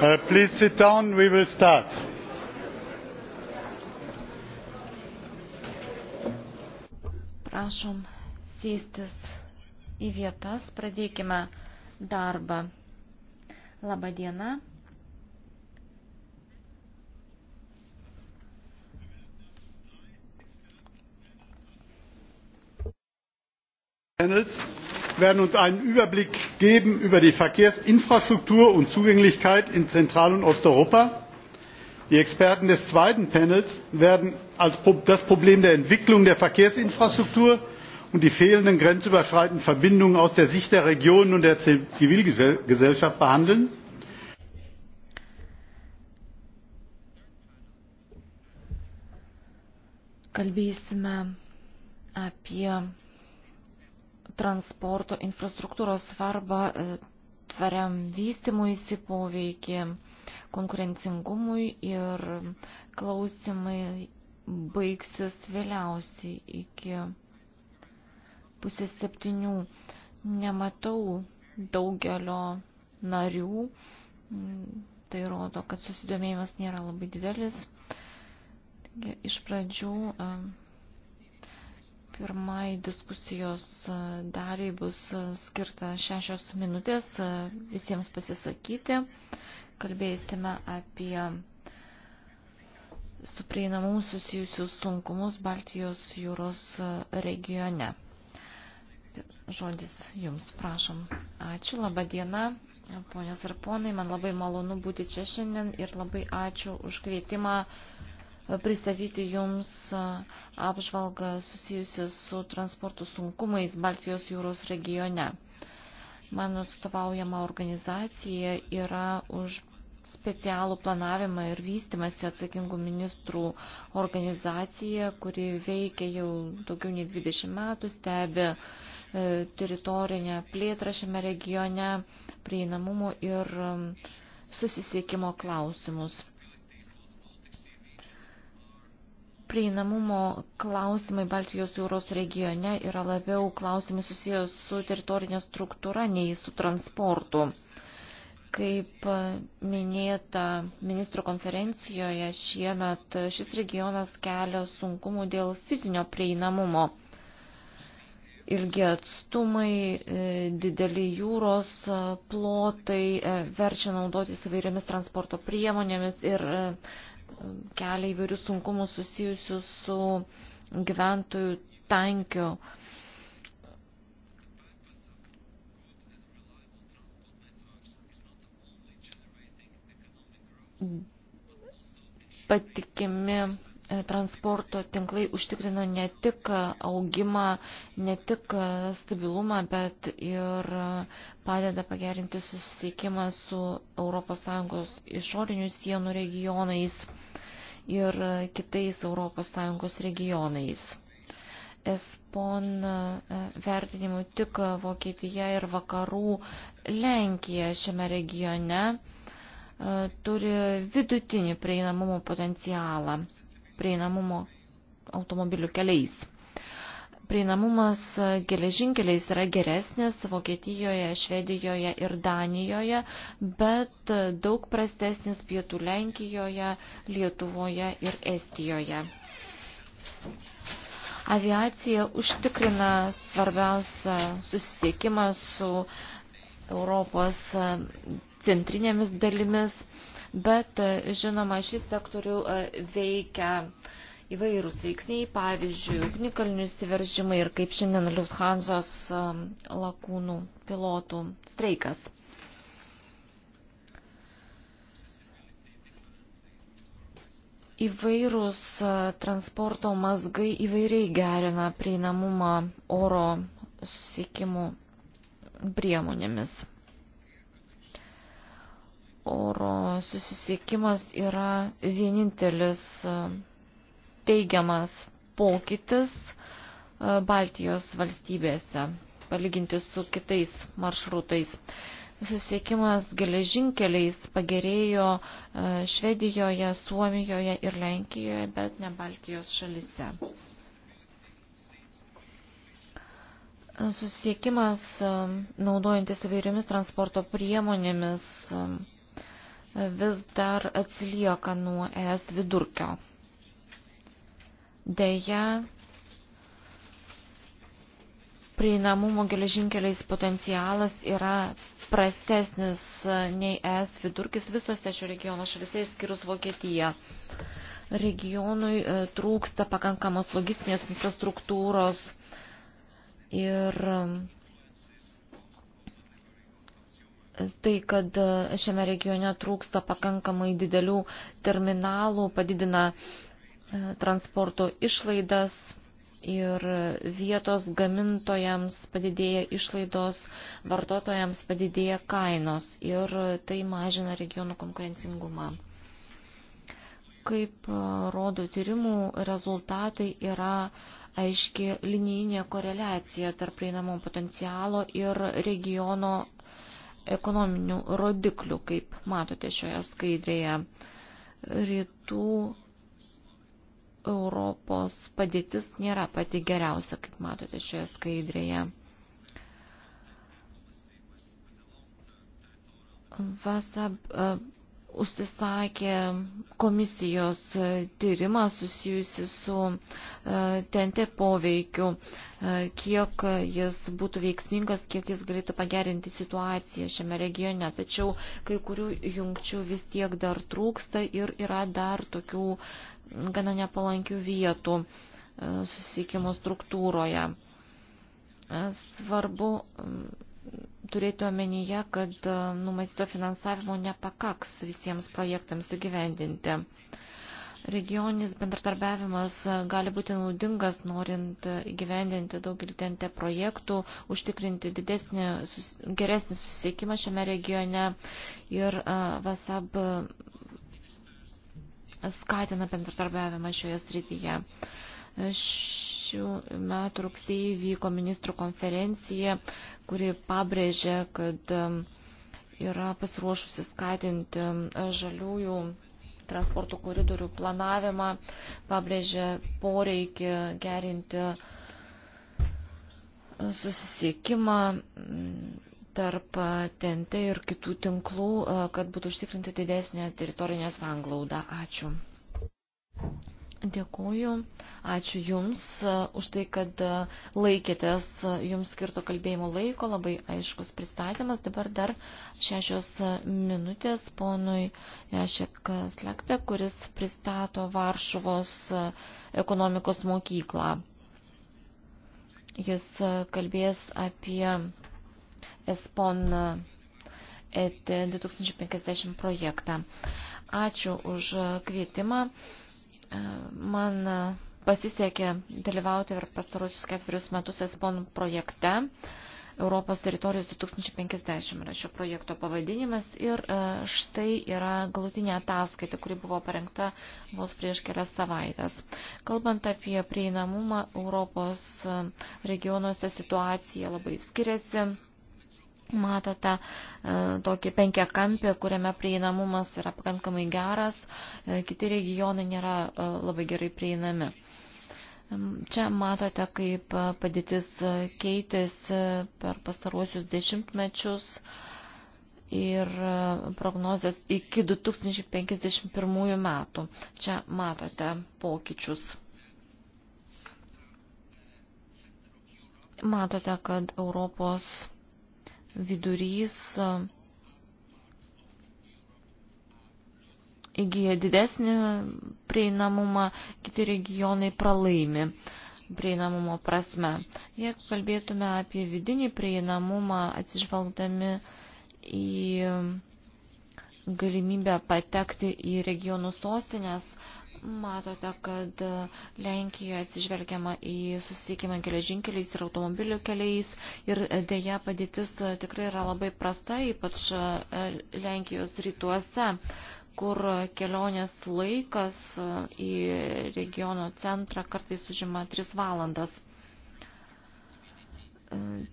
Uh, please sit down, we will start. Prašom sėstis į vietas, pradėkime darbą. Labą dieną. Panels werden uns einen überblick geben über die verkehrsinfrastruktur und zugänglichkeit in zentral und osteuropa. die experten des zweiten panels werden das problem der entwicklung der verkehrsinfrastruktur und die fehlenden grenzüberschreitenden verbindungen aus der sicht der regionen und der zivilgesellschaft behandeln. kalbėsime apie transporto infrastruktūros svarbą e, tvariam vystimuisi poveikį, konkurencingumui ir klausimai baigsis vėliausiai iki pusės septynių. Nematau daugelio narių. Tai rodo, kad susidomėjimas nėra labai didelis. Iš pradžių e, Pirmai diskusijos e, daliai bus e, skirta šešios minutės e, visiems pasisakyti. Kalbėsime apie su prieinamumu susijusius sunkumus Baltijos jūros regione. Žodis jums, prašom. Ačiū, laba diena. Ponios ir ponai, man labai malonu būti čia šiandien ir labai ačiū už kvietimą pristatyti Jums apžvalgą susijusią su transporto sunkumais Baltijos jūros regione. Mano atstovaujama organizacija yra už specialų planavimą ir vystimąsi atsakingų ministrų organizacija, kuri veikia jau daugiau nei 20 metų, stebi e, teritorinę plėtrą šiame regione, prieinamumo ir susisiekimo klausimus. prieinamumo klausimai Baltijos jūros regione yra labiau klausimai susijęs su teritorinė struktūra nei su transportu. Kaip minėta ministro konferencijoje šiemet šis regionas kelia sunkumų dėl fizinio prieinamumo. Ilgi atstumai, e, dideli jūros e, plotai e, verčia naudotis įvairiomis transporto priemonėmis ir kelia įvairių sunkumų susijusių su gyventojų tankiu. Patikimi E, transporto tinklai užtikrina ne tik augimą, ne tik stabilumą, bet ir padeda pagerinti susisiekimą su ES išorinių sienų regionais ir kitais ES regionais. ESPON e, vertinimu tik Vokietija ir vakarų Lenkija šiame regione e, turi vidutinį prieinamumo potencialą prieinamumo automobilių keliais. Prieinamumas geležinkeliais yra geresnis Vokietijoje, Švedijoje ir Danijoje, bet daug prastesnis Pietų Lenkijoje, Lietuvoje ir Estijoje. Aviacija užtikrina svarbiausią susisiekimą su Europos centrinėmis dalimis bet e, žinoma, šį sektorių e, veikia įvairūs veiksniai, pavyzdžiui, ugnikalnių įsiveržimai ir kaip šiandien Lufthansos e, lakūnų pilotų streikas. Įvairūs transporto mazgai įvairiai gerina prieinamumą oro susiekimų priemonėmis. susisiekimas yra vienintelis e, teigiamas pokytis e, Baltijos valstybėse, palyginti su kitais maršrutais. Susiekimas geležinkeliais pagerėjo e, Švedijoje, Suomijoje ir Lenkijoje, bet ne Baltijos šalise. Susiekimas naudojantis įvairiomis transporto priemonėmis vis dar atsilieka nuo ES vidurkio. Deja, prieinamumo geležinkeliais potencialas yra prastesnis nei ES vidurkis visose šio regiono šalise išskyrus Vokietiją. Regionui e, trūksta pakankamos logistinės infrastruktūros ir tai, kad e, šiame regione trūksta pakankamai didelių terminalų, padidina e, transporto išlaidas ir vietos gamintojams padidėja išlaidos, vartotojams padidėja kainos ir tai mažina regionų konkurencingumą. Kaip e, rodo tyrimų rezultatai yra aiški linijinė koreliacija tarp prieinamo potencialo ir regiono ekonominių rodiklių, kaip matote šioje skaidrėje. Rytų Europos padėtis nėra pati geriausia, kaip matote šioje skaidrėje. Vasab užsisakė komisijos tyrimą susijusi su TNT e, poveikiu, e, kiek jis būtų veiksmingas, kiek jis galėtų pagerinti situaciją šiame regione. Tačiau kai kurių jungčių vis tiek dar trūksta ir yra dar tokių gana nepalankių vietų e, susisiekimo struktūroje. Svarbu turėti omenyje, kad e, numatyto finansavimo nepakaks visiems projektams įgyvendinti. Regioninis bendradarbiavimas e, gali būti naudingas, norint e, įgyvendinti daugelį tente projektų, užtikrinti didesnį, geresnį susisiekimą šiame regione ir VASAB skatina bendradarbiavimą šioje srityje. Uh, Šių metų rugsėjai vyko ministrų konferencija, kuri pabrėžė, kad um, yra pasiruošusi skatinti um, žaliųjų transporto koridorių planavimą, pabrėžė poreikį gerinti uh, susisiekimą mm, tarp TNT uh, ir kitų tinklų, uh, kad būtų užtikrinti didesnė teritorinė sanglauda. Ačiū. Dėkuoju. Ačiū Jums e, už tai, kad e, laikėtės e, Jums skirto kalbėjimo laiko. Labai aiškus pristatymas. Dabar dar šešios minutės ponui Jašek Slekte, kuris pristato Varšuvos ekonomikos mokyklą. Jis kalbės apie ESPON ET 2050 projektą. Ačiū už kvietimą. Man pasisekė dalyvauti per pastarosius ketverius metus ESPON projekte. Europos teritorijos 2050 yra šio projekto pavadinimas ir e, štai yra galutinė ataskaita, kuri buvo parengta vos prieš kelias savaitės. Kalbant apie prieinamumą, Europos e, regionuose situacija labai skiriasi Matote e, tokį penkiakampį, kuriame prieinamumas yra pakankamai geras, e, kiti regionai nėra e, labai gerai prieinami. Čia matote, kaip padėtis keitėsi per pastaruosius dešimtmečius ir prognozijas iki 2051 metų. Čia matote pokyčius. Matote, kad Europos vidurys įgyja didesnį prieinamumą, kiti regionai pralaimi prieinamumo prasme. Jeigu kalbėtume apie vidinį prieinamumą, atsižvelgdami į galimybę patekti į regionų sostinės, Matote, kad Lenkijoje atsižvelgiama į susiekimą geležinkeliais ir automobilių keliais ir dėja padėtis tikrai yra labai prasta, ypač e, Lenkijos rytuose, kur kelionės laikas e, į regiono centrą kartais užima 3 valandas. E,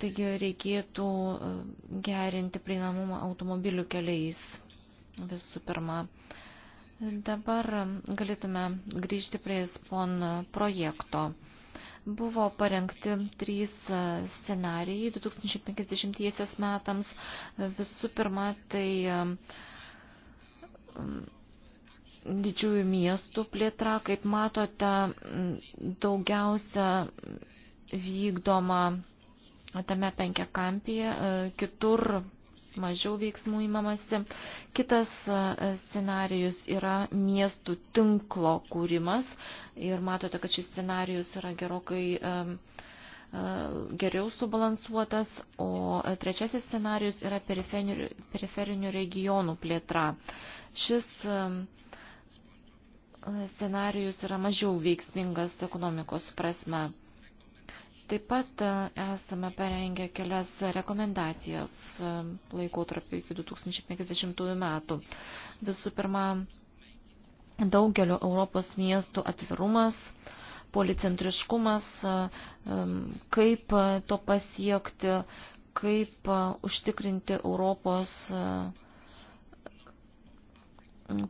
taigi reikėtų gerinti prieinamumą automobilių keliais visų pirma. Dabar galėtume grįžti prie SPON projekto buvo parengti trys scenarijai 2050 metams. Visų pirma, tai um, didžiųjų miestų plėtra, kaip matote, daugiausia vykdoma tame penkiakampyje, kitur mažiau veiksmų įmamasi. Kitas e, scenarius yra miestų tinklo kūrimas ir matote, kad šis scenarius yra gerokai e, e, geriau subalansuotas, o trečiasis scenarius yra periferinių, periferinių regionų plėtra. Šis scenarius yra mažiau veiksmingas ekonomikos prasme. Taip pat e, esame parengę kelias rekomendacijas e, laikotarpį iki 2050 metų. Visų pirma, daugelio Europos miestų atvirumas, policentriškumas, e, kaip to pasiekti, kaip užtikrinti Europos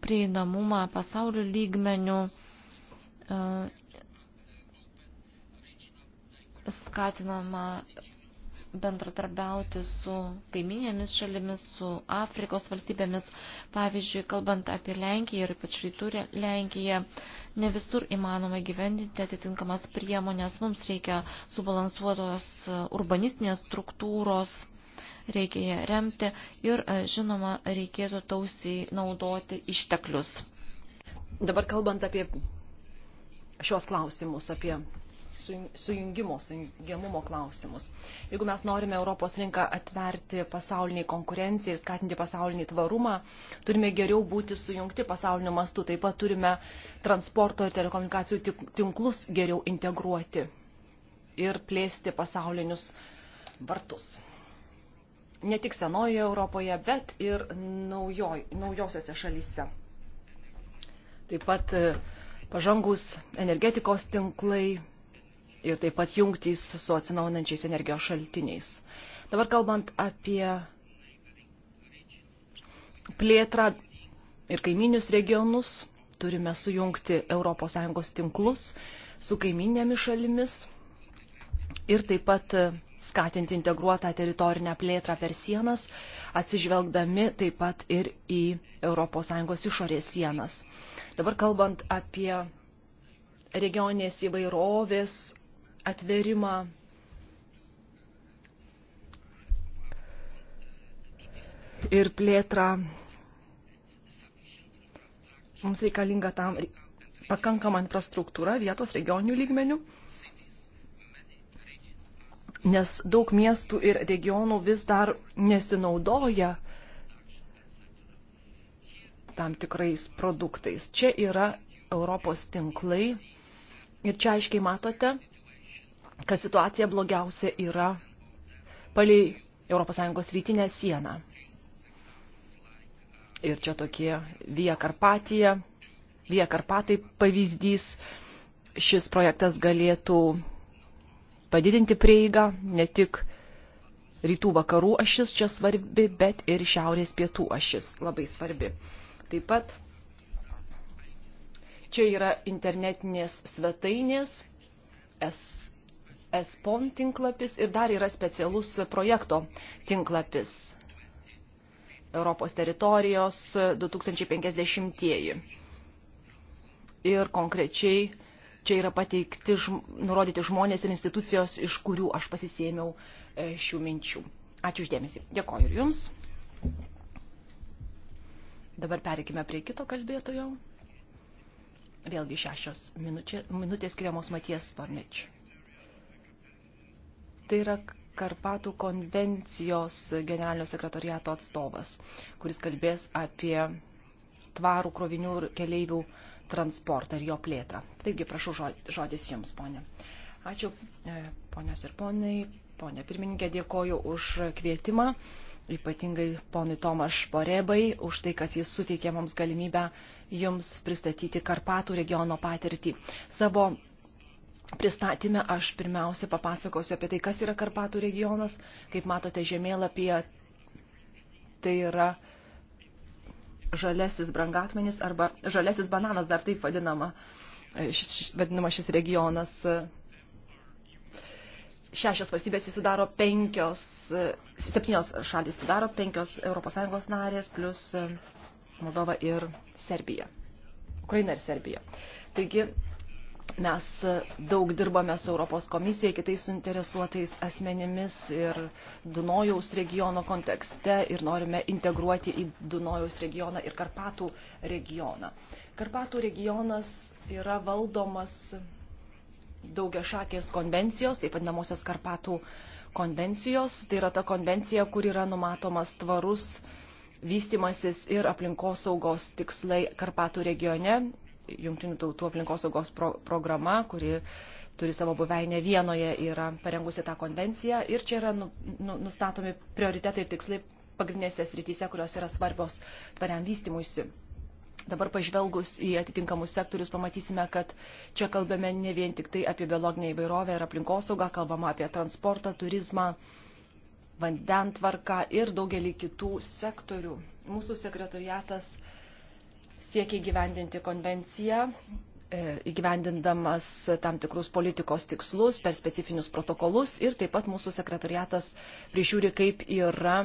prieinamumą pasaulio lygmenių skatinama bendradarbiauti su kaiminėmis šalimis, su Afrikos valstybėmis. Pavyzdžiui, kalbant apie Lenkiją ir ypač rytų Lenkiją, ne visur įmanoma gyvendinti atitinkamas priemonės. Mums reikia subalansuotos e, urbanistinės struktūros, reikia ją remti ir, e, žinoma, reikėtų tausiai naudoti išteklius. Dabar kalbant apie šios klausimus, apie sujungimo, sujungiamumo klausimus. Jeigu mes norime Europos rinką atverti pasauliniai konkurencijai, skatinti pasaulinį tvarumą, turime geriau būti sujungti pasauliniu mastu, taip pat turime transporto ir telekomunikacijų tinklus geriau integruoti ir plėsti pasaulinius vartus. Ne tik senojoje Europoje, bet ir naujoj, naujosiose šalyse. Taip pat e, pažangus energetikos tinklai, ir taip pat jungtys su atsinaujančiais energijos šaltiniais. Dabar kalbant apie plėtrą ir kaiminius regionus, turime sujungti ES tinklus su kaiminėmis šalimis ir taip pat skatinti integruotą teritorinę plėtrą per sienas, atsižvelgdami taip pat ir į ES išorės sienas. Dabar kalbant apie regioninės įvairovės atverimą. Ir plėtrą. Mums reikalinga tam pakankama infrastruktūra vietos regioninių lygmenių, nes daug miestų ir regionų vis dar nesinaudoja tam tikrais produktais. Čia yra Europos tinklai ir čia aiškiai matote, kad situacija blogiausia yra palei ES rytinę sieną. Ir čia tokie Via Karpatija, Via Karpatai pavyzdys, šis projektas galėtų padidinti prieigą ne tik rytų vakarų ašis čia svarbi, bet ir šiaurės pietų ašis labai svarbi. Taip pat čia yra internetinės svetainės S ESPON tinklapis ir dar yra specialus projekto tinklapis Europos teritorijos 2050-ieji. Ir konkrečiai čia yra pateikti, nurodyti žmonės ir institucijos, iš kurių aš pasisėmiau e, šių minčių. Ačiū uždėmesi. Dėkoju ir jums. Dabar pereikime prie kito kalbėtojo. Vėlgi šešios minutės skiriamos Maties Varnečiui. Tai yra Karpatų konvencijos generalinio sekretoriato atstovas, kuris kalbės apie tvarų krovinių ir keleivių transportą ir jo plėtrą. Taigi, prašau žodis Jums, ponė. Ačiū, e, ponios ir ponai. Ponė pirmininkė, dėkoju už kvietimą, ypatingai ponui Tomaš Porebai, už tai, kad jis suteikė mums galimybę Jums pristatyti Karpatų regiono patirtį. Savo pristatymę aš pirmiausia papasakosiu apie tai, kas yra Karpatų regionas. Kaip matote žemėlapyje, tai yra žalesis brangakmenis arba žalesis bananas, dar taip vadinama, šis, vadinama šis regionas. Šešios valstybės sudaro penkios, septynios šalys sudaro penkios ES narės, plus e, Moldova ir Serbija. Ukraina ir Serbija. Taigi, Mes daug dirbame su Europos komisija, kitais suinteresuotais asmenimis ir Dunojaus regiono kontekste ir norime integruoti į Dunojaus regioną ir Karpatų regioną. Karpatų regionas yra valdomas daugia šakės konvencijos, taip vadinamosios Karpatų konvencijos. Tai yra ta konvencija, kur yra numatomas tvarus vystimasis ir aplinkosaugos tikslai Karpatų regione. Junktinių tautų aplinkosaugos pro programa, kuri turi savo buveinę vienoje, yra parengusi tą konvenciją ir čia yra nu, nu, nustatomi prioritetai ir tikslai pagrindinėse srityse, kurios yra svarbios tvariam vystimuisi. Dabar pažvelgus į atitinkamus sektorius pamatysime, kad čia kalbame ne vien tik tai apie biologinę įvairovę ir aplinkosaugą, kalbama apie transportą, turizmą, vandentvarką ir daugelį kitų sektorių. Mūsų sekretoriatas uh, siekia įgyvendinti konvenciją, e, įgyvendindamas tam tikrus politikos tikslus per specifinius protokolus ir taip pat mūsų sekretariatas prižiūri, kaip yra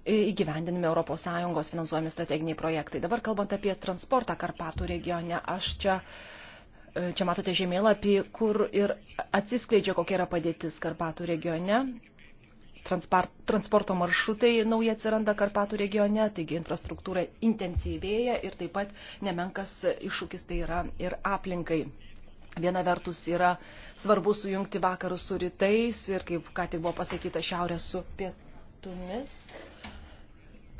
įgyvendinami ES finansuojami strateginiai projektai. Dabar kalbant apie transportą Karpatų regione, aš čia, e, čia matote žemėlapį, kur ir atsiskleidžia, kokia yra padėtis Karpatų regione transporto maršrutai nauji atsiranda Karpatų regione, taigi infrastruktūra intensyvėja ir taip pat nemenkas iššūkis tai yra ir aplinkai. Viena vertus yra svarbu sujungti vakarus su rytais ir, kaip ką tik buvo pasakyta, šiaurė su pietumis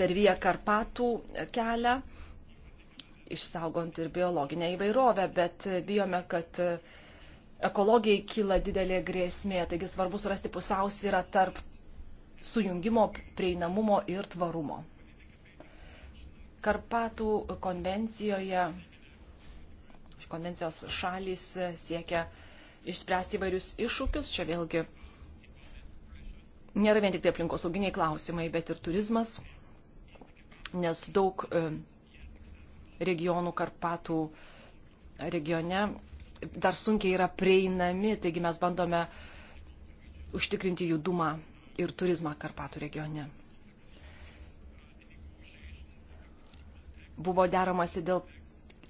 per Via Karpatų kelią, išsaugant ir biologinę įvairovę, bet bijome, kad ekologijai kyla didelė grėsmė, taigi svarbu surasti pusiausvyrą tarp sujungimo, prieinamumo ir tvarumo. Karpatų konvencijoje, konvencijos šalys siekia išspręsti įvairius iššūkius. Čia vėlgi nėra vien tik tai aplinkosauginiai klausimai, bet ir turizmas, nes daug e, regionų Karpatų regione dar sunkiai yra prieinami, taigi mes bandome užtikrinti judumą ir turizmą Karpatų regione. Buvo deramasi dėl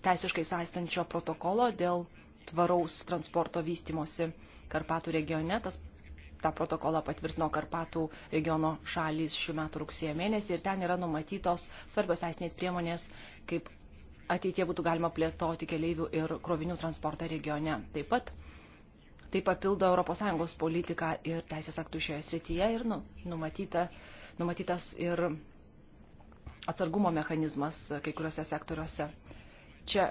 teisiškai saistančio protokolo, dėl tvaraus transporto vystimosi Karpatų regione. Tas, tą protokolą patvirtino Karpatų regiono šalys šių metų rugsėjo mėnesį ir ten yra numatytos svarbios teisinės priemonės, kaip ateitie būtų galima plėtoti keleivių ir krovinių transportą regione. Taip pat tai papildo ES politiką ir teisės aktų šioje srityje ir nu, numatyta, numatytas ir atsargumo mechanizmas kai kuriuose sektoriuose. Čia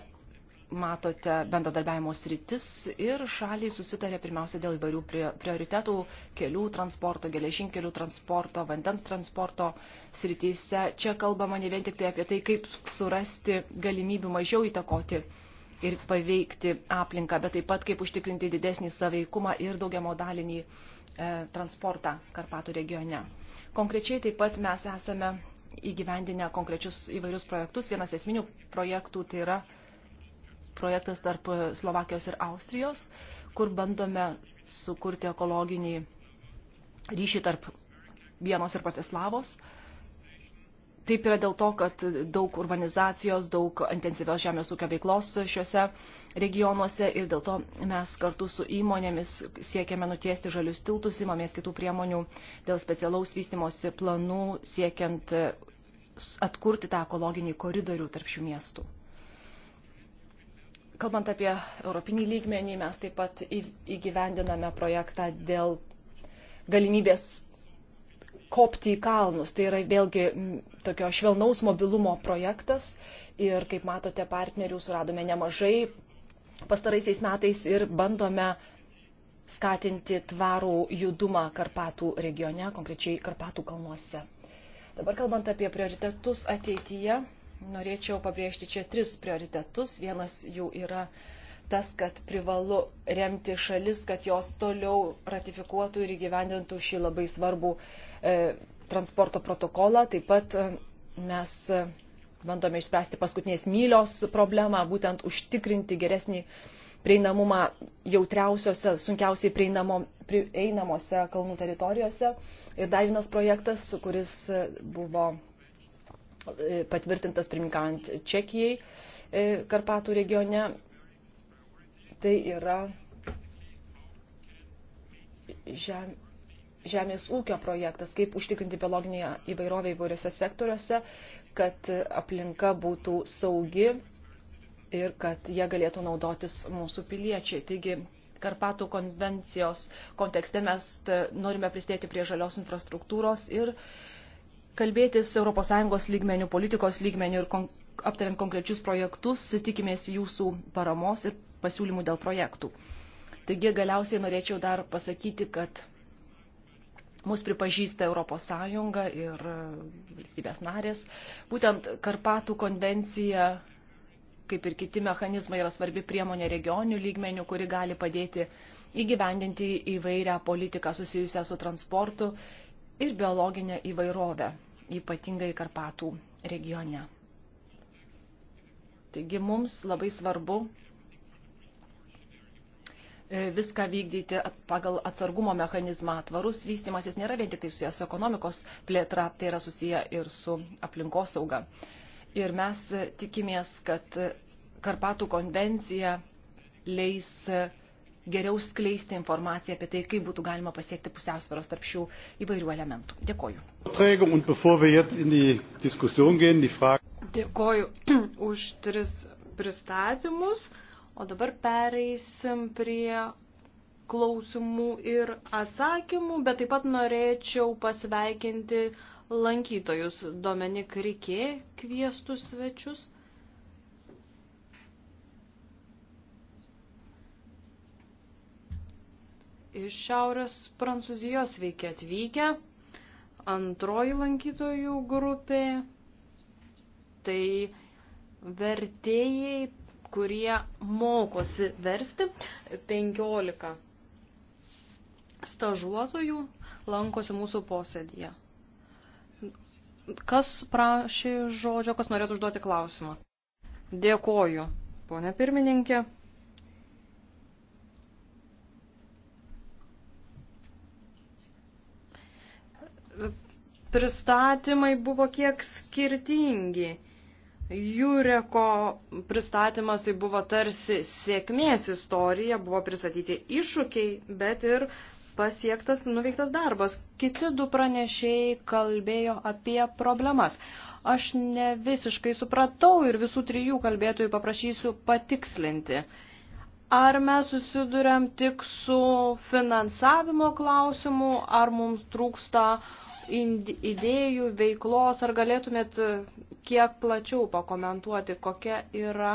matote bendradarbiavimo sritis ir šaliai susitarė pirmiausia dėl įvairių prioritetų kelių transporto, geležinkelių transporto, vandens transporto srityse. Čia kalbama ne vien tik tai apie tai, kaip surasti galimybių mažiau įtakoti uh, ir paveikti aplinką, bet taip pat kaip užtikrinti didesnį saveikumą ir daugiamodalinį e, transportą Karpatų regione. Konkrečiai taip pat mes esame įgyvendinę konkrečius įvairius projektus. Vienas esminių projektų tai yra projektas tarp Slovakijos ir Austrijos, kur bandome sukurti ekologinį ryšį tarp Vienos ir Pratislavos. E, Taip yra dėl to, kad daug urbanizacijos, daug intensyvios žemės ūkio veiklos šiuose regionuose ir dėl to mes kartu su įmonėmis siekiame nutiesti žalius tiltus, imamės kitų priemonių dėl specialaus vystimosi planų, siekiant atkurti tą ekologinį koridorių tarp šių miestų. Kalbant apie europinį lygmenį, mes taip pat įgyvendiname projektą dėl galimybės kopti į kalnus. Tai yra vėlgi tokio švelnaus mobilumo projektas ir, kaip matote, partnerių suradome nemažai pastaraisiais metais ir bandome skatinti tvarų judumą Karpatų regione, konkrečiai Karpatų kalnuose. Dabar kalbant apie prioritetus ateityje, norėčiau pabrėžti čia tris prioritetus. Vienas jų yra tas, kad privalu remti šalis, kad jos toliau ratifikuotų ir įgyvendintų šį labai svarbų e, transporto protokolą. Taip pat e, mes e, bandome išspręsti paskutinės mylios problemą, būtent užtikrinti geresnį prieinamumą jautriausiose, sunkiausiai prieinamo, prieinamose kalnų teritorijose. Ir dar vienas projektas, kuris e, buvo e, patvirtintas pirminkant Čekijai Karpatų regione, tai yra žem, žemės ūkio projektas, kaip užtikrinti biologinį įvairovę įvairiose sektoriuose, kad aplinka būtų saugi ir kad jie galėtų naudotis mūsų piliečiai. Taigi, Karpatų konvencijos kontekste mes norime prisidėti prie žalios infrastruktūros ir kalbėtis ES lygmenių, politikos lygmenių ir kon aptariant konkrečius projektus, tikimės jūsų paramos ir pasiūlymų dėl projektų. Taigi galiausiai norėčiau dar pasakyti, kad mus pripažįsta Europos Sąjunga ir valstybės narės. Būtent Karpatų konvencija, kaip ir kiti mechanizmai, yra svarbi priemonė regionių lygmenių, kuri gali padėti įgyvendinti įvairią politiką susijusią su transportu ir biologinę įvairovę, ypatingai Karpatų regione. Taigi mums labai svarbu E, viską vykdyti pagal atsargumo mechanizmą. Tvarus vystimasis nėra vien tik tai susijęs su ekonomikos plėtra, tai yra susiję ir su aplinkosauga. Ir mes e, tikimės, kad e, Karpatų konvencija leis geriau skleisti informaciją apie tai, kaip būtų galima pasiekti pusiausvėros tarp šių įvairių elementų. Dėkoju. Dėkoju už tris pristatymus. O dabar pereisim prie klausimų ir atsakymų, bet taip pat norėčiau pasveikinti lankytojus. Domenik Rikė kvieštų svečius. Iš šiaurės Prancūzijos veikia atvykę. Antroji lankytojų grupė. Tai vertėjai kurie mokosi versti, 15 stažuotojų lankosi mūsų posėdėje. Kas prašė žodžio, kas norėtų užduoti klausimą? Dėkoju, ponė pirmininkė. Pristatymai buvo kiek skirtingi Jureko pristatymas tai buvo tarsi sėkmės istorija, buvo pristatyti iššūkiai, bet ir pasiektas nuveiktas darbas. Kiti du pranešėjai kalbėjo apie problemas. Aš ne visiškai supratau ir visų trijų kalbėtojų paprašysiu patikslinti. Ar mes susidurėm tik su finansavimo klausimu, ar mums trūksta uh, idėjų, veiklos, ar galėtumėt e, kiek plačiau pakomentuoti, kokia yra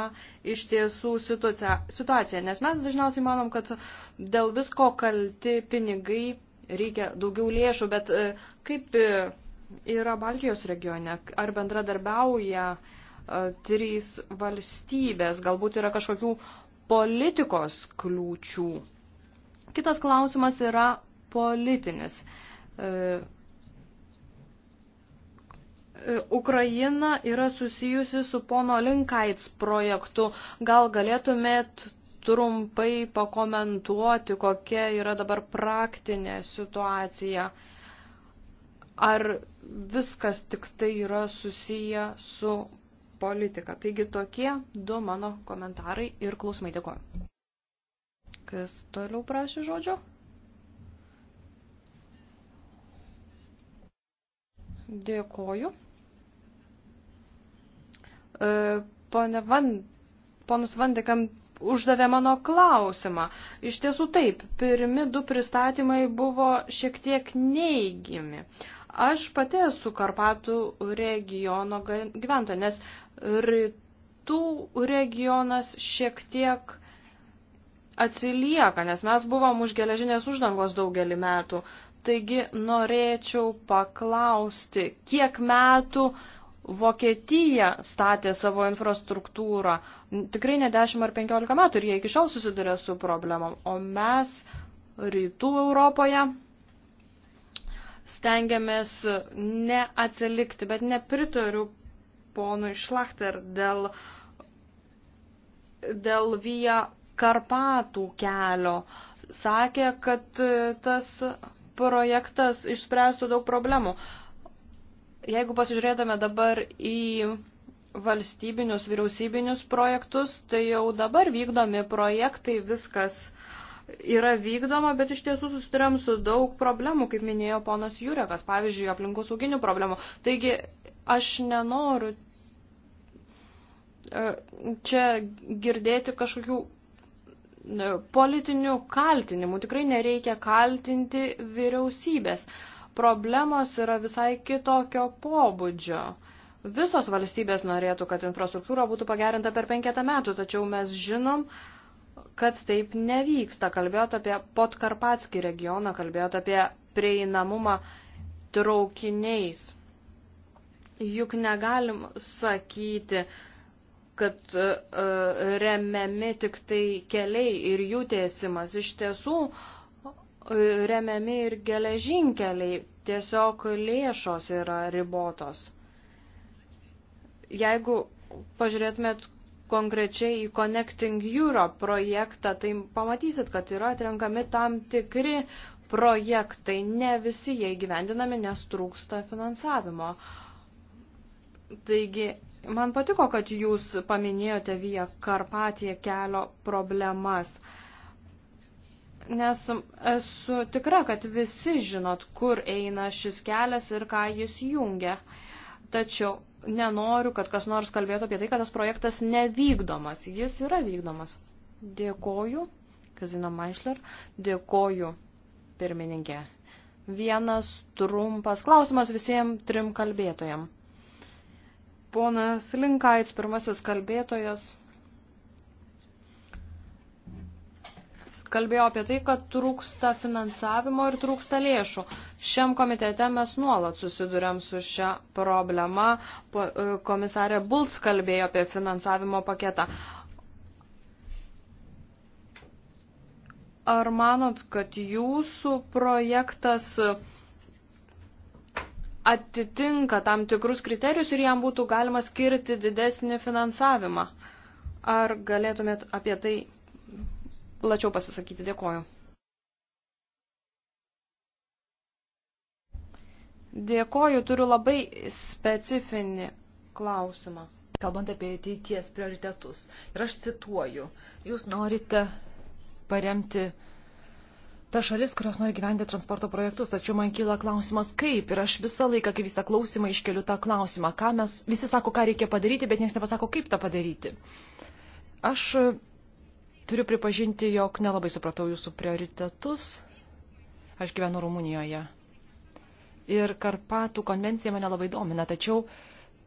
iš tiesų situacija, situacija. Nes mes dažniausiai manom, kad dėl visko kalti pinigai reikia daugiau lėšų, bet e, kaip e, yra Baltijos regione, ar bendradarbiauja trys valstybės, galbūt yra kažkokių politikos kliūčių. Kitas klausimas yra politinis. Ukraina yra susijusi su pono Linkaits projektu. Gal galėtumėt trumpai pakomentuoti, kokia yra dabar praktinė situacija? Ar viskas tik tai yra susiję su politika? Taigi tokie du mano komentarai ir klausimai. Dėkuoju. Kas toliau prašė žodžio? Dėkuoju. E, Van, ponas Vandekam uždavė mano klausimą. Iš tiesų taip, pirmi du pristatymai buvo šiek tiek neįgimi. Aš pati esu Karpatų regiono gyventoja, nes rytų regionas šiek tiek atsilieka, nes mes buvom už geležinės uždangos daugelį metų. Taigi norėčiau paklausti, kiek metų Vokietija statė savo infrastruktūrą tikrai ne 10 ar 15 metų ir jie iki šiol susiduria su problemom, o mes rytų Europoje stengiamės neatsilikti, bet nepritariu ponui Šlachter dėl, dėl Vija Karpatų kelio. Sakė, kad tas projektas išspręstų daug problemų. Uh, Jeigu pasižiūrėtume dabar į valstybinius, vyriausybinius projektus, tai jau dabar vykdomi projektai, viskas yra vykdoma, bet iš tiesų susidurėm su daug problemų, kaip minėjo ponas Jurekas, pavyzdžiui, aplinkos auginių problemų. Taigi aš nenoriu e, čia girdėti kažkokių e, politinių kaltinimų. Tikrai nereikia kaltinti vyriausybės. Uh, problemos yra visai kitokio pobūdžio. Visos valstybės norėtų, kad infrastruktūra būtų pagerinta per penketą metų, tačiau mes žinom, kad taip nevyksta. Kalbėjot apie Podkarpatskį regioną, kalbėjot apie prieinamumą traukiniais. Juk negalim sakyti, kad uh, remiami tik tai keliai ir jų tiesimas. Iš tiesų, uh, E, remiami ir geležinkeliai, tiesiog lėšos yra ribotos. Jeigu pažiūrėtumėt konkrečiai į Connecting Europe projektą, tai pamatysit, kad yra atrenkami tam tikri projektai, ne visi jie įgyvendinami, nes trūksta finansavimo. Taigi, man patiko, kad jūs paminėjote Via Karpatija kelio problemas. Uh, Nes esu tikra, kad visi žinot, kur eina šis kelias ir ką jis jungia. Tačiau nenoriu, kad kas nors kalbėtų apie tai, kad tas projektas nevykdomas. Jis yra vykdomas. Dėkoju, Kazina Maišler, dėkoju, pirmininkė. Vienas trumpas klausimas visiems trim kalbėtojam. Ponas Linkaits, pirmasis kalbėtojas. kalbėjo apie tai, kad trūksta finansavimo ir trūksta lėšų. Šiam komitete mes nuolat susidurėm su šią problemą. E, komisarė Bulc kalbėjo apie finansavimo paketą. Ar manot, kad jūsų projektas atitinka tam tikrus kriterijus ir jam būtų galima skirti didesnį finansavimą? Ar galėtumėt apie tai plačiau pasisakyti. Dėkoju. Dėkoju, turiu labai specifinį klausimą. Kalbant apie ateities prioritetus. Ir aš cituoju, jūs norite paremti ta šalis, kurios nori gyventi transporto projektus, tačiau man kyla klausimas, kaip. Ir aš visą laiką, kai vyksta klausimai, iškeliu tą klausimą, ką mes, visi sako, ką reikia padaryti, bet niekas nepasako, kaip tą padaryti. Aš Turiu pripažinti, jog nelabai supratau jūsų prioritetus. Aš gyvenu Rumunijoje. Ir Karpatų konvencija mane labai domina, tačiau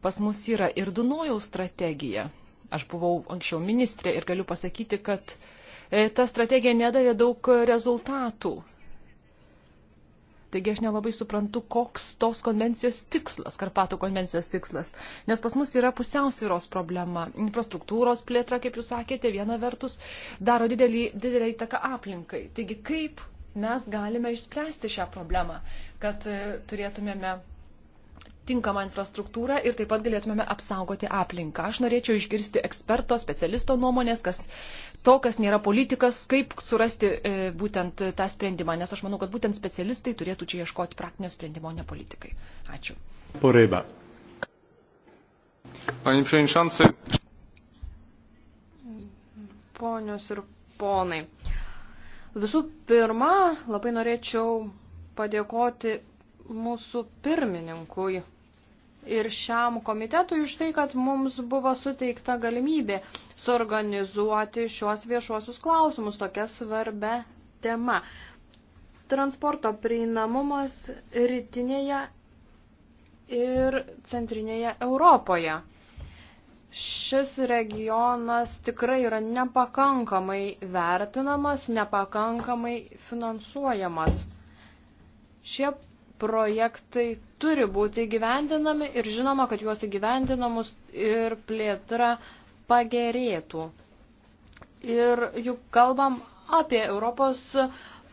pas mus yra ir Dunojaus strategija. Aš buvau anksčiau ministrė ir galiu pasakyti, kad e, ta strategija nedavė daug rezultatų. Taigi aš nelabai suprantu, koks tos konvencijos tikslas, Karpatų konvencijos tikslas. Nes pas mus yra pusiausvyros problema. Infrastruktūros plėtra, kaip jūs sakėte, viena vertus daro didelį, didelį įtaką aplinkai. Taigi kaip mes galime išspręsti šią problemą, kad e, turėtumėme tinkamą infrastruktūrą ir taip pat galėtumėme apsaugoti aplinką. Aš norėčiau išgirsti eksperto, specialisto nuomonės, kas to, kas nėra politikas, kaip surasti e, būtent tą sprendimą, nes aš manau, kad būtent specialistai turėtų čia ieškoti praktinio sprendimo, ne politikai. Ačiū. Poreiba. Panie Przewodniczący. Ponios ir ponai. Visų pirma, labai norėčiau padėkoti mūsų pirmininkui ir šiam komitetui už tai, kad mums buvo suteikta galimybė suorganizuoti šios viešuosius klausimus tokia svarbia tema. Transporto prieinamumas rytinėje ir centrinėje Europoje. Šis regionas tikrai yra nepakankamai vertinamas, nepakankamai finansuojamas. Šie projektai turi būti įgyvendinami ir žinoma, kad juos įgyvendinamus ir plėtra pagerėtų. Ir juk kalbam apie Europos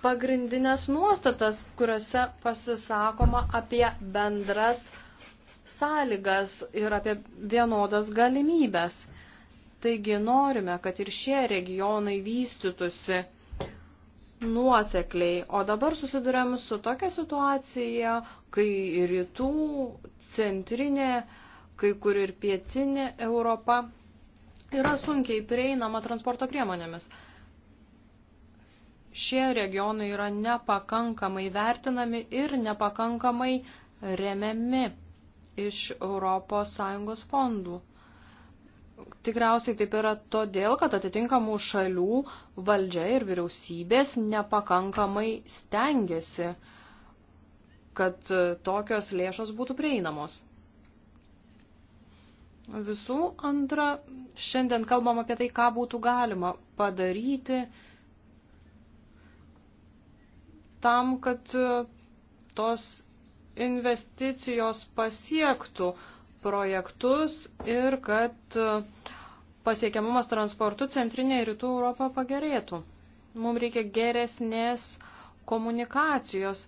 pagrindinės nuostatas, kuriuose pasisakoma apie bendras sąlygas ir apie vienodas galimybės. Taigi norime, kad ir šie regionai vystytųsi nuosekliai, o dabar susidurėm su tokia situacija, kai rytų, centrinė, kai kur ir pietinė Europa yra sunkiai prieinama transporto priemonėmis. Šie regionai yra nepakankamai vertinami ir nepakankamai remiami iš ES fondų tikriausiai taip yra todėl, kad atitinkamų šalių valdžia ir vyriausybės nepakankamai stengiasi, kad e, tokios lėšos būtų prieinamos. Visų antra, šiandien kalbam apie tai, ką būtų galima padaryti tam, kad e, tos investicijos pasiektų uh, projektus ir kad e, pasiekiamumas transportu centrinė ir rytų Europą pagerėtų. Mums reikia geresnės komunikacijos.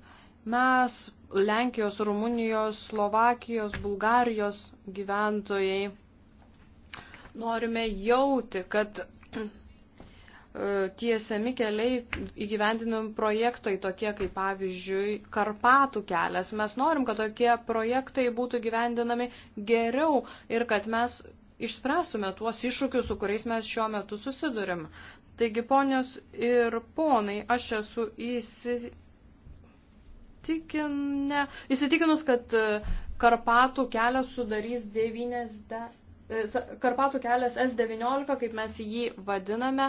Mes, Lenkijos, Rumunijos, Slovakijos, Bulgarijos gyventojai, norime jauti, kad E, tiesiami keliai įgyvendinami projektai tokie kaip pavyzdžiui Karpatų kelias. Mes norim, kad tokie projektai būtų gyvendinami geriau ir kad mes išspręstume tuos iššūkius, su kuriais mes šiuo metu susidurim. Taigi, ponios ir ponai, aš esu įsitikinę, įsitikinus, kad e, Karpatų kelias sudarys 90. E, Karpatų kelias S19, kaip mes jį vadiname,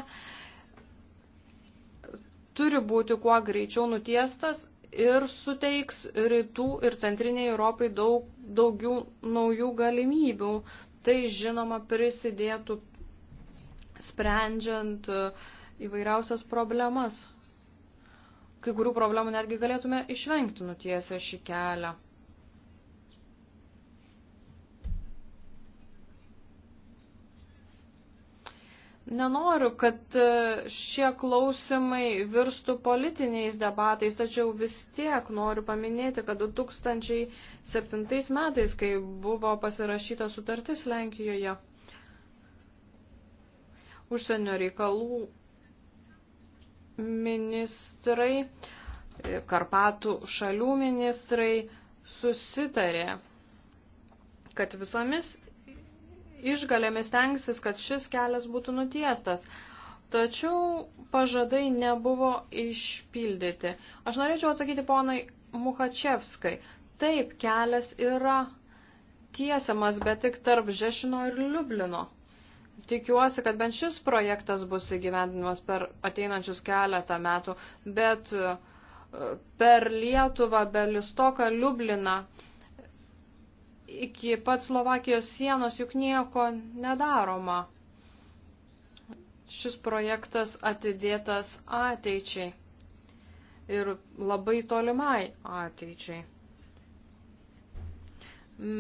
turi būti kuo greičiau nutiestas ir suteiks rytų ir centriniai Europai daug, daugiau naujų galimybių. Tai žinoma prisidėtų sprendžiant e, įvairiausias problemas. Kai kurių problemų netgi galėtume išvengti nutiesę šį kelią. Nenoriu, kad e, šie klausimai virstų politiniais debatais, tačiau vis tiek noriu paminėti, kad 2007 metais, kai buvo pasirašyta sutartis Lenkijoje, užsienio reikalų ministrai, e, Karpatų šalių ministrai susitarė, kad visomis išgalėmis tenksis, kad šis kelias būtų nutiestas. Tačiau pažadai nebuvo išpildyti. Aš norėčiau atsakyti ponai Muhačevskai. Taip, kelias yra tiesiamas, bet tik tarp Žešino ir Liublino. Tikiuosi, kad bent šis projektas bus įgyvendinamas per ateinančius keletą metų, bet e, per Lietuvą, Belistoką, Liubliną iki pat Slovakijos sienos juk nieko nedaroma. Šis projektas atidėtas ateičiai ir labai tolimai ateičiai.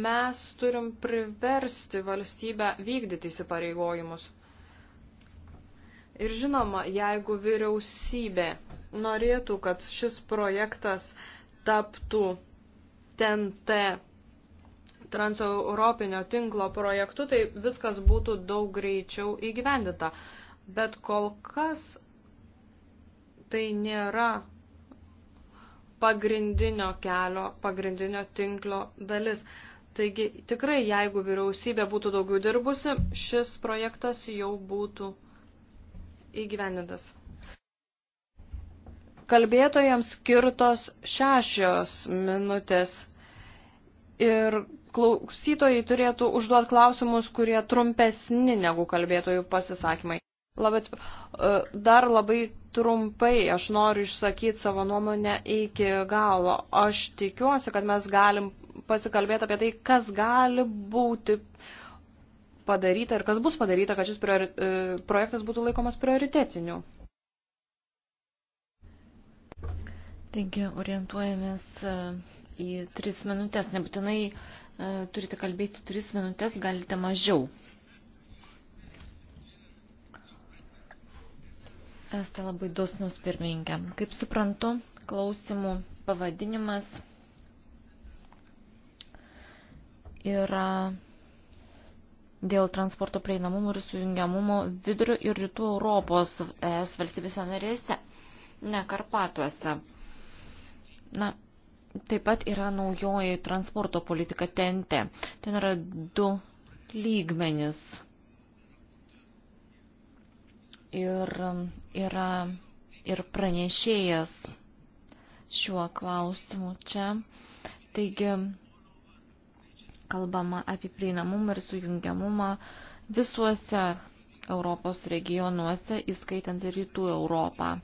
Mes turim priversti valstybę vykdyti įsipareigojimus. Ir žinoma, jeigu vyriausybė norėtų, kad šis projektas taptų TNT transeuropinio tinklo projektu, tai viskas būtų daug greičiau įgyvendita. Bet kol kas tai nėra pagrindinio kelio, pagrindinio tinklo dalis. Taigi tikrai, jeigu vyriausybė būtų daugiau dirbusi, šis projektas jau būtų įgyvendintas. Kalbėtojams skirtos šešios minutės ir klausytojai turėtų užduoti klausimus, kurie trumpesni negu kalbėtojų pasisakymai. Labai e, Dar labai trumpai aš noriu išsakyti savo nuomonę iki galo. Aš tikiuosi, kad mes galim pasikalbėti apie tai, kas gali būti padaryta ir kas bus padaryta, kad šis priori... E, projektas būtų laikomas prioritetiniu. Taigi orientuojamės e, į tris minutės. Nebūtinai e, turite kalbėti tris minutės, galite mažiau. Esate labai dosnus pirmininkė. Kaip suprantu, klausimų pavadinimas yra dėl transporto prieinamumo ir sujungiamumo vidurio ir rytų Europos ES valstybėse narėse, ne Karpatuose. Na, taip pat yra naujoji transporto politika TNT. Ten yra du lygmenis. Ir um, yra ir pranešėjas šiuo klausimu čia. Taigi, kalbama apie prieinamumą ir sujungiamumą visuose Europos regionuose, įskaitant ir rytų Europą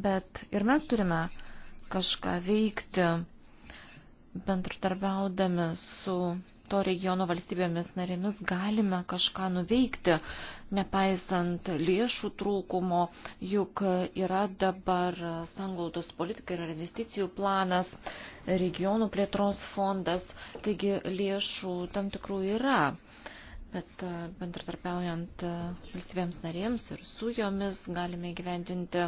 bet ir mes turime kažką veikti, bendradarbiaudami su to regiono valstybėmis narėmis galime kažką nuveikti, nepaisant lėšų trūkumo, juk yra dabar sangaudos politika ir investicijų planas, regionų plėtros fondas, taigi lėšų tam tikrų yra. Bet bendratarpiaujant valstybėms narėms ir su jomis galime gyventinti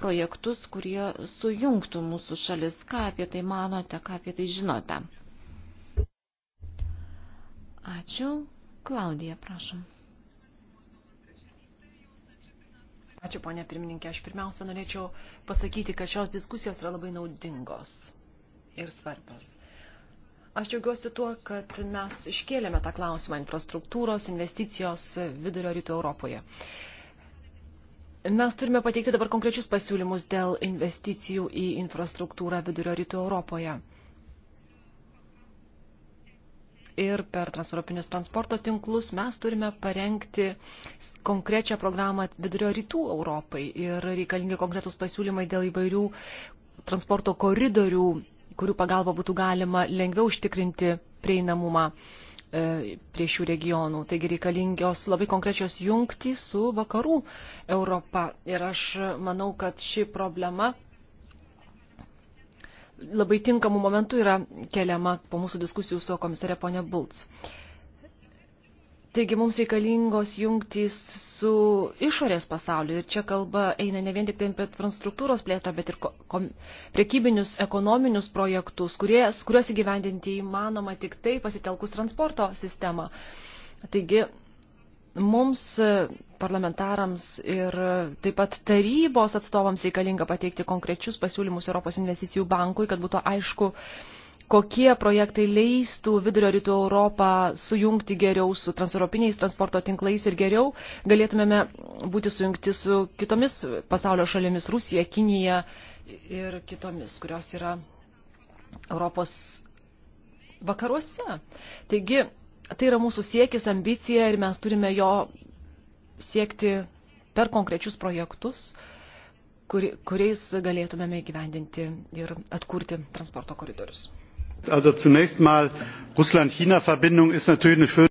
projektus, kurie sujungtų mūsų šalis. Ką apie tai manote, ką apie tai žinote? Ačiū. Klaudija, prašom. Ačiū, ponė pirmininkė. Aš pirmiausia norėčiau pasakyti, kad šios diskusijos yra labai naudingos ir svarbios. Aš džiaugiuosi tuo, kad mes iškėlėme tą klausimą infrastruktūros investicijos vidurio rytų Europoje. Mes turime pateikti dabar konkrečius pasiūlymus dėl investicijų į infrastruktūrą vidurio rytų Europoje. Ir per transeuropinius transporto tinklus mes turime parengti konkrečią programą vidurio rytų Europai ir reikalingi konkretus pasiūlymai dėl įvairių transporto koridorių, kurių pagalba būtų galima lengviau užtikrinti prieinamumą E, prie šių regionų. Taigi reikalingios labai konkrečios jungtys su vakarų Europa. Ir aš manau, kad ši problema labai tinkamų momentų yra keliama po mūsų diskusijų su komisare ponia Bulc. Uh, Taigi mums reikalingos jungtys su išorės pasauliu ir čia kalba eina ne vien tik tai apie infrastruktūros plėtrą, bet ir kom, prekybinius ekonominius projektus, kuries, kuriuos įgyvendinti įmanoma tik tai pasitelkus transporto sistemą. Taigi mums parlamentarams ir taip pat tarybos atstovams reikalinga pateikti konkrečius pasiūlymus Europos investicijų bankui, kad būtų aišku, uh, kokie projektai leistų vidurio rytų Europą sujungti geriau su transeuropiniais transporto tinklais ir geriau galėtumėme būti sujungti su kitomis pasaulio šalimis – Rusija, Kinija ir kitomis, kurios yra Europos vakaruose. Taigi, tai yra mūsų siekis, ambicija ir mes turime jo siekti per konkrečius projektus, kur, kuriais galėtumėme įgyvendinti ir atkurti transporto koridorius. Also zunächst mal Russland-China-Verbindung ist natürlich eine schöne.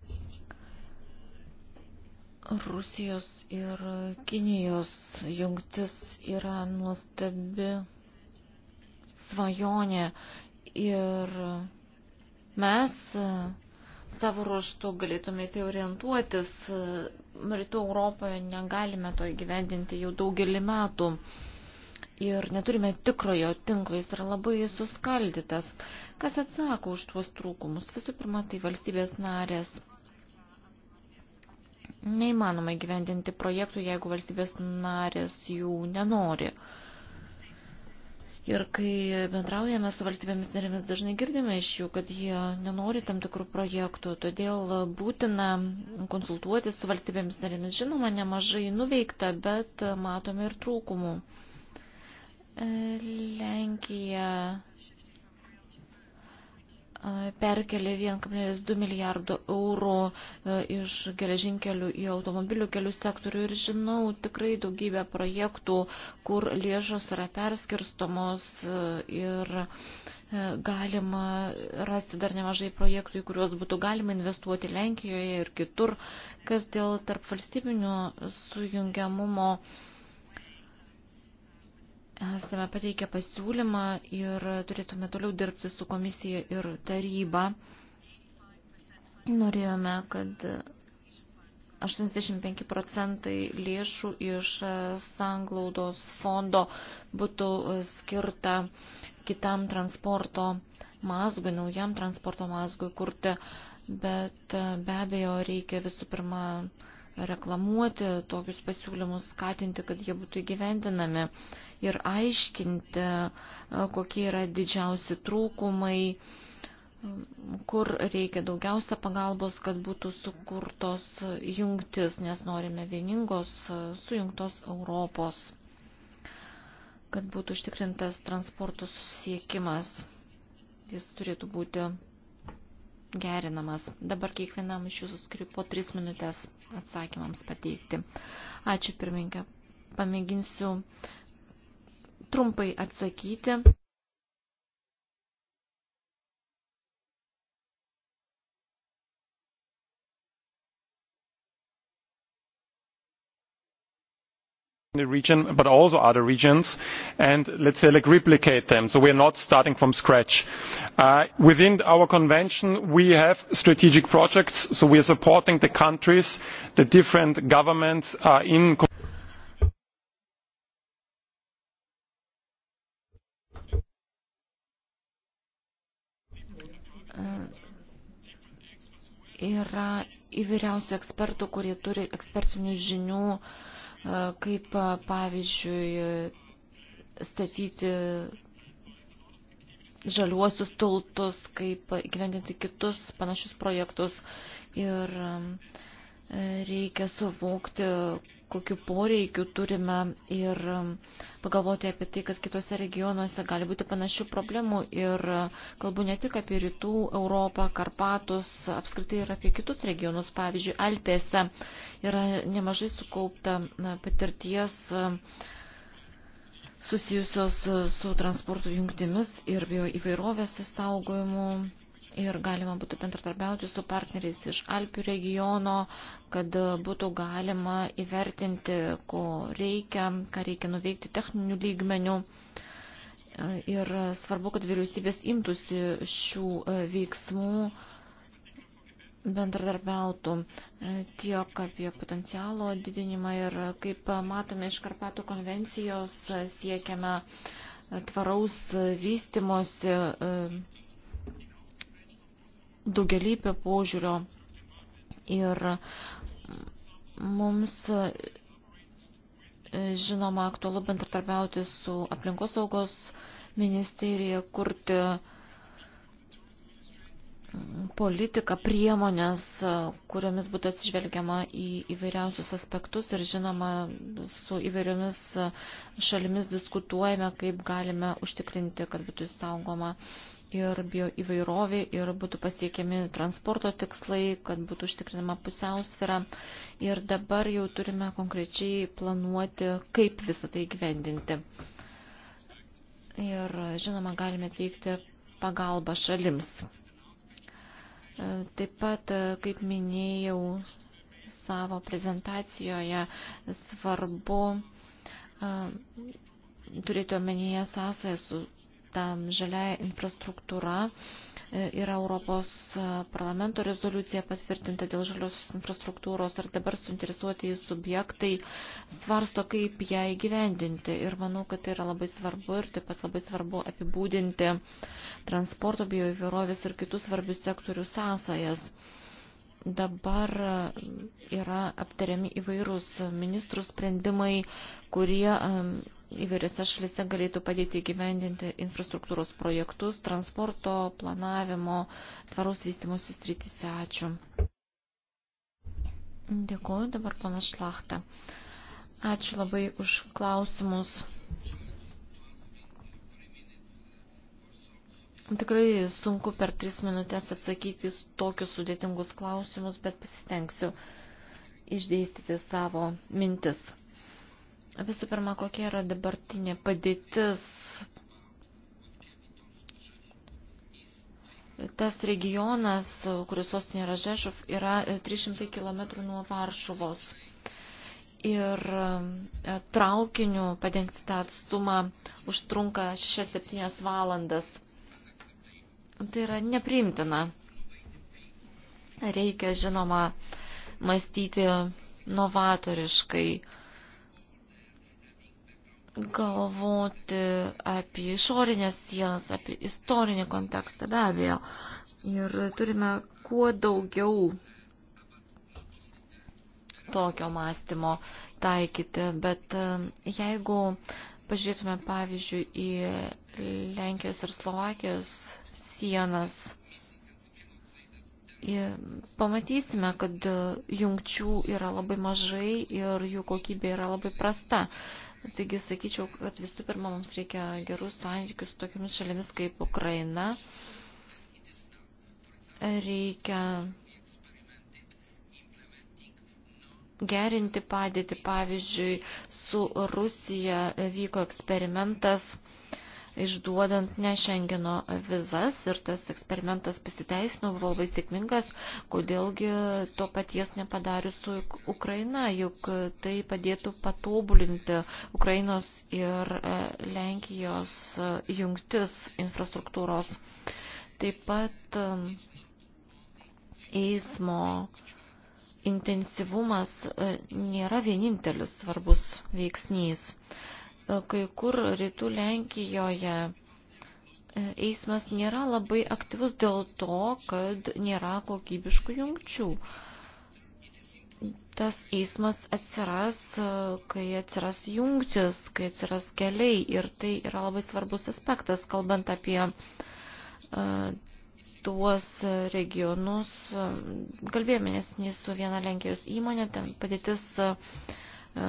Rusijos ir Kinijos jungtis yra nuostabi svajonė ir mes savo ruoštų galėtume tai orientuotis. Rytų Europoje negalime to įgyvendinti jau daugelį metų ir neturime tikrojo tinklo, jis yra labai suskaldytas. Kas atsako už tuos trūkumus? Visų pirma, tai valstybės narės. Neįmanoma įgyvendinti projektų, jeigu valstybės narės jų nenori. Ir kai bendraujame su valstybėmis narėmis, dažnai girdime iš jų, kad jie nenori tam tikrų projektų, todėl būtina konsultuotis su valstybėmis narėmis. Žinoma, nemažai nuveikta, bet matome ir trūkumų. Lenkija perkelė 1,2 milijardo eurų iš geležinkelių į automobilių kelių sektorių ir žinau tikrai daugybę projektų, kur lėšos yra perskirstomos ir galima rasti dar nemažai projektų, į kuriuos būtų galima investuoti Lenkijoje ir kitur, kas dėl tarp valstybinio sujungiamumo esame pateikę pasiūlymą ir turėtume toliau dirbti su komisija ir taryba. Norėjome, kad 85 procentai lėšų iš sanglaudos fondo būtų skirta kitam transporto mazgui, naujam transporto mazgui kurti, bet be abejo reikia visų pirma reklamuoti tokius pasiūlymus, skatinti, kad jie būtų įgyvendinami ir aiškinti, e, kokie yra didžiausi trūkumai, kur reikia daugiausia pagalbos, kad būtų sukurtos jungtis, nes norime vieningos, e, sujungtos Europos, kad būtų užtikrintas transporto susiekimas. Jis turėtų būti gerinamas. Dabar kiekvienam iš jūsų skiriu po tris minutės atsakymams pateikti. Ačiū pirmininkė. Pamėginsiu trumpai atsakyti. the region but also other regions and let's say like replicate them so we are not starting from scratch. Uh, within our convention we have strategic projects so we are supporting the countries the different governments uh, in yra įvairiausių ekspertų kurie turi ekspertinių žinių uh, kaip pavyzdžiui statyti žaliuosius tultus, kaip įgyvendinti kitus panašius projektus. Ir reikia suvokti, kokiu poreikiu turime ir pagalvoti apie tai, kad kitose regionuose gali būti panašių problemų. Ir kalbu ne tik apie rytų Europą, Karpatus, apskritai ir apie kitus regionus. Pavyzdžiui, Alpėse yra nemažai sukaupta patirties susijusios su transporto jungtimis ir bio įvairovės įsaugojimu ir galima būtų bendradarbiauti su partneriais iš Alpių regiono, kad būtų galima įvertinti, ko reikia, ką reikia nuveikti techninių lygmenių. Ir svarbu, kad vyriausybės imtųsi šių e, veiksmų bendradarbiautų e, tiek apie potencialo didinimą ir e, kaip matome iš Karpatų konvencijos siekiame tvaraus vystimosi daugelįpio požiūrio ir mums žinoma aktualu bendratarbiauti su aplinkosaugos ministerija, kurti politiką, priemonės, kuriomis būtų atsižvelgiama į įvairiausius aspektus ir žinoma, su įvairiomis šalimis diskutuojame, kaip galime užtikrinti, kad būtų saugoma ir bioįvairovė ir būtų pasiekiami transporto tikslai, kad būtų užtikrinama pusiausvėra. Ir dabar jau turime konkrečiai planuoti, kaip visą tai gyvendinti. Ir žinoma, galime teikti pagalbą šalims. Taip pat, kaip minėjau savo prezentacijoje, svarbu turėti omenyje sąsąją su ta žalia infrastruktūra e, yra Europos e, parlamento rezoliucija patvirtinta dėl žaliosios infrastruktūros ir dabar suinteresuoti į subjektai svarsto, kaip ją įgyvendinti. Ir manau, kad tai yra labai svarbu ir taip pat labai svarbu apibūdinti transporto, bioįvairovės ir kitus svarbius sektorių sąsajas. Dabar e, yra aptariami įvairūs ministrų sprendimai, kurie įvairiose šalise galėtų padėti įgyvendinti infrastruktūros projektus, transporto, planavimo, tvaraus vystimus įstrytise. Ačiū. Dėkuoju dabar pana Šlachtą. Ačiū labai už klausimus. Tikrai sunku per tris minutės atsakyti tokius sudėtingus klausimus, bet pasistengsiu išdėstyti savo mintis. Visų pirma, kokia yra dabartinė padėtis. Tas regionas, kuris sostinė yra Žešov, yra 300 e, km nuo Varšuvos. Ir e, traukiniu padengti tą atstumą užtrunka 6-7 valandas. Tai yra nepriimtina. Reikia, žinoma, mąstyti novatoriškai galvoti apie išorinės sienas, apie istorinį kontekstą be abejo. Ir turime kuo daugiau tokio mąstymo taikyti, bet e, jeigu pažiūrėtume pavyzdžiui į Lenkijos ir Slovakijos sienas, pamatysime, kad jungčių yra labai mažai ir jų kokybė yra labai prasta. Taigi sakyčiau, kad visų pirma mums reikia gerų santykių su tokiamis šalimis kaip Ukraina. Reikia gerinti padėtį. Pavyzdžiui, su Rusija vyko eksperimentas išduodant ne Šengeno vizas ir tas eksperimentas pasiteisino, buvo labai sėkmingas, kodėlgi to paties nepadarius su Ukraina, juk tai padėtų patobulinti Ukrainos ir e, Lenkijos e, jungtis infrastruktūros. Taip pat e, eismo intensyvumas nėra vienintelis svarbus veiksnys. E, kai kur rytų Lenkijoje e, eismas nėra labai aktyvus dėl to, kad nėra kokybiškų jungčių. Tas eismas atsiras, e, kai atsiras jungtis, kai atsiras keliai ir tai yra labai svarbus aspektas, kalbant apie tuos regionus. Kalbėjome nesnį su viena Lenkijos įmonė, ten padėtis E,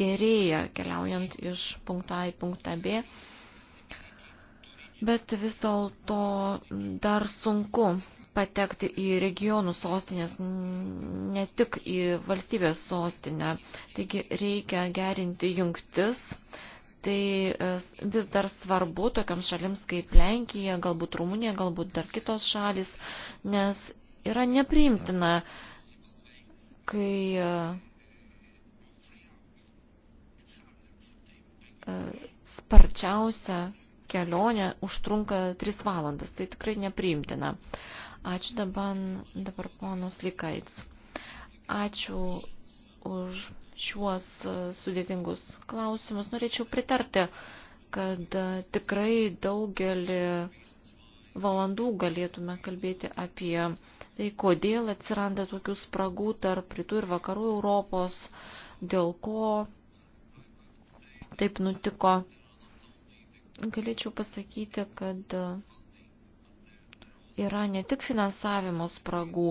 gerėja keliaujant iš punkto A į punktą B. Bet vis dėlto dar sunku patekti į regionų sostinės, ne tik į valstybės sostinę. Taigi reikia gerinti jungtis. Tai e, vis dar svarbu tokiams šalims kaip Lenkija, galbūt Rumunija, galbūt dar kitos šalis, nes yra nepriimtina, kai e, E, sparčiausia kelionė užtrunka 3 valandas. Tai tikrai nepriimtina. Ačiū dabar, dabar ponas Likaits. Ačiū už šiuos e, sudėtingus klausimus. Norėčiau pritarti, kad e, tikrai daugelį valandų galėtume kalbėti apie tai, kodėl atsiranda tokių spragų tarp rytų ir vakarų Europos, dėl ko taip nutiko. Galėčiau pasakyti, kad yra ne tik finansavimo spragų,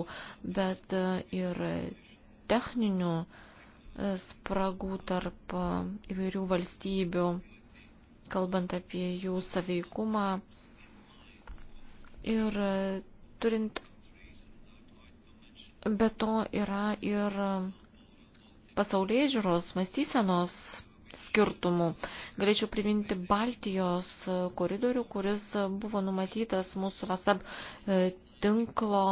bet ir techninių spragų tarp įvairių valstybių, kalbant apie jų saveikumą. Ir turint, be to yra ir pasaulyje žiūros, mąstysenos skirtumų. Galėčiau priminti Baltijos koridorių, kuris buvo numatytas mūsų VASAB e, tinklo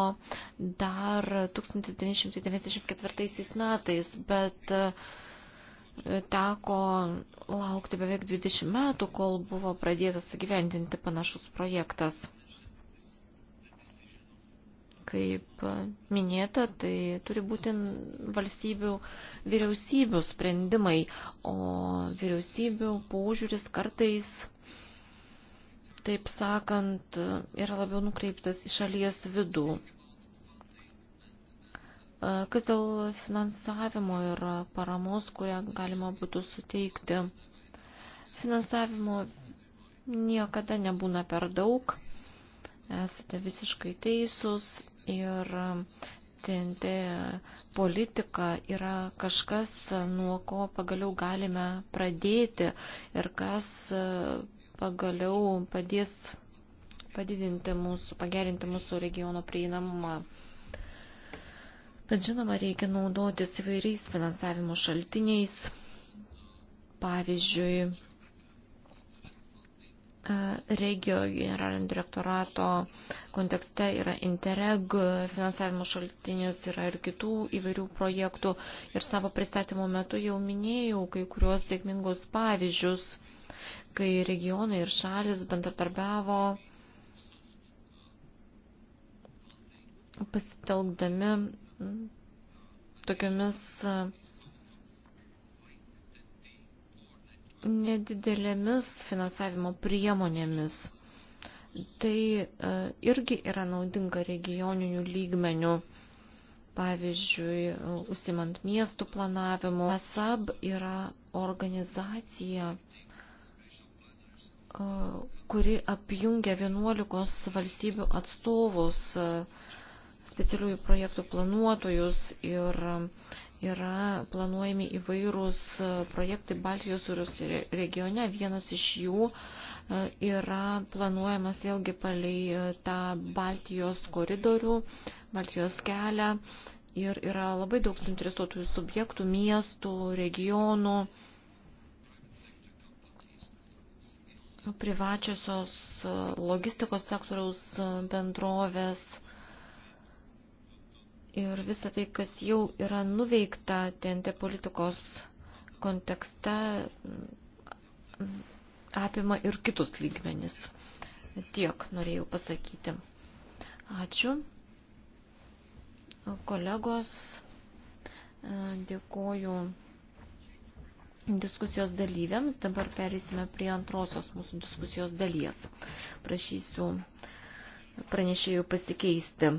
dar 1994 metais, bet e, teko laukti beveik 20 metų, kol buvo pradėtas gyvendinti panašus projektas. Kaip minėta, tai turi būti valstybių vyriausybių sprendimai, o vyriausybių požiūris kartais, taip sakant, yra labiau nukreiptas į šalies vidų. Kas dėl finansavimo ir paramos, kurią galima būtų suteikti? Finansavimo niekada nebūna per daug. Esate visiškai teisūs ir um, TNT politika yra kažkas, uh, nuo ko pagaliau galime pradėti ir kas uh, pagaliau padės padidinti mūsų, pagerinti mūsų regiono prieinamumą. Bet žinoma, reikia naudotis įvairiais finansavimo šaltiniais, pavyzdžiui, E, regio generalinio direktorato kontekste yra Interreg finansavimo šaltinis, yra ir kitų įvairių projektų. Ir savo pristatymo metu jau minėjau kai kuriuos sėkmingus pavyzdžius, kai regionai ir šalis bendradarbiavo pasitelkdami tokiomis nedidelėmis finansavimo priemonėmis. Tai e, irgi yra naudinga regioninių lygmenių. Pavyzdžiui, užsimant miestų planavimu, SAB yra organizacija, e, kuri apjungia 11 valstybių atstovus, e, specialiųjų projektų planuotojus ir uh, yra planuojami įvairūs e, projektai Baltijos jūros regione. Vienas iš jų e, yra planuojamas vėlgi palei e, tą Baltijos koridorių, Baltijos kelią. Ir yra labai daug suinteresuotųjų subjektų, miestų, regionų, privačiosios logistikos sektoriaus bendrovės Ir visa tai, kas jau yra nuveikta TNT politikos kontekste, apima ir kitus lygmenis. Tiek norėjau pasakyti. Ačiū. Kolegos, dėkoju diskusijos dalyviams. Dabar perėsime prie antrosios mūsų diskusijos dalies. Prašysiu pranešėjų pasikeisti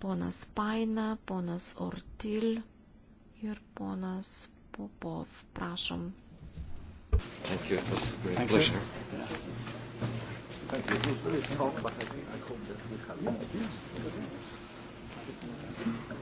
ponas Paina, ponas Ortil ir ponas Popov. Prašom. Thank you. It was a great Thank pleasure. You. Yeah. Thank you. It was very strong, but I think I hope that we have. Yeah, it is. It is.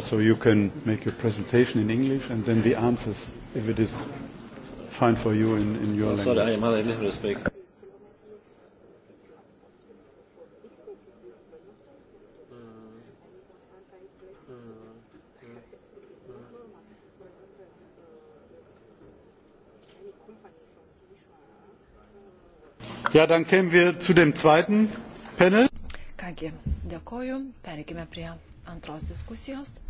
also you can make your presentation in English and then the answers, if it is fine for you in, in your Sorry, language. Sorry, I am nicht mehr sprechen. Ja, dann kämen wir zu dem zweiten Panel. Kągi, dėkoju. Pereikime prie antros diskusijos.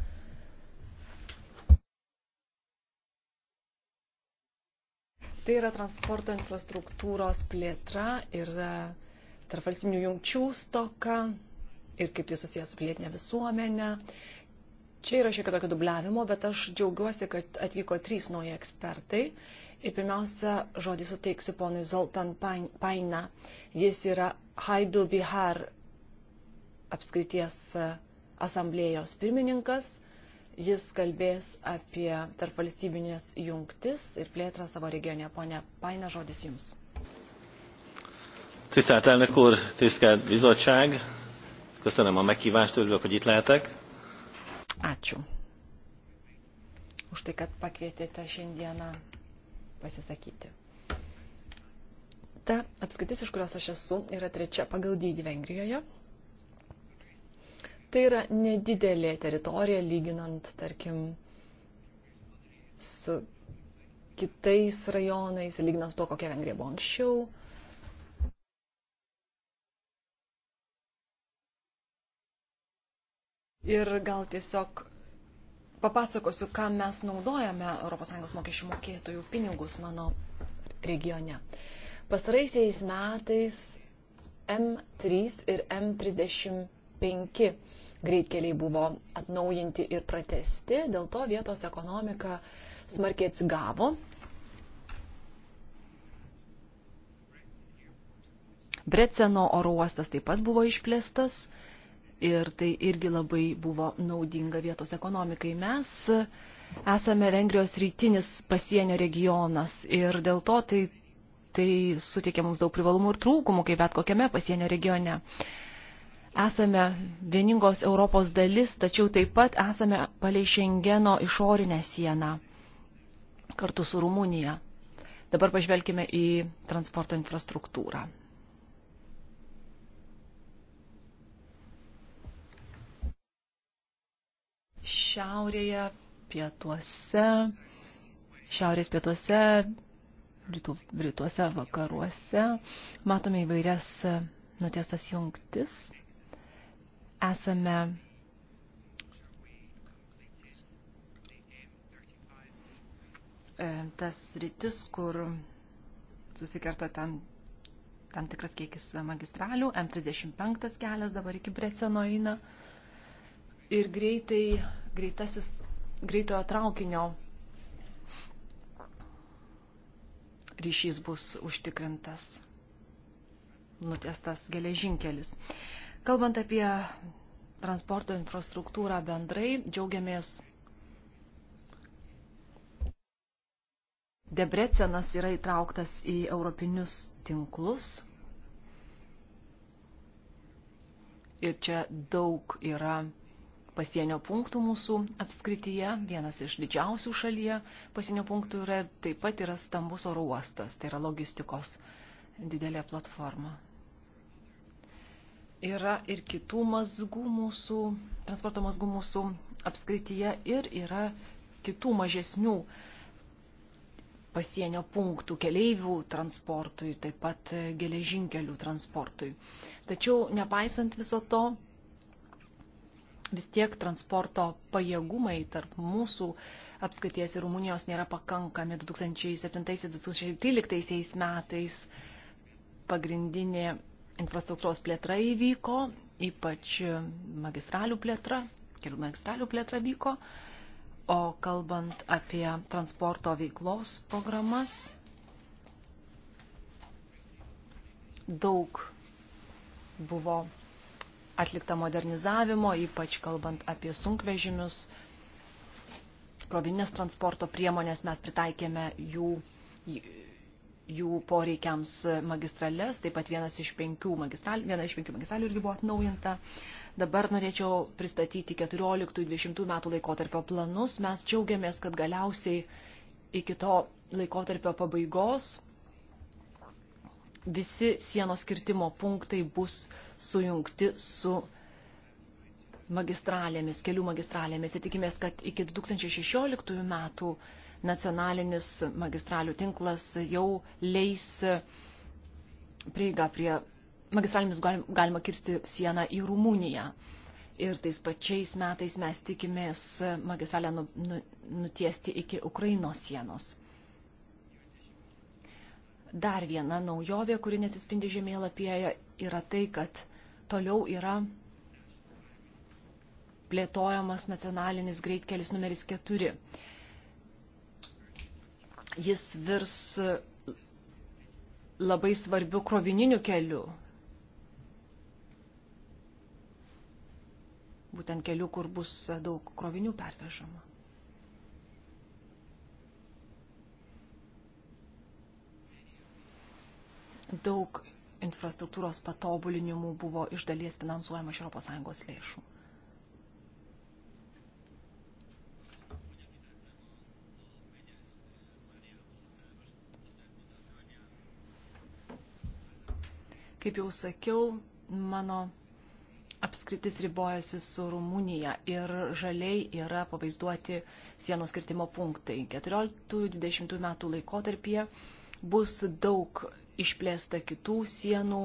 Tai yra transporto infrastruktūros plėtra ir tarpvalstybinių jungčių stoka ir kaip tai susijęs su pilietinė visuomenė. Čia yra šiek tiek tokio dubliavimo, bet aš džiaugiuosi, kad atvyko trys nauji ekspertai. Ir pirmiausia, žodį suteiksiu ponui Zoltan Paina. Jis yra Haidu Bihar apskrities e, asamblėjos pirmininkas. Jis kalbės apie tarpvalstybinės jungtis ir plėtrą savo regione. Pone Paina, žodis Jums. Tisztelt elnök úr, tisztelt bizottság, köszönöm a meghívást, örülök, hogy itt lehetek. Ačiū. Už tai, kad pakvietėte šiandieną pasisakyti. Ta apskaitis, iš kurios aš esu, yra trečia pagal dydį Vengrijoje Tai yra nedidelė teritorija lyginant, tarkim, su kitais rajonais, lyginant su to, kokia Vengrija buvo anksčiau. Ir gal tiesiog papasakosiu, kam mes naudojame ES mokesčių mokėtojų pinigus mano regione. Pastaraisiais metais M3 ir M30 penki greitkeliai buvo atnaujinti ir pratesti, dėl to vietos ekonomika smarkiai atsigavo. Breceno oro uostas taip pat buvo išplėstas ir tai irgi labai buvo naudinga vietos ekonomikai. Mes esame Vengrijos rytinis pasienio regionas ir dėl to tai, tai suteikia mums daug privalumų ir trūkumų, kaip bet kokiame pasienio regione. Uh, esame vieningos Europos dalis, tačiau taip pat esame palei Šengeno išorinę sieną kartu su Rumunija. Dabar pažvelkime į transporto infrastruktūrą. Šiaurėje, pietuose, šiaurės pietuose, rytų, rytuose, vakaruose matome įvairias nutestas jungtis esame e, tas rytis, kur susikerta tam, tam tikras kiekis magistralių, M35 kelias dabar iki Breceno eina ir greitai, greitasis, greitojo traukinio ryšys bus užtikrintas, nutestas geležinkelis. Kalbant apie transporto infrastruktūrą bendrai, džiaugiamės. Debrecenas yra įtrauktas į europinius tinklus. Ir čia daug yra pasienio punktų mūsų apskrityje, vienas iš didžiausių šalyje pasienio punktų yra taip pat yra stambus oro uostas, tai yra logistikos didelė platforma yra ir kitų mazgų mūsų, transporto mazgų mūsų apskrityje ir yra kitų mažesnių pasienio punktų keleivių transportui, taip pat geležinkelių transportui. Tačiau nepaisant viso to, vis tiek transporto pajėgumai tarp mūsų apskaities ir Rumunijos nėra pakankami 2007-2013 metais pagrindinė infrastruktūros plėtra įvyko, ypač magistralių plėtra, kelių magistralių plėtra vyko, o kalbant apie transporto veiklos programas, daug buvo atlikta modernizavimo, ypač kalbant apie sunkvežimius, krovinės transporto priemonės mes pritaikėme jų jų poreikiams magistrales, taip pat vienas iš penkių magistral, viena iš penkių magistralių irgi buvo atnaujinta. Dabar norėčiau pristatyti 14-20 metų laikotarpio planus. Mes džiaugiamės, kad galiausiai iki to laikotarpio pabaigos visi sienos kirtimo punktai bus sujungti su magistralėmis, kelių magistralėmis. Ir tikimės, kad iki 2016 metų nacionalinis magistralių tinklas jau leis prieigą prie magistralėmis galima kirsti sieną į Rumuniją. Ir tais pačiais metais mes tikimės magistralę nu, nu, nutiesti iki Ukrainos sienos. Dar viena naujovė, kuri nesispindi žemėlapyje, yra tai, kad toliau yra plėtojamas nacionalinis greitkelis numeris 4 jis virs labai svarbių krovininių kelių. Būtent kelių, kur bus daug krovinių pervežama. Daug infrastruktūros patobulinimų buvo iš dalies finansuojama iš ES lėšų. Kaip jau sakiau, mano apskritis ribojasi su Rumunija ir žaliai yra pavaizduoti sienos kirtimo punktai. 14-20 metų laikotarpyje bus daug išplėsta kitų sienų,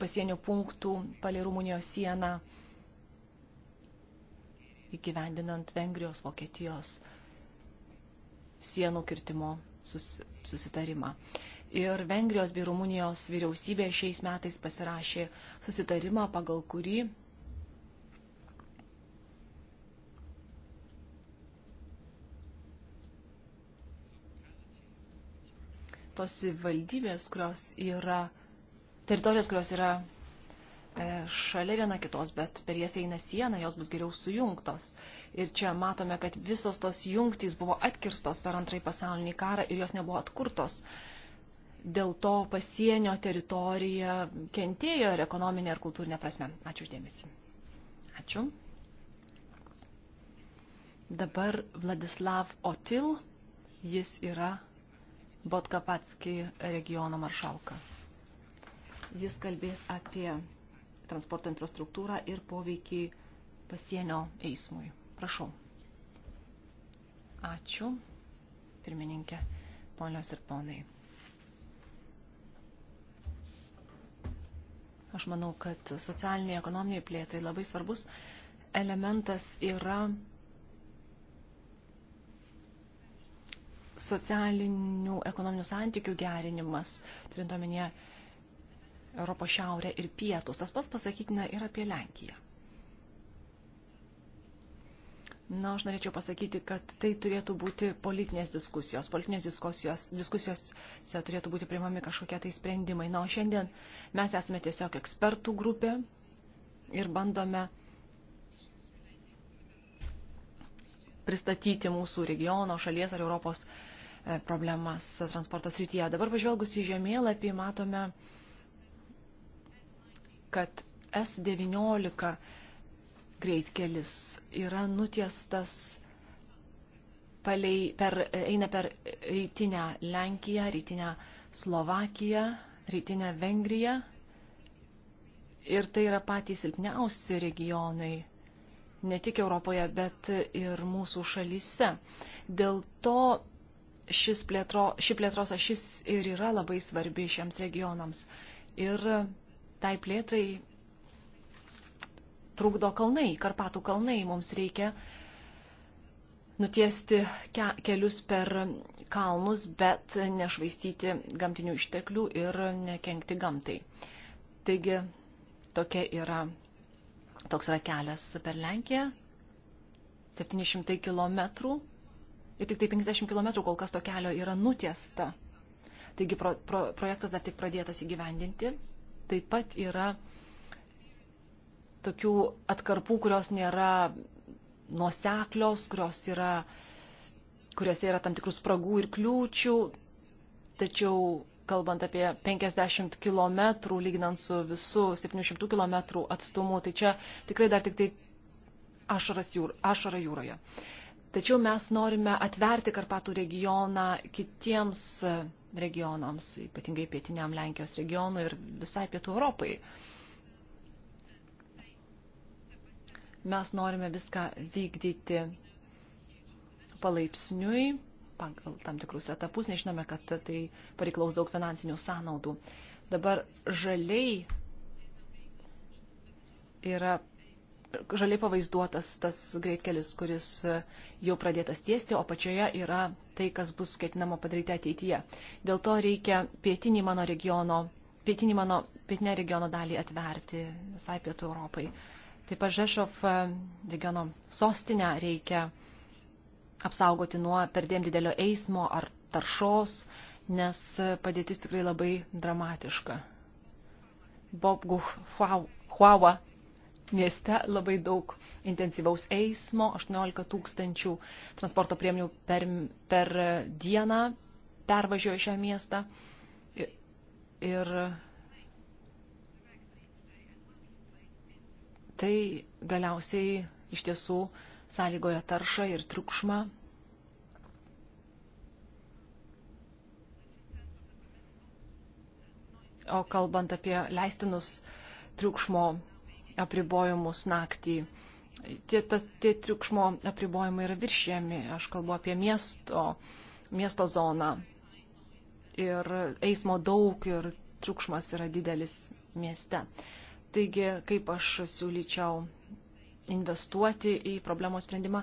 pasienio punktų palei Rumunijos sieną, įgyvendinant Vengrijos, Vokietijos sienų kirtimo susitarimą ir Vengrijos bei Rumunijos vyriausybė šiais metais pasirašė susitarimą, pagal kurį tos valdybės, kurios yra, teritorijos, kurios yra e, šalia viena kitos, bet per jas eina siena, jos bus geriau sujungtos. Ir čia matome, kad visos tos jungtys buvo atkirstos per antrąjį pasaulinį karą ir jos nebuvo atkurtos. Uh, dėl to pasienio teritorija kentėjo ir ekonominė ir kultūrinė prasme. Ačiū uždėmesi. Ačiū. Dabar Vladislav Otil, jis yra Botkapatski regiono maršalka. Jis kalbės apie transporto infrastruktūrą ir poveikį pasienio eismui. Prašau. Ačiū, pirmininkė, ponios ir ponai. Aš manau, kad socialiniai ekonominiai plėtai labai svarbus elementas yra socialinių ekonominių santykių gerinimas, turint omenyje Europos šiaurę ir pietus. Tas pats pasakytina ir apie Lenkiją. Na, aš norėčiau pasakyti, kad tai turėtų būti politinės diskusijos. Politinės diskusijos, diskusijose turėtų būti priimami kažkokie tai sprendimai. Na, o šiandien mes esame tiesiog ekspertų grupė ir bandome pristatyti mūsų regiono, šalies ar Europos e, problemas transporto srityje. Dabar pažvelgus į žemėlapį matome, kad S19 greitkelis yra nutiestas palei, per, eina per rytinę Lenkiją, rytinę Slovakiją, rytinę Vengriją. Ir tai yra patys silpniausi regionai ne tik Europoje, bet ir mūsų šalyse. Dėl to šis plėtro, ši plėtros ašis ir yra labai svarbi šiems regionams. Ir tai plėtrai trukdo kalnai, Karpatų kalnai. Mums reikia nutiesti ke kelius per kalnus, bet nešvaistyti gamtinių išteklių ir nekenkti gamtai. Taigi tokia yra, toks yra kelias per Lenkiją, 700 km ir tik tai 50 km kol kas to kelio yra nutiesta. Taigi pro, pro, projektas dar tik pradėtas įgyvendinti. Taip pat yra tokių atkarpų, kurios nėra nuoseklios, kurios yra, kuriuose yra tam tikrų spragų ir kliūčių. Tačiau, kalbant apie 50 km, lyginant su visu 700 km atstumu, tai čia tikrai dar tik tai ašaras jūr, ašara jūroje. Tačiau mes norime atverti Karpatų regioną kitiems regionams, ypatingai pietiniam Lenkijos regionui ir visai pietų Europai. Uh, Mes norime viską vykdyti palaipsniui, pagal tam tikrus etapus, nežinome, kad tai pareiklaus daug finansinių sąnaudų. Dabar žaliai yra žaliai pavaizduotas tas greitkelis, kuris jau pradėtas tiesti, o pačioje yra tai, kas bus ketinama padaryti ateityje. Dėl to reikia pietinį mano regiono, pietinį mano, pietinę regiono dalį atverti visai pietų Europai. Uh, Taip pat Žešov e, regiono sostinę reikia apsaugoti nuo perdėm didelio eismo ar taršos, nes padėtis tikrai labai dramatiška. Bob Guhuava mieste labai daug intensyvaus eismo, 18 tūkstančių transporto priemonių per, per dieną pervažiuoja šią miestą. Ir, ir tai galiausiai iš tiesų sąlygoja taršą ir triukšmą. O kalbant apie leistinus triukšmo apribojimus naktį, tie, tas, tie triukšmo apribojimai yra viršėmi. Aš kalbu apie miesto, miesto zoną. Ir eismo daug ir triukšmas yra didelis mieste. Uh, Taigi, kaip aš siūlyčiau investuoti į problemos sprendimą,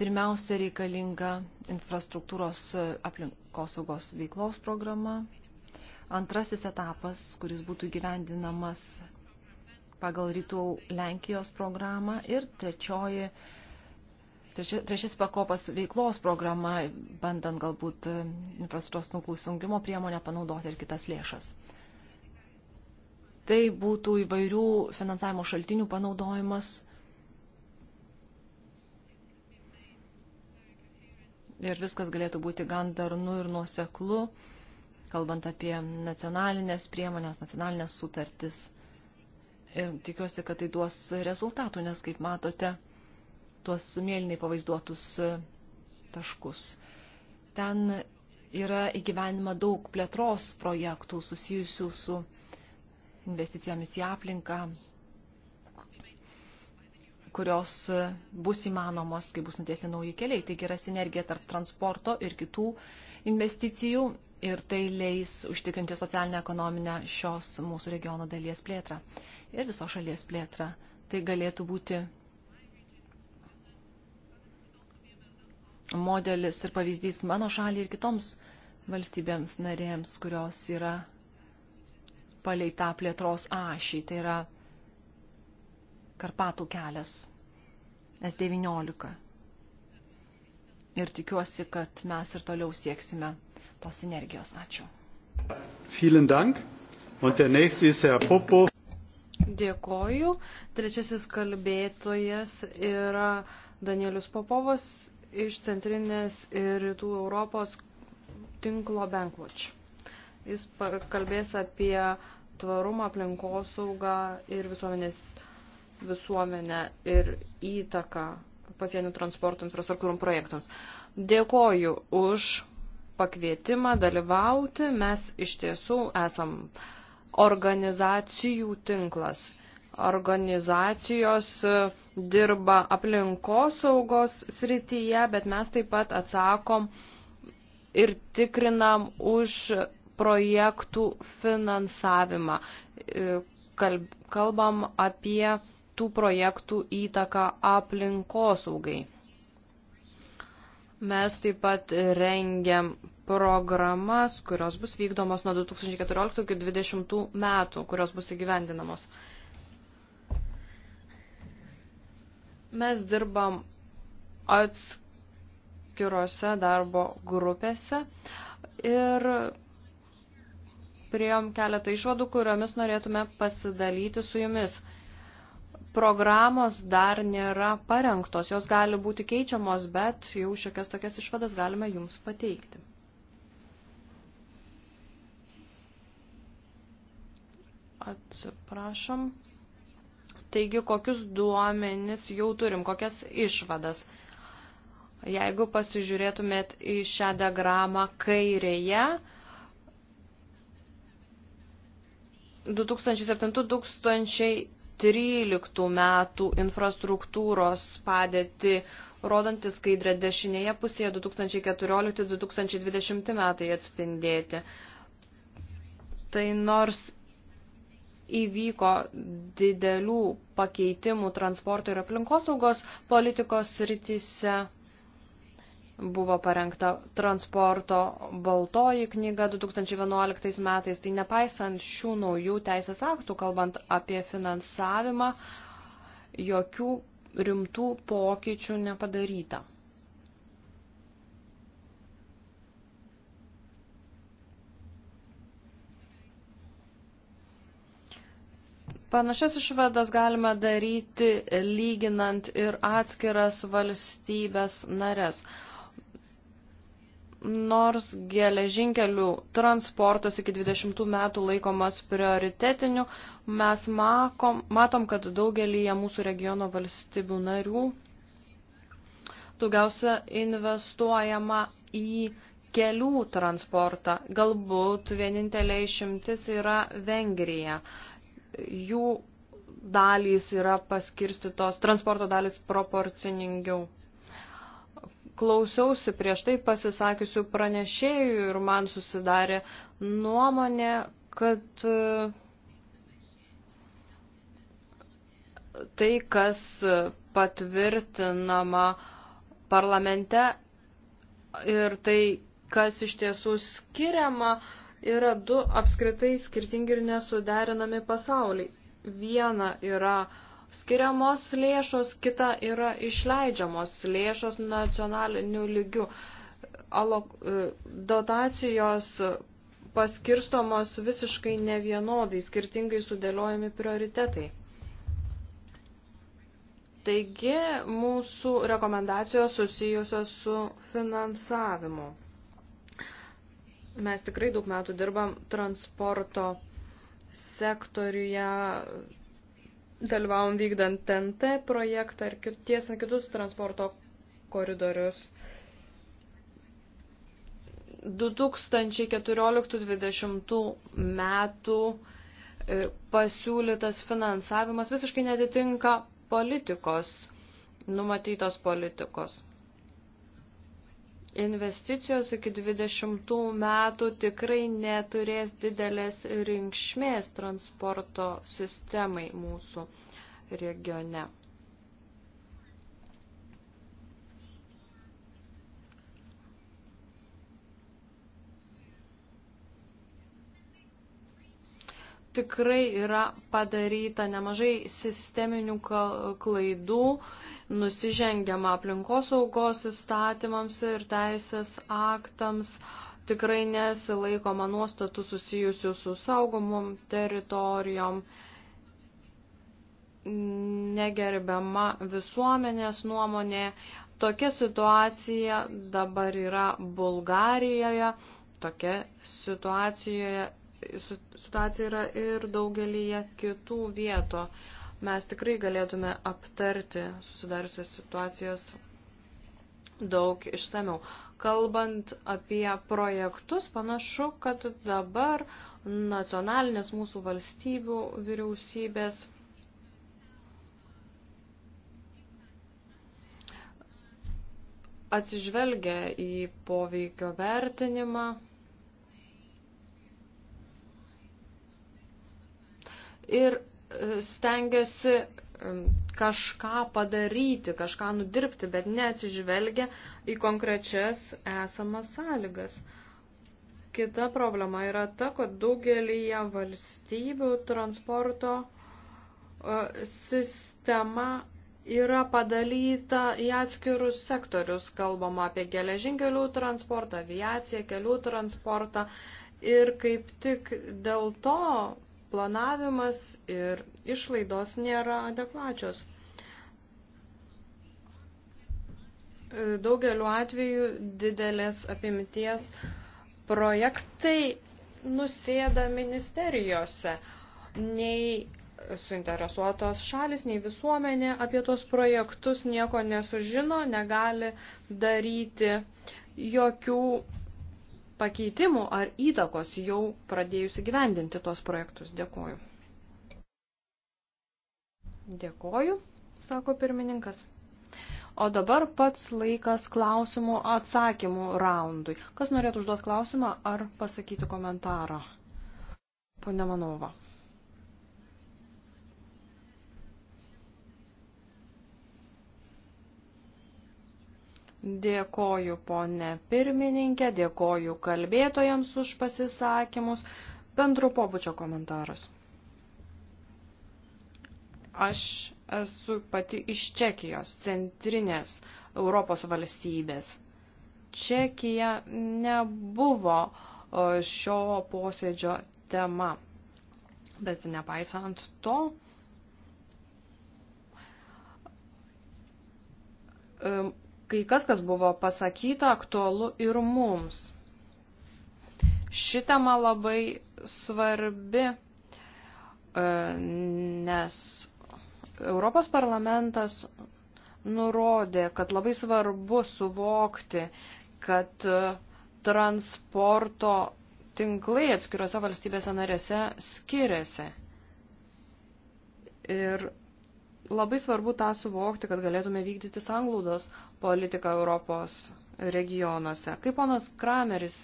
pirmiausia reikalinga infrastruktūros aplinkosaugos veiklos programa. Antrasis etapas, kuris būtų gyvendinamas pagal rytų Lenkijos programą. Ir trečioji, trečia, trečias pakopas veiklos programa, bandant galbūt infrastruktūros tinklų sungimo priemonę panaudoti ir kitas lėšas tai būtų įvairių finansavimo šaltinių panaudojimas. Ir viskas galėtų būti gan darnu ir nuoseklu, kalbant apie nacionalinės priemonės, nacionalinės sutartis. Ir tikiuosi, kad tai duos rezultatų, nes, kaip matote, tuos mėlynai pavaizduotus e, taškus. Ten yra įgyvenima daug plėtros projektų susijusių su investicijomis į aplinką, kurios bus įmanomos, kai bus nutiesti nauji keliai. Taigi yra sinergija tarp transporto ir kitų investicijų ir tai leis užtikrinti socialinę ekonominę šios mūsų regiono dalies plėtrą ir viso šalies plėtrą. Tai galėtų būti modelis ir pavyzdys mano šaliai ir kitoms valstybėms narėms, kurios yra palei tą plėtros ašį, tai yra Karpatų kelias S19. Ir tikiuosi, kad mes ir toliau sieksime tos energijos. Ačiū. Vielen Dank. Und der nächste ist Herr Popo. Dėkoju. Trečiasis kalbėtojas yra Danielius Popovas iš Centrinės ir Rytų Europos tinklo Bankwatch. Jis kalbės apie tvarumą, aplinkosaugą ir visuomenės visuomenę ir įtaką pasienio transporto infrastruktūrum projektams. Dėkoju už pakvietimą dalyvauti. Mes iš tiesų esam organizacijų tinklas. Organizacijos e, dirba aplinkosaugos srityje, bet mes taip pat atsakom ir tikrinam už projektų finansavimą. E, kalbam apie tų projektų įtaką aplinkosaugai. Mes taip pat rengiam programas, kurios bus vykdomos nuo 2014 iki 2020 metų, kurios bus įgyvendinamos. Mes dirbam atskirose darbo grupėse ir priejom keletą išvadų, kuriomis norėtume pasidalyti su jumis. Programos dar nėra parengtos, jos gali būti keičiamos, bet jau šiokias tokias išvadas galime jums pateikti. Atsiprašom. Taigi, kokius duomenis jau turim, kokias išvadas. Jeigu pasižiūrėtumėt į šią diagramą kairėje, 2007-2013 metų infrastruktūros padėtį, rodantį skaidrę dešinėje pusėje 2014-2020 metai atspindėti. Tai nors įvyko didelių pakeitimų transporto ir aplinkosaugos politikos rytise, buvo parengta transporto baltoji knyga 2011 metais. Tai nepaisant šių naujų teisės aktų, kalbant apie finansavimą, jokių rimtų pokyčių nepadaryta. Panašias išvadas galima daryti lyginant ir atskiras valstybės narės nors geležinkelių transportas iki 20 metų laikomas prioritetiniu, mes makom, matom, kad daugelį mūsų regiono valstybių narių daugiausia investuojama į kelių transportą. Galbūt vienintelė išimtis yra Vengrija. Jų dalys yra paskirstytos, transporto dalys proporciningiau klausiausi prieš tai pasisakiusių pranešėjų ir man susidarė nuomonė, kad e, tai, kas patvirtinama parlamente ir tai, kas iš tiesų skiriama, yra du apskritai skirtingi ir nesuderinami pasauliai. Viena yra uh, skiriamos lėšos, kita yra išleidžiamos lėšos nacionaliniu lygiu. Alok, e, dotacijos paskirstomos visiškai nevienodai, skirtingai sudėliojami prioritetai. Taigi mūsų rekomendacijos susijusios su finansavimu. Mes tikrai daug metų dirbam transporto sektoriuje, dalyvavom vykdant TNT projektą ir tiesiant kitus transporto koridorius. 2014-2020 metų e, pasiūlytas finansavimas visiškai netitinka politikos, numatytos politikos investicijos iki 20 metų tikrai neturės didelės rinkšmės transporto sistemai mūsų regione. tikrai yra padaryta nemažai sisteminių klaidų, nusižengiama aplinkosaugos įstatymams ir teisės aktams, tikrai nesilaikoma nuostatų susijusių su saugomom teritorijom, negerbiama visuomenės nuomonė. Tokia situacija dabar yra Bulgarijoje, tokia situacijoje situacija yra ir daugelyje kitų vietų. Mes tikrai galėtume aptarti susidariusios situacijos daug išsameu. Kalbant apie projektus, panašu, kad dabar nacionalinės mūsų valstybių vyriausybės atsižvelgia į poveikio vertinimą ir e, stengiasi e, kažką padaryti, kažką nudirbti, bet neatsižvelgia į konkrečias esamas sąlygas. Kita problema yra ta, kad daugelyje valstybių transporto e, sistema yra padalyta į atskirus sektorius. Kalbama apie geležinkelių transportą, aviaciją, kelių transportą. Ir kaip tik dėl to planavimas ir išlaidos nėra adekvačios. Daugeliu atveju didelės apimties projektai nusėda ministerijose. Nei suinteresuotos šalis, nei visuomenė apie tos projektus nieko nesužino, negali daryti jokių pakeitimų ar įtakos jau pradėjusi gyvendinti tos projektus. Dėkuoju. Dėkuoju, sako pirmininkas. O dabar pats laikas klausimų atsakymų raundui. Kas norėtų užduoti klausimą ar pasakyti komentarą? Pone Manova. Dėkoju ponė pirmininkė, dėkoju kalbėtojams už pasisakymus. Bendro pobučio komentaras. Aš esu pati iš Čekijos, centrinės Europos valstybės. Čekija nebuvo šio posėdžio tema. Bet nepaisant to, kai kas, kas buvo pasakyta, aktualu ir mums. Ši tema labai svarbi, e, nes Europos parlamentas nurodė, kad labai svarbu suvokti, kad e, transporto tinklai atskiriuose valstybėse narėse skiriasi. Ir Labai svarbu tą suvokti, kad galėtume vykdyti sanglaudos politiką Europos regionuose. Kaip ponas Krameris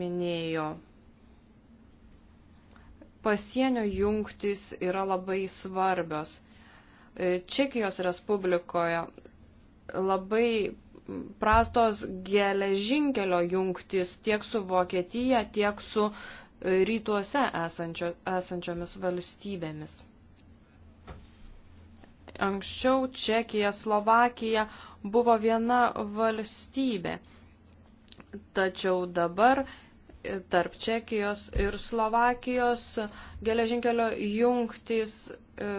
minėjo, pasienio jungtis yra labai svarbios. Čekijos Respublikoje labai prastos geležinkelio jungtis tiek su Vokietija, tiek su rytuose esančio, esančiomis valstybėmis. Anksčiau Čekija, Slovakija buvo viena valstybė. Tačiau dabar e, tarp Čekijos ir Slovakijos geležinkelio jungtys e,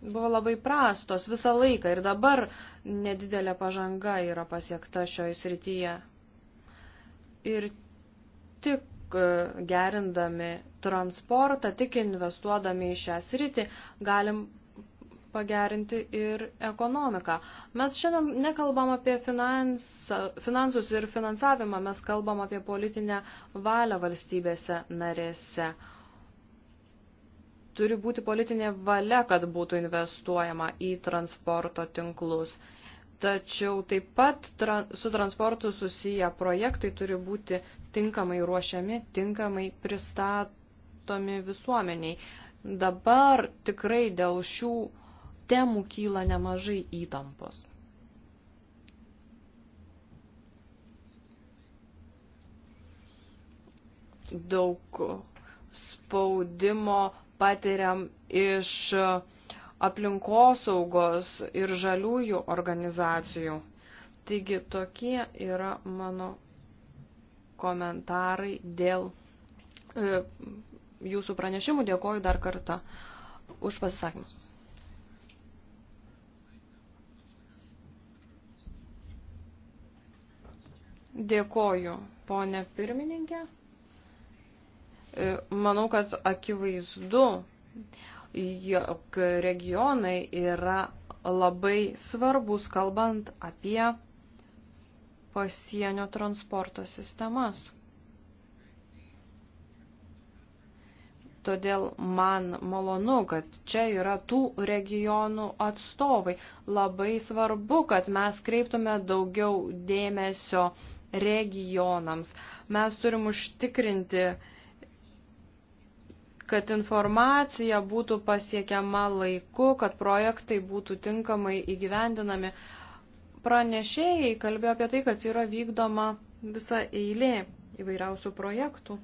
buvo labai prastos visą laiką ir dabar nedidelė pažanga yra pasiekta šioje srityje. Ir tik e, gerindami transportą, tik investuodami į šią sritį, galim pagerinti ir ekonomiką. Mes šiandien nekalbam apie finansą, finansus ir finansavimą, mes kalbam apie politinę valią valstybėse narėse. Turi būti politinė valia, kad būtų investuojama į transporto tinklus. Tačiau taip pat tra su transportu susiję projektai turi būti tinkamai ruošiami, tinkamai pristatomi visuomeniai. Dabar tikrai dėl šių temų kyla nemažai įtampos. Daug spaudimo patiriam iš aplinkosaugos ir žaliųjų organizacijų. Taigi tokie yra mano komentarai dėl e, jūsų pranešimų. Dėkoju dar kartą už pasisakymus. Dėkoju, ponė pirmininkė. E, manau, kad akivaizdu, jog regionai yra labai svarbus, kalbant apie pasienio transporto sistemas. Todėl man malonu, kad čia yra tų regionų atstovai. Labai svarbu, kad mes kreiptume daugiau dėmesio regionams. Mes turim užtikrinti, kad informacija būtų pasiekiama laiku, kad projektai būtų tinkamai įgyvendinami. Pranešėjai kalbėjo apie tai, kad yra vykdoma visa eilė įvairiausių projektų.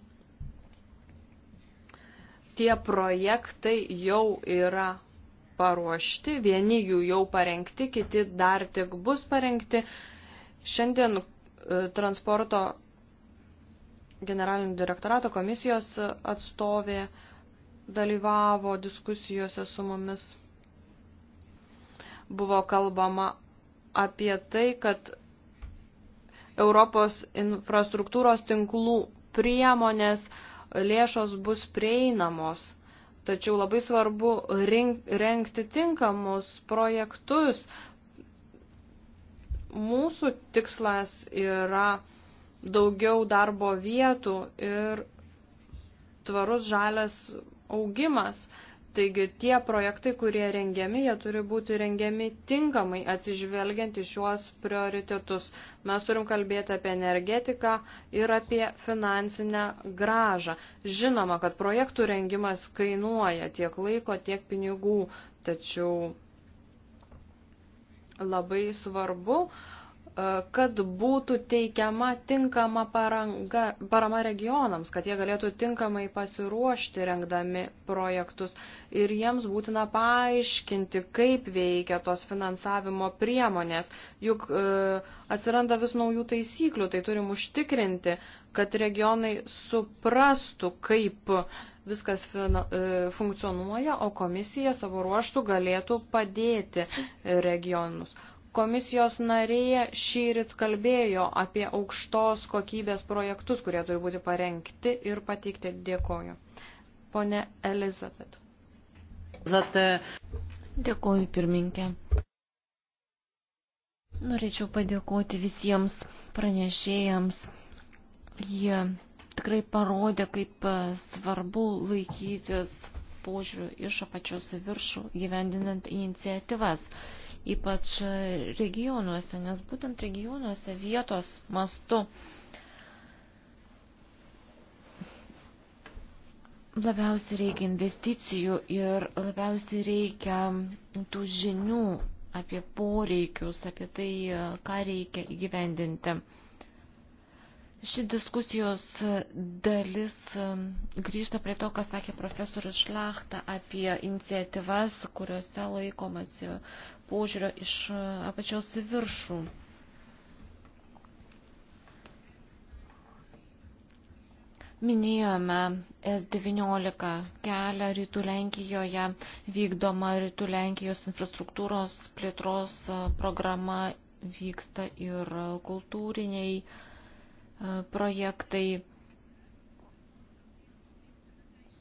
Tie projektai jau yra paruošti, vieni jų jau parengti, kiti dar tik bus parengti. Šiandien E, transporto generalinio direktorato komisijos atstovė dalyvavo diskusijose su mumis. Buvo kalbama apie tai, kad Europos infrastruktūros tinklų priemonės lėšos bus prieinamos, tačiau labai svarbu rink, renkti tinkamus projektus, Mūsų tikslas yra daugiau darbo vietų ir tvarus žalias augimas. Taigi tie projektai, kurie rengiami, jie turi būti rengiami tinkamai atsižvelgiant į šiuos prioritetus. Mes turim kalbėti apie energetiką ir apie finansinę gražą. Žinoma, kad projektų rengimas kainuoja tiek laiko, tiek pinigų, tačiau labai svarbu uh, E, kad būtų teikiama tinkama paranga, parama regionams, kad jie galėtų tinkamai pasiruošti rengdami projektus ir jiems būtina paaiškinti, kaip veikia tos finansavimo priemonės. Juk e, atsiranda vis naujų taisyklių, tai turim užtikrinti, kad regionai suprastų, kaip viskas fina, e, funkcionuoja, o komisija savo ruoštų galėtų padėti regionus. Komisijos narė šyrit kalbėjo apie aukštos kokybės projektus, kurie turi būti parengti ir pateikti. Dėkoju. Pone Elizabet. Zate. Dėkoju, pirminkė. Norėčiau padėkoti visiems pranešėjams. Jie tikrai parodė, kaip e, svarbu laikytis požiūrių iš apačios į viršų, gyvendinant iniciatyvas ypač regionuose, nes būtent regionuose vietos mastu labiausiai reikia investicijų ir labiausiai reikia tų žinių apie poreikius, apie tai, ką reikia įgyvendinti. Ši diskusijos dalis grįžta prie to, ką sakė profesorius Šlachta apie iniciatyvas, kuriuose laikomasi požiūrio iš e, apačiaus į viršų. Minėjome S19 kelią Rytų Lenkijoje, vykdoma Rytų Lenkijos infrastruktūros plėtros e, programa vyksta ir kultūriniai e, projektai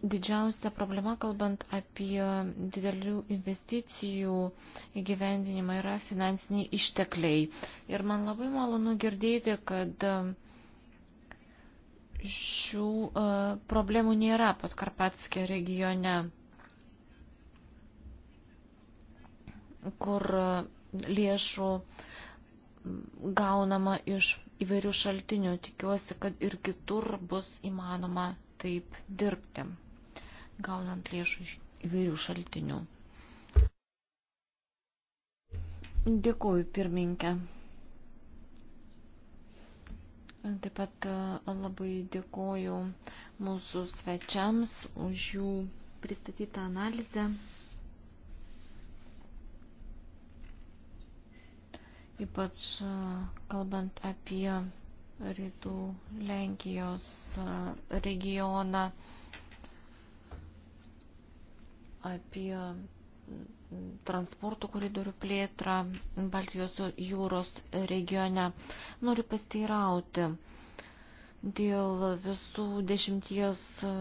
didžiausia problema, kalbant apie didelių investicijų įgyvendinimą, yra finansiniai ištekliai. Ir man labai malonu girdėti, kad e, šių e, problemų nėra Podkarpatskė regione, kur e, lėšų gaunama iš įvairių šaltinių. Tikiuosi, kad ir kitur bus įmanoma taip dirbti gaunant lėšų iš įvairių šaltinių. Dėkuoju, pirminkė. Taip pat e, labai dėkoju mūsų svečiams už jų pristatytą analizę. Ypač e, kalbant apie rytų Lenkijos e, regioną apie transporto koridorių plėtrą Baltijos jūros regione. Noriu pasteirauti dėl visų dešimties e,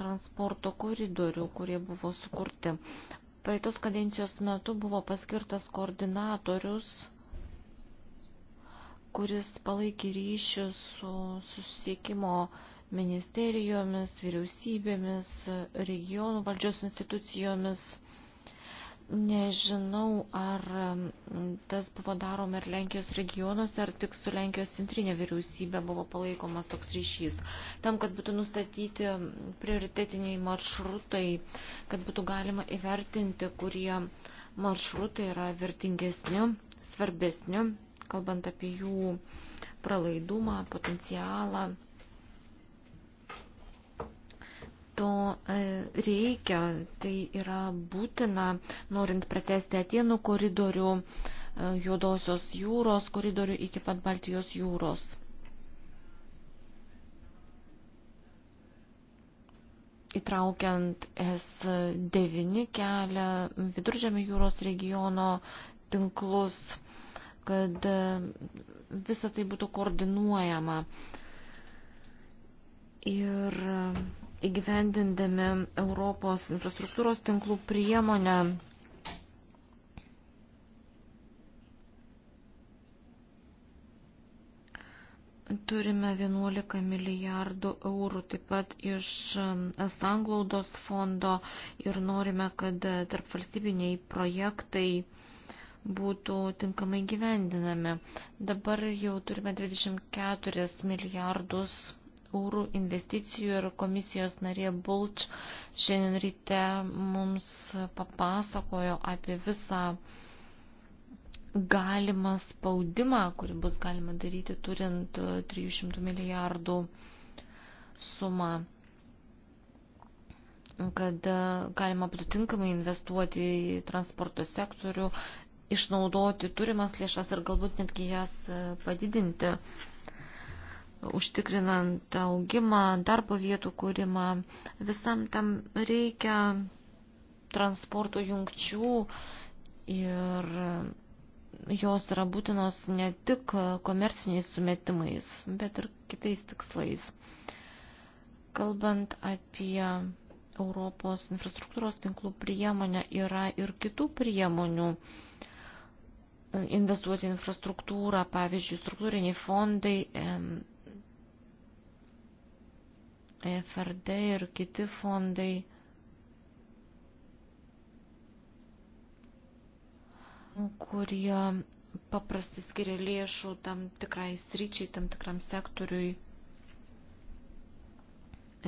transporto koridorių, kurie buvo sukurti. Praeitos kadencijos metu buvo paskirtas koordinatorius, kuris palaikė ryšį su susisiekimo ministerijomis, vyriausybėmis, regionų valdžios institucijomis. Nežinau, ar tas buvo daroma ir Lenkijos regionuose, ar tik su Lenkijos centrinė vyriausybė buvo palaikomas toks ryšys. Tam, kad būtų nustatyti prioritetiniai maršrutai, kad būtų galima įvertinti, kurie maršrutai yra vertingesni, svarbesni, kalbant apie jų pralaidumą, potencialą to e, reikia, tai yra būtina, norint pratesti Atenų koridorių, e, Juodosios jūros koridorių iki pat Baltijos jūros. Įtraukiant S9 kelią, Viduržėmio jūros regiono tinklus, kad e, visa tai būtų koordinuojama. Ir įgyvendindami Europos infrastruktūros tinklų priemonę turime 11 milijardų eurų taip pat iš um, sanglaudos fondo ir norime, kad uh, tarp valstybiniai projektai būtų tinkamai gyvendinami. Dabar jau turime 24 milijardus eurų investicijų ir komisijos narė Bulč šiandien ryte mums papasakojo apie visą galimą spaudimą, kurį bus galima daryti turint 300 milijardų sumą kad galima būtų tinkamai investuoti į transporto sektorių, išnaudoti turimas lėšas ir galbūt netgi jas padidinti užtikrinant augimą, darbo vietų kūrimą. Visam tam reikia transporto jungčių ir jos yra būtinos ne tik komerciniais sumetimais, bet ir kitais tikslais. Kalbant apie Europos infrastruktūros tinklų priemonę, yra ir kitų priemonių investuoti infrastruktūrą, pavyzdžiui, struktūriniai fondai, EFRD ir kiti fondai. kurie paprastai skiria lėšų tam tikrai sryčiai, tam tikram sektoriui.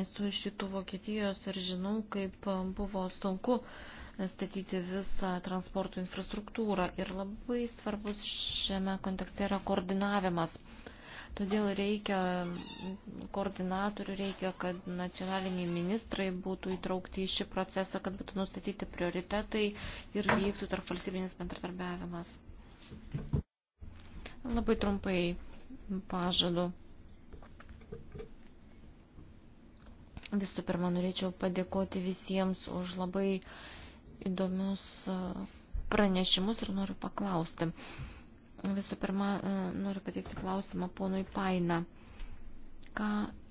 Esu iš šitų Vokietijos ir žinau, kaip buvo sunku statyti visą transporto infrastruktūrą ir labai svarbus šiame kontekste yra koordinavimas. Todėl reikia koordinatorių, reikia, kad nacionaliniai ministrai būtų įtraukti į šį procesą, kad būtų nustatyti prioritetai ir vyktų tarp valstybinis bendradarbiavimas. Labai trumpai pažadu. Visų pirma, norėčiau padėkoti visiems už labai įdomius pranešimus ir noriu paklausti. Visų pirma, e, noriu pateikti klausimą ponui Paina. Ką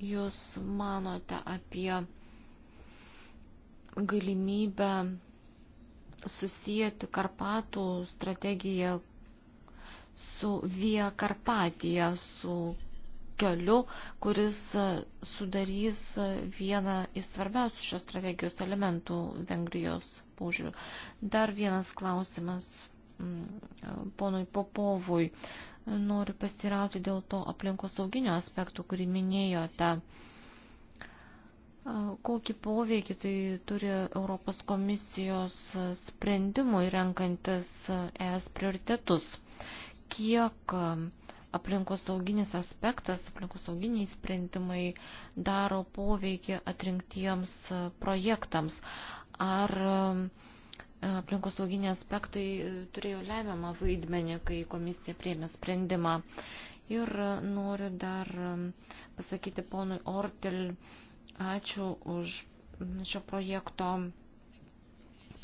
Jūs manote apie galimybę susijęti Karpatų strategiją su Via Karpatija, su keliu, kuris e, sudarys e, vieną iš svarbiausių šios strategijos elementų Vengrijos požiūrių. Dar vienas klausimas Mm, ponui Popovui. Noriu pasirauti dėl to aplinkos sauginio aspektų, kurį minėjote. Kokį poveikį tai turi Europos komisijos sprendimui renkantis ES prioritetus? Kiek aplinkosauginis aspektas, aplinkosauginiai sprendimai daro poveikį atrinktiems projektams? Ar uh, aplinkosauginiai aspektai e, turėjo lemiamą vaidmenį, kai komisija prieimė sprendimą. Ir e, noriu dar e, pasakyti ponui Ortel, ačiū už šio projekto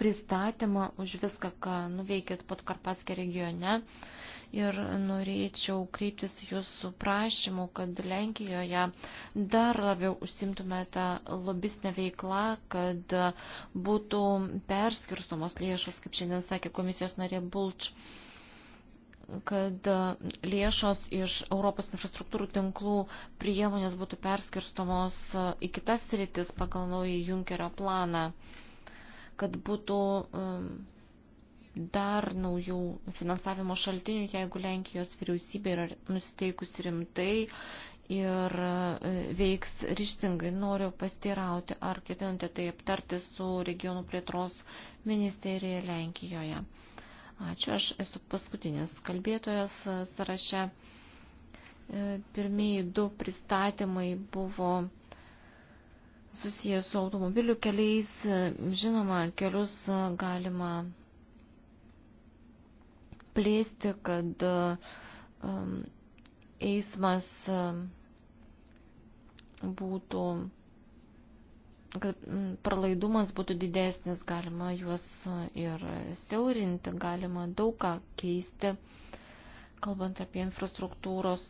pristatymą, už viską, ką nuveikėt Podkarpatskė regione ir norėčiau kreiptis jūsų prašymu, kad Lenkijoje dar labiau užsimtumėte lobistinę veiklą, kad būtų perskirstomos lėšos, kaip šiandien sakė komisijos narė Bulč kad lėšos iš Europos infrastruktūrų tinklų priemonės būtų perskirstomos į kitas rytis pagal naują Junkerio planą, kad būtų um, dar naujų finansavimo šaltinių, jeigu Lenkijos vyriausybė yra nusiteikus rimtai ir e, veiks ryštingai. Noriu pasteirauti, ar ketinate tai aptarti su regionų plėtros ministerija Lenkijoje. Ačiū, aš esu paskutinis kalbėtojas sąraše. E, pirmieji du pristatymai buvo susijęs su automobilių keliais. Žinoma, kelius galima plėsti, kad um, eismas um, būtų, kad mm, pralaidumas būtų didesnis, galima juos uh, ir siaurinti, galima daug ką keisti, kalbant apie infrastruktūros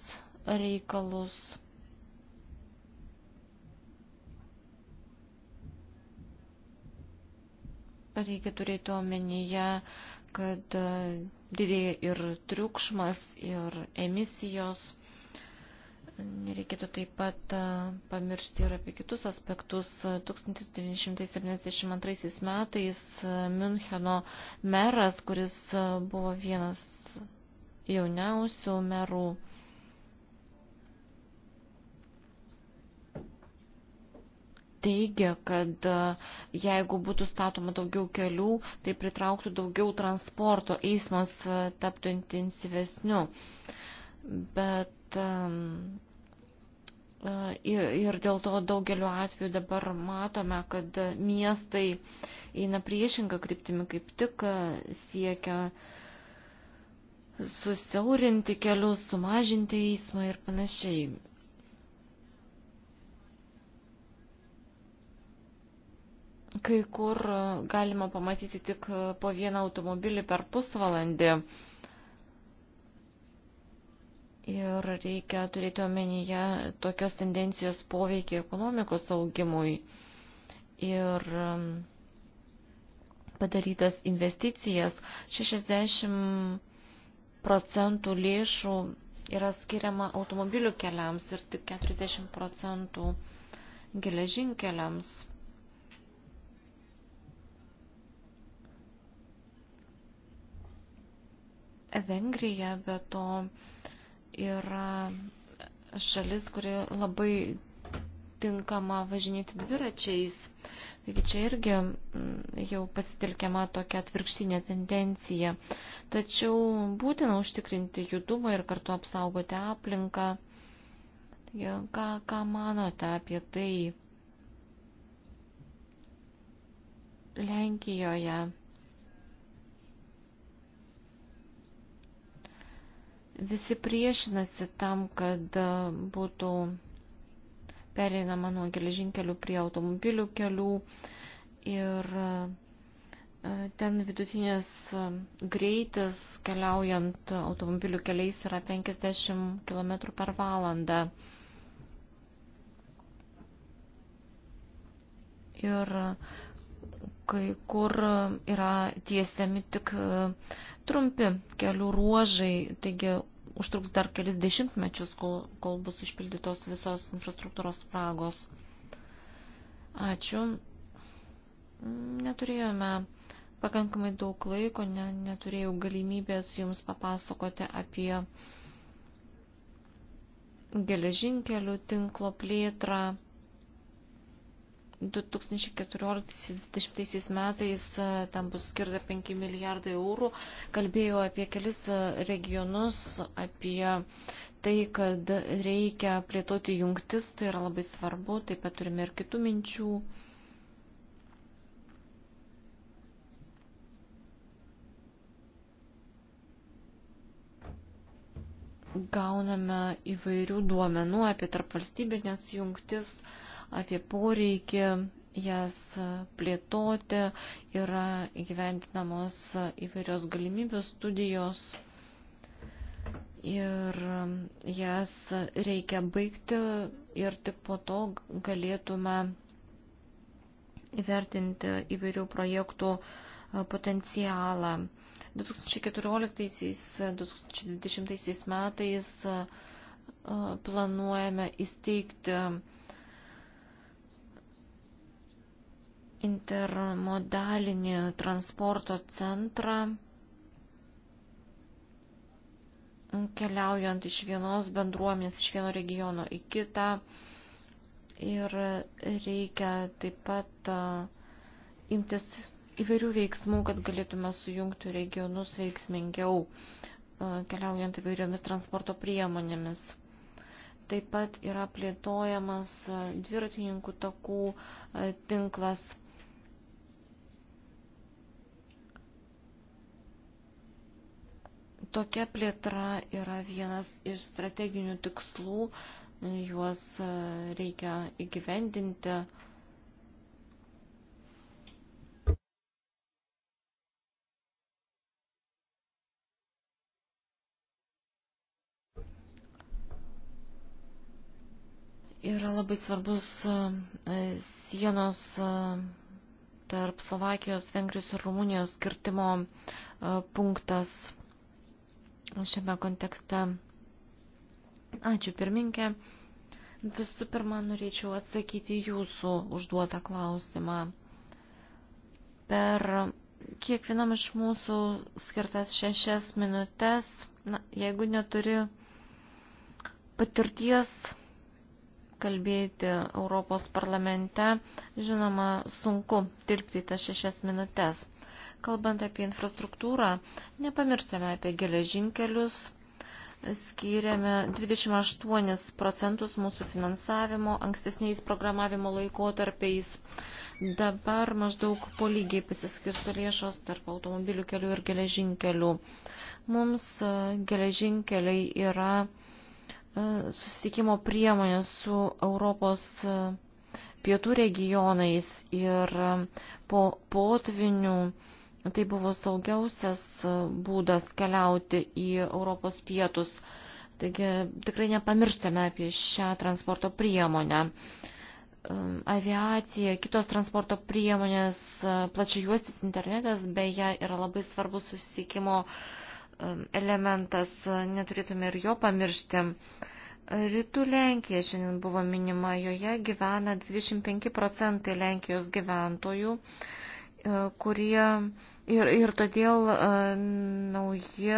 reikalus. Reikia turėti omenyje, kad e, didėja ir triukšmas, ir emisijos. Nereikėtų taip pat e, pamiršti ir apie kitus aspektus. 1972 metais e, Müncheno meras, kuris buvo vienas jauniausių merų, teigia, kad e, jeigu būtų statoma daugiau kelių, tai pritrauktų daugiau transporto, eismas e, taptų intensyvesniu. Bet e, ir dėl to daugeliu atveju dabar matome, kad miestai eina priešingą kryptimį, kaip tik siekia susiaurinti kelius, sumažinti eismą ir panašiai. Kai kur e, galima pamatyti tik e, po vieną automobilį per pusvalandį. Ir reikia turėti omenyje tokios tendencijos poveikį ekonomikos augimui. Ir e, padarytas investicijas 60 procentų lėšų yra skiriama automobilių keliams ir tik 40 procentų geležinkeliams. Vengrija be to yra šalis, kuri labai tinkama važinėti dviračiais. Taigi čia irgi mm, jau pasitelkiama tokia atvirkštinė tendencija. Tačiau būtina užtikrinti judumą ir kartu apsaugoti aplinką. Taigi, ką, ką manote apie tai Lenkijoje? Visi priešinasi tam, kad e, būtų pereinama nuo geležinkelių prie automobilių kelių ir e, e, ten vidutinės greitis keliaujant automobilių keliais yra 50 km per valandą. Ir kai kur yra tiesiami tik trumpi kelių ruožai, taigi užtruks dar kelis dešimtmečius, kol, kol bus išpildytos visos infrastruktūros spragos. Ačiū. Neturėjome pakankamai daug laiko, ne, neturėjau galimybės jums papasakoti apie geležinkelių tinklo plėtrą 2014-2020 metais e, tam bus skirta 5 milijardai eurų. Kalbėjau apie kelis e, regionus, apie tai, kad reikia plėtoti jungtis, tai yra labai svarbu, taip pat turime ir kitų minčių. Gauname įvairių duomenų apie tarpvalstybinės jungtis. Uh, apie poreikį jas plėtoti, yra įgyventinamos įvairios galimybių studijos ir jas reikia baigti ir tik po to galėtume įvertinti įvairių projektų potencialą. 2014-2020 metais planuojame įsteigti intermodalinį transporto centrą keliaujant iš vienos bendruomenės, iš vieno regiono į kitą. Ir reikia taip pat imtis įvairių veiksmų, kad galėtume sujungti regionus veiksmingiau, keliaujant įvairiomis transporto priemonėmis. Taip pat yra plėtojamas dviratininkų takų tinklas Tokia plėtra yra vienas iš strateginių tikslų, juos e, reikia įgyvendinti. yra labai svarbus e, e, sienos tarp Slovakijos, Vengrijos ir Rumunijos skirtimo punktas šiame kontekste. Ačiū pirminkė. Visų pirma, norėčiau atsakyti jūsų užduotą klausimą. Per kiekvienam iš mūsų skirtas šešias minutės, na, jeigu neturi patirties kalbėti Europos parlamente, žinoma, sunku tilpti tas šešias minutės. Kalbant apie infrastruktūrą, nepamirštame apie geležinkelius, skyrėme 28 procentus mūsų finansavimo ankstesniais programavimo laikotarpiais. Dabar maždaug po lygiai pasiskirsto lėšos tarp automobilių kelių ir geležinkelių. Mums e, geležinkeliai yra e, susikimo priemonė su Europos e, pietų regionais ir po potvinių Nu, tai buvo saugiausias e, būdas keliauti į Europos pietus. Taigi tikrai nepamirštame apie šią transporto priemonę. E, aviacija, kitos transporto priemonės, e, plačiajuostis internetas beje yra labai svarbus susisikimo elementas, neturėtume ir jo pamiršti. Rytų Lenkija šiandien buvo minima, joje gyvena 25 procentai Lenkijos gyventojų, kurie Ir, ir todėl uh, nauji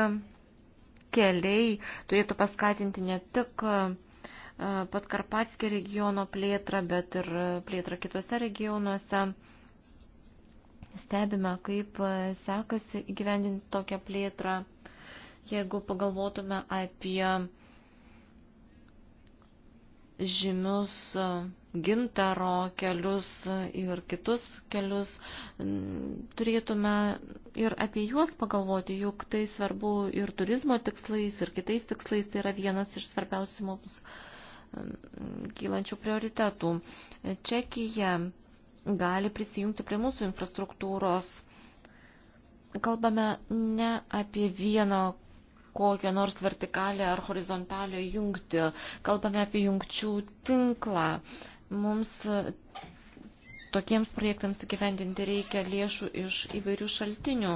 keliai turėtų paskatinti ne tik uh, e, Patkarpatskį regiono plėtrą, bet ir plėtrą kitose regionuose. Stebime, kaip e, sekasi įgyvendinti tokią plėtrą. Jeigu pagalvotume apie žymius uh, gintaro kelius ir kitus kelius, turėtume ir apie juos pagalvoti, juk tai svarbu ir turizmo tikslais, ir kitais tikslais, tai yra vienas iš svarbiausių mums kylančių prioritetų. Čekija gali prisijungti prie mūsų infrastruktūros. Kalbame ne apie vieno kokią nors vertikalę ar horizontalę jungti. Kalbame apie jungčių tinklą. Mums e, tokiems projektams įgyvendinti reikia lėšų iš įvairių šaltinių.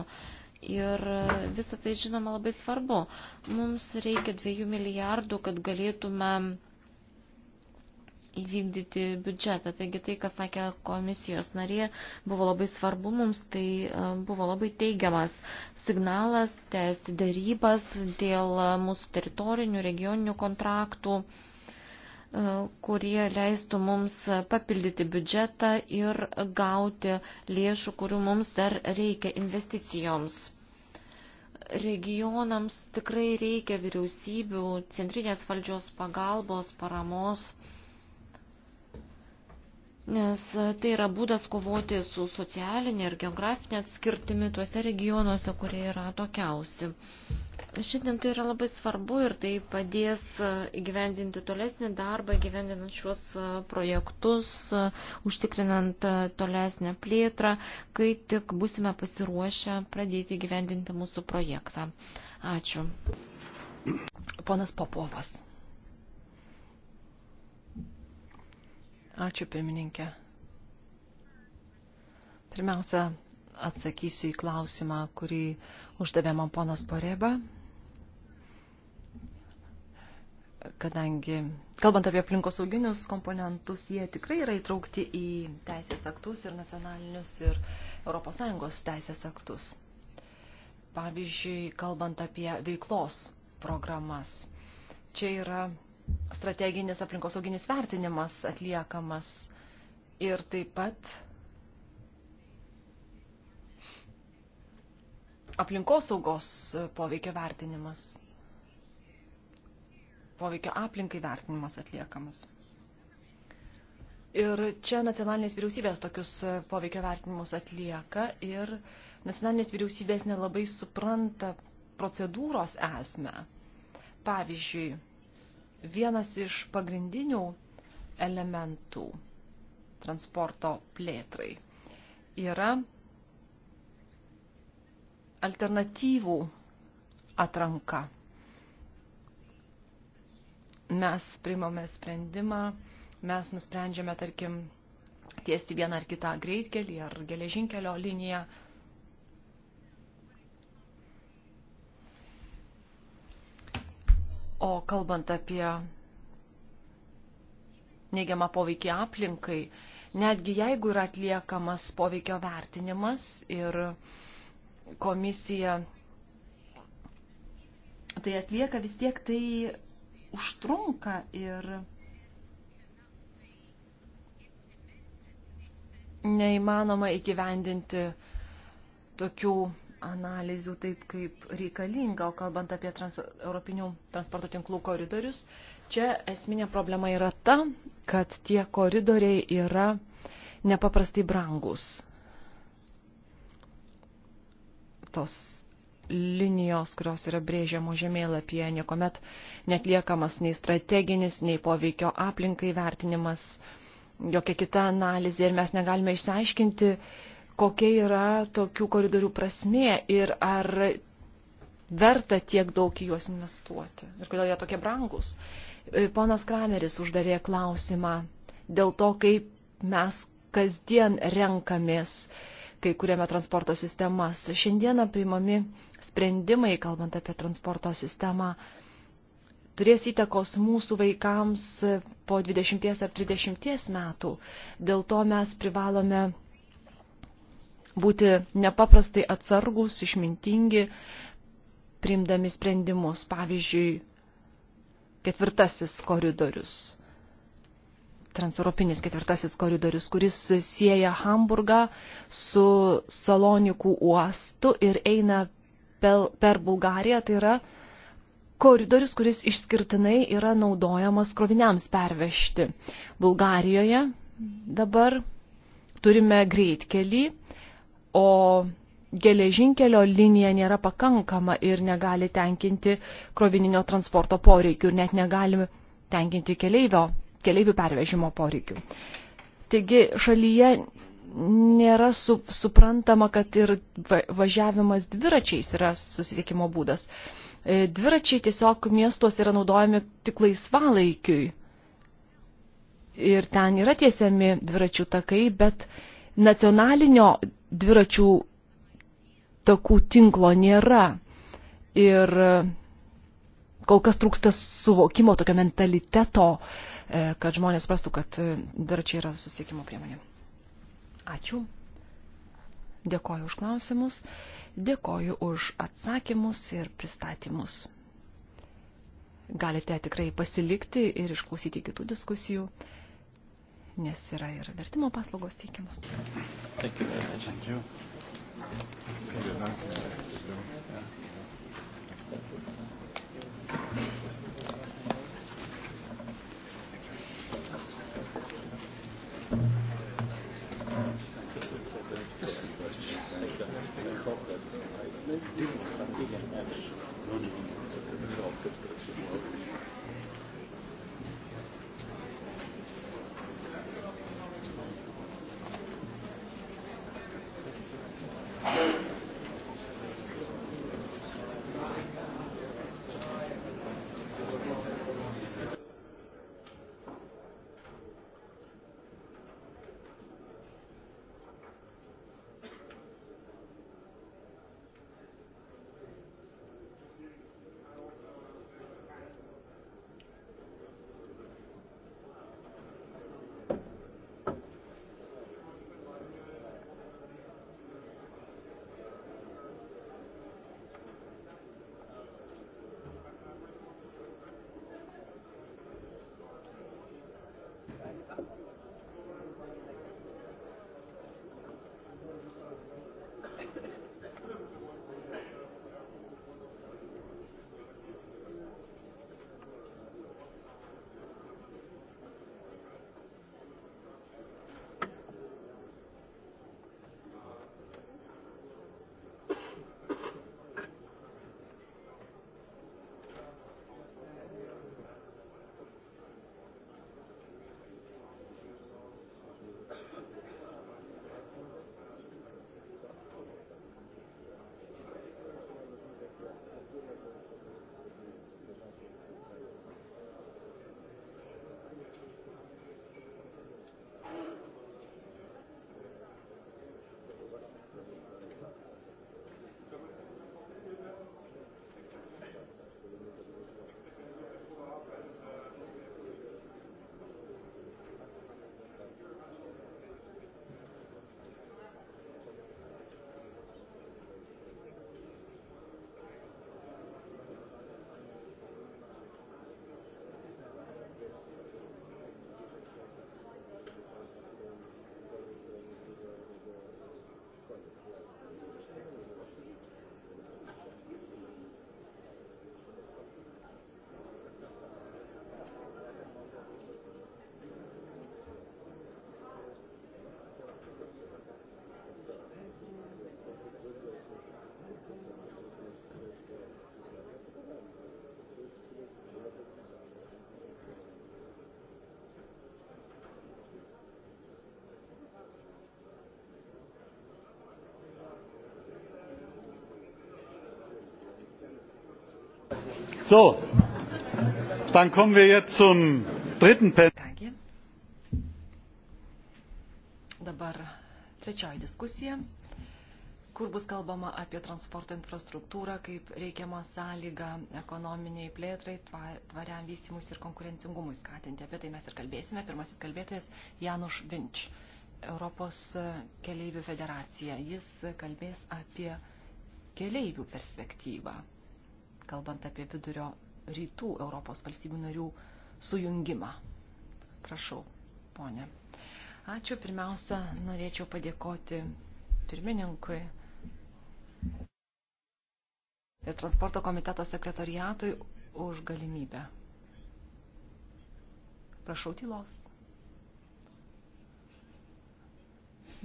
Ir e, visą tai, žinoma, labai svarbu. Mums reikia dviejų milijardų, kad galėtume įvykdyti biudžetą. Taigi tai, kas sakė komisijos narė, buvo labai svarbu mums, tai e, buvo labai teigiamas signalas tęsti darybas dėl mūsų teritorinių, regioninių kontraktų kurie leistų mums papildyti biudžetą ir gauti lėšų, kurių mums dar reikia investicijoms. Regionams tikrai reikia vyriausybių, centrinės valdžios pagalbos, paramos nes e, tai yra būdas kovoti su socialinė ir geografinė atskirtimi tuose regionuose, kurie yra tokiausi. Šiandien tai yra labai svarbu ir tai padės e, įgyvendinti tolesnį darbą, įgyvendinant šiuos e, projektus, užtikrinant tolesnę plėtrą, kai tik busime pasiruošę pradėti įgyvendinti mūsų projektą. Ačiū. Ponas Popovas. Ačiū, pirmininkė. Pirmiausia, atsakysiu į klausimą, kurį uždavė man ponas Poreba. Kadangi, kalbant apie aplinkosauginius komponentus, jie tikrai yra įtraukti į teisės aktus ir nacionalinius ir ES teisės aktus. Pavyzdžiui, kalbant apie veiklos programas. Čia yra strateginis aplinkosauginis vertinimas atliekamas ir taip pat aplinkosaugos poveikio vertinimas, poveikio aplinkai vertinimas atliekamas. Ir čia nacionalinės vyriausybės tokius poveikio vertinimus atlieka ir nacionalinės vyriausybės nelabai supranta procedūros esmę. Pavyzdžiui, vienas iš pagrindinių elementų transporto plėtrai yra alternatyvų atranka. Mes primame sprendimą, mes nusprendžiame, tarkim, tiesti vieną ar kitą greitkelį ar geležinkelio liniją, O kalbant apie neigiamą poveikį aplinkai, netgi jeigu yra atliekamas poveikio vertinimas ir komisija tai atlieka, vis tiek tai užtrunka ir neįmanoma įgyvendinti tokių analizių taip, kaip reikalinga, o kalbant apie trans, europinių transporto tinklų koridorius, čia esminė problema yra ta, kad tie koridoriai yra nepaprastai brangus. Tos linijos, kurios yra brėžiamo žemėlapyje, niekuomet netliekamas nei strateginis, nei poveikio aplinkai vertinimas, jokia kita analizė ir mes negalime išsiaiškinti, kokia yra tokių koridorių prasmė ir ar verta tiek daug į juos investuoti ir kodėl jie tokie brangus. E, ponas Krameris uždarė klausimą dėl to, kaip mes kasdien renkamės, kai kuriame transporto sistemas. Šiandieną priimami sprendimai, kalbant apie transporto sistemą, turės įtakos mūsų vaikams po 20 ar 30 metų. Dėl to mes privalome būti nepaprastai atsargus, išmintingi, priimdami sprendimus. Pavyzdžiui, ketvirtasis koridorius, transeuropinis ketvirtasis koridorius, kuris sieja Hamburgą su Salonikų uostu ir eina per Bulgariją, tai yra koridorius, kuris išskirtinai yra naudojamas kroviniams pervežti. Bulgarijoje dabar turime greitkelį, o geležinkelio linija nėra pakankama ir negali tenkinti krovininio transporto poreikių ir net negali tenkinti keleivio, keleivių pervežimo poreikių. Taigi šalyje nėra su, suprantama, kad ir važiavimas dviračiais yra susitikimo būdas. E, dviračiai tiesiog miestuose yra naudojami tik laisvalaikiui. Ir ten yra tiesiami dviračių takai, bet nacionalinio dviračių takų tinklo nėra. Ir e, kol kas trūksta suvokimo, tokio mentaliteto, e, kad žmonės prastų, kad e, dviračiai yra susiekimo priemonė. Ačiū. Dėkoju už klausimus, dėkoju už atsakymus ir pristatymus. Galite tikrai pasilikti ir išklausyti kitų diskusijų nes yra ir vertimo paslaugos teikimus. Thank you very much. Thank you. Thank you. Thank you. Thank you. So, dann kommen wir jetzt zum dritten Panel. Dabar trečioji diskusija, kur bus kalbama apie transporto infrastruktūrą kaip reikiamą sąlygą ekonominiai plėtrai, tvariam vystimus ir konkurencingumui skatinti. Apie tai mes ir kalbėsime. Pirmasis kalbėtojas Januš Vinč, Europos keleivių federacija. Jis kalbės apie keleivių perspektyvą kalbant apie vidurio rytų Europos valstybių narių sujungimą. Prašau, ponė. Ačiū. Pirmiausia, norėčiau padėkoti pirmininkui ir transporto komiteto sekretoriatui už galimybę. Prašau tylos.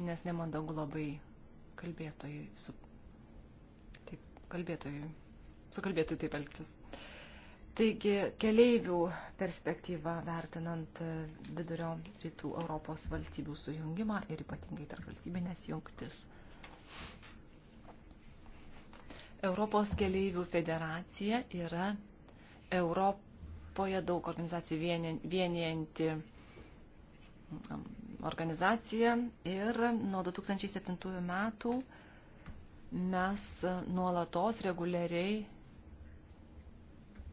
Nes nemandagu labai kalbėtojui, su, taip, kalbėtojui sukalbėti taip elgtis. Taigi, keleivių perspektyva vertinant e, vidurio rytų Europos valstybių sujungimą ir ypatingai tarp valstybinės jungtis. Europos keleivių federacija yra Europoje daug organizacijų vienijanti organizacija ir nuo 2007 metų mes e, nuolatos reguliariai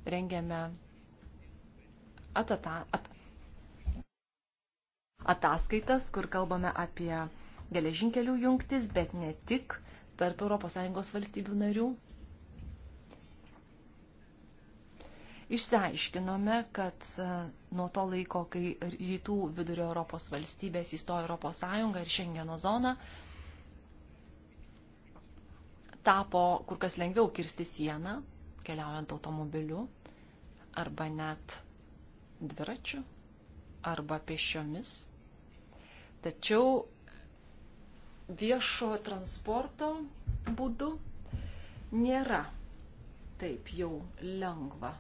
rengiame atata, at, ataskaitas, kur kalbame apie geležinkelių jungtis, bet ne tik tarp ES valstybių narių. Išsiaiškinome, kad e, nuo to laiko, kai rytų vidurio Europos valstybės įstojo Europos Sąjungą ir Šengeno zoną, tapo kur kas lengviau kirsti sieną keliaujant automobiliu arba net dviračiu arba pešiomis. Tačiau viešo transporto būdu nėra taip jau lengva.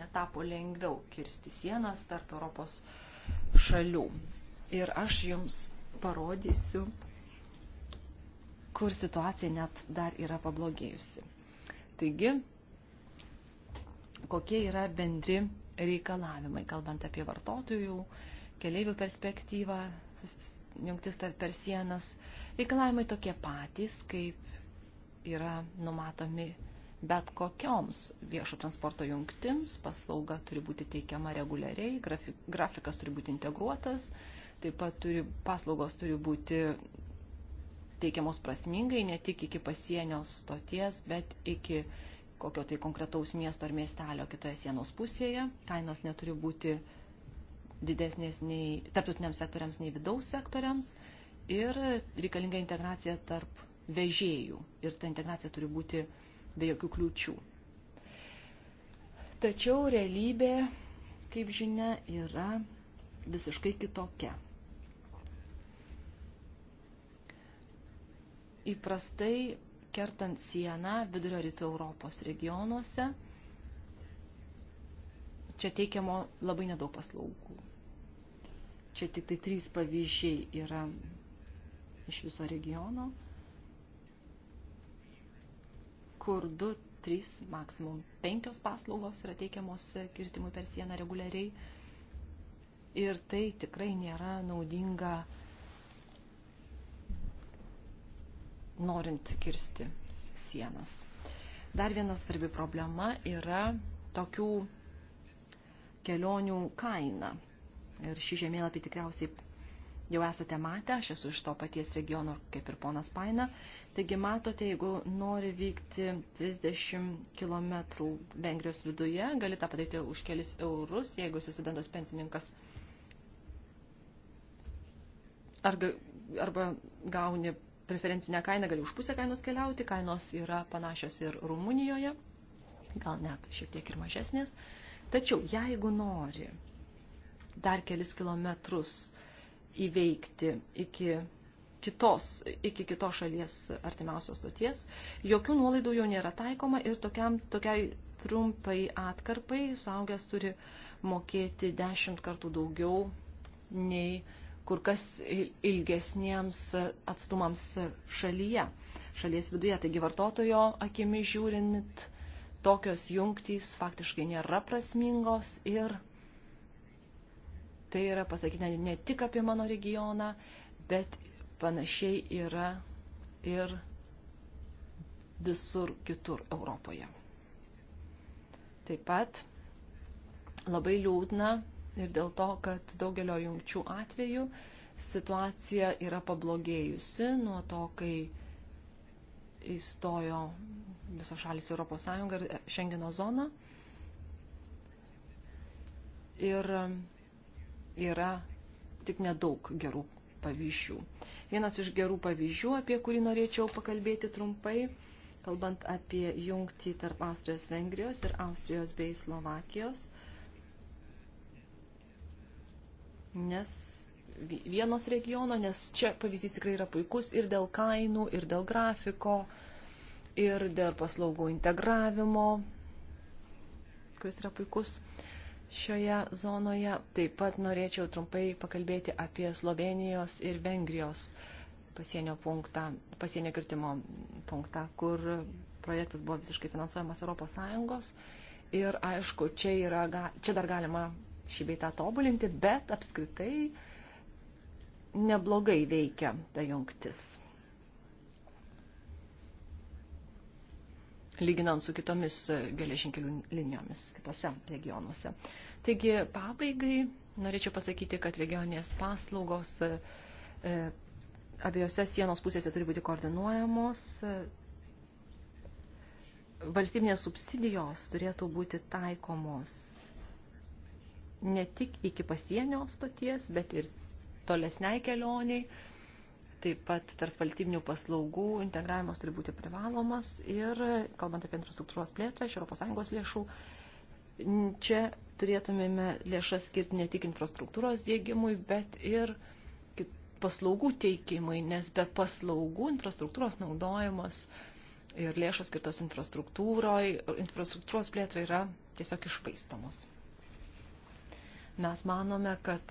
Netapo lengviau kirsti sienas tarp Europos šalių. Ir aš jums parodysiu, kur situacija net dar yra pablogėjusi. Taigi, kokie yra bendri reikalavimai, kalbant apie vartotojų, keliaivių perspektyvą, jungtis per sienas. Reikalavimai tokie patys, kaip yra numatomi bet kokioms viešo transporto jungtims. Paslauga turi būti teikiama reguliariai, grafikas turi būti integruotas, taip pat turi, paslaugos turi būti teikiamos prasmingai, ne tik iki pasienio stoties, bet iki kokio tai konkretaus miesto ar miestelio kitoje sienos pusėje. Kainos neturi būti didesnės nei tarptautiniams sektoriams, nei vidaus sektoriams. Ir reikalinga integracija tarp vežėjų. Ir ta integracija turi būti be jokių kliūčių. Tačiau realybė, kaip žinia, yra visiškai kitokia. įprastai kertant sieną vidurio rytų Europos regionuose. Čia teikiamo labai nedaug paslaugų. Čia tik tai trys pavyzdžiai yra iš viso regiono, kur du, trys, maksimum penkios paslaugos yra teikiamos kirtimui per sieną reguliariai. Ir tai tikrai nėra naudinga uh, norint kirsti sienas. Dar viena svarbi problema yra tokių kelionių kaina. Ir šį žemėlapį tikriausiai jau esate matę, aš esu iš to paties regiono kaip ir ponas Paina. Taigi matote, jeigu nori vykti 30 km Vengrijos viduje, gali tą padaryti už kelis eurus, jeigu susidendas pensininkas arba, arba gauni preferencinę kainą gali už pusę kainos keliauti, kainos yra panašios ir Rumunijoje, gal net šiek tiek ir mažesnės. Tačiau jeigu nori dar kelis kilometrus įveikti iki kitos, iki kitos šalies artimiausios stoties, jokių nuolaidų jau nėra taikoma ir tokiam, tokiai trumpai atkarpai saugęs turi mokėti dešimt kartų daugiau nei uh, kur kas ilgesniems atstumams šalyje, šalies viduje. Taigi vartotojo akimi žiūrint, tokios jungtys faktiškai nėra prasmingos ir tai yra pasakyti ne tik apie mano regioną, bet panašiai yra ir visur kitur Europoje. Taip pat labai liūdna ir dėl to, kad daugelio jungčių atveju situacija yra pablogėjusi nuo to, kai įstojo visos šalis Europos Sąjunga ir Šengeno zona. Ir yra tik nedaug gerų pavyzdžių. Vienas iš gerų pavyzdžių, apie kurį norėčiau pakalbėti trumpai, kalbant apie jungtį tarp Austrijos, Vengrijos ir Austrijos bei Slovakijos, nes vienos regiono, nes čia pavyzdys tikrai yra puikus ir dėl kainų, ir dėl grafiko, ir dėl paslaugų integravimo, kuris yra puikus šioje zonoje. Taip pat norėčiau trumpai pakalbėti apie Slovenijos ir Vengrijos pasienio, punktą, pasienio kirtimo punktą, kur projektas buvo visiškai finansuojamas ES. Ir aišku, čia, yra, čia dar galima šį beitą tobulinti, bet apskritai neblogai veikia ta jungtis. lyginant su kitomis geležinkelių linijomis kitose regionuose. Taigi pabaigai norėčiau pasakyti, kad regioninės paslaugos e, abiejose sienos pusėse turi būti koordinuojamos. Valstybinės subsidijos turėtų būti taikomos ne tik iki pasienio stoties, bet ir tolesniai kelioniai. Taip pat tarp valstybinių paslaugų integravimas turi būti privalomas ir, kalbant apie infrastruktūros plėtrą iš ES lėšų, čia turėtumėme lėšas skirti ne tik infrastruktūros dėgymui, bet ir paslaugų teikimui, nes be paslaugų infrastruktūros naudojimas ir lėšos skirtos infrastruktūros plėtrai yra tiesiog išpaistomos. Mes manome, kad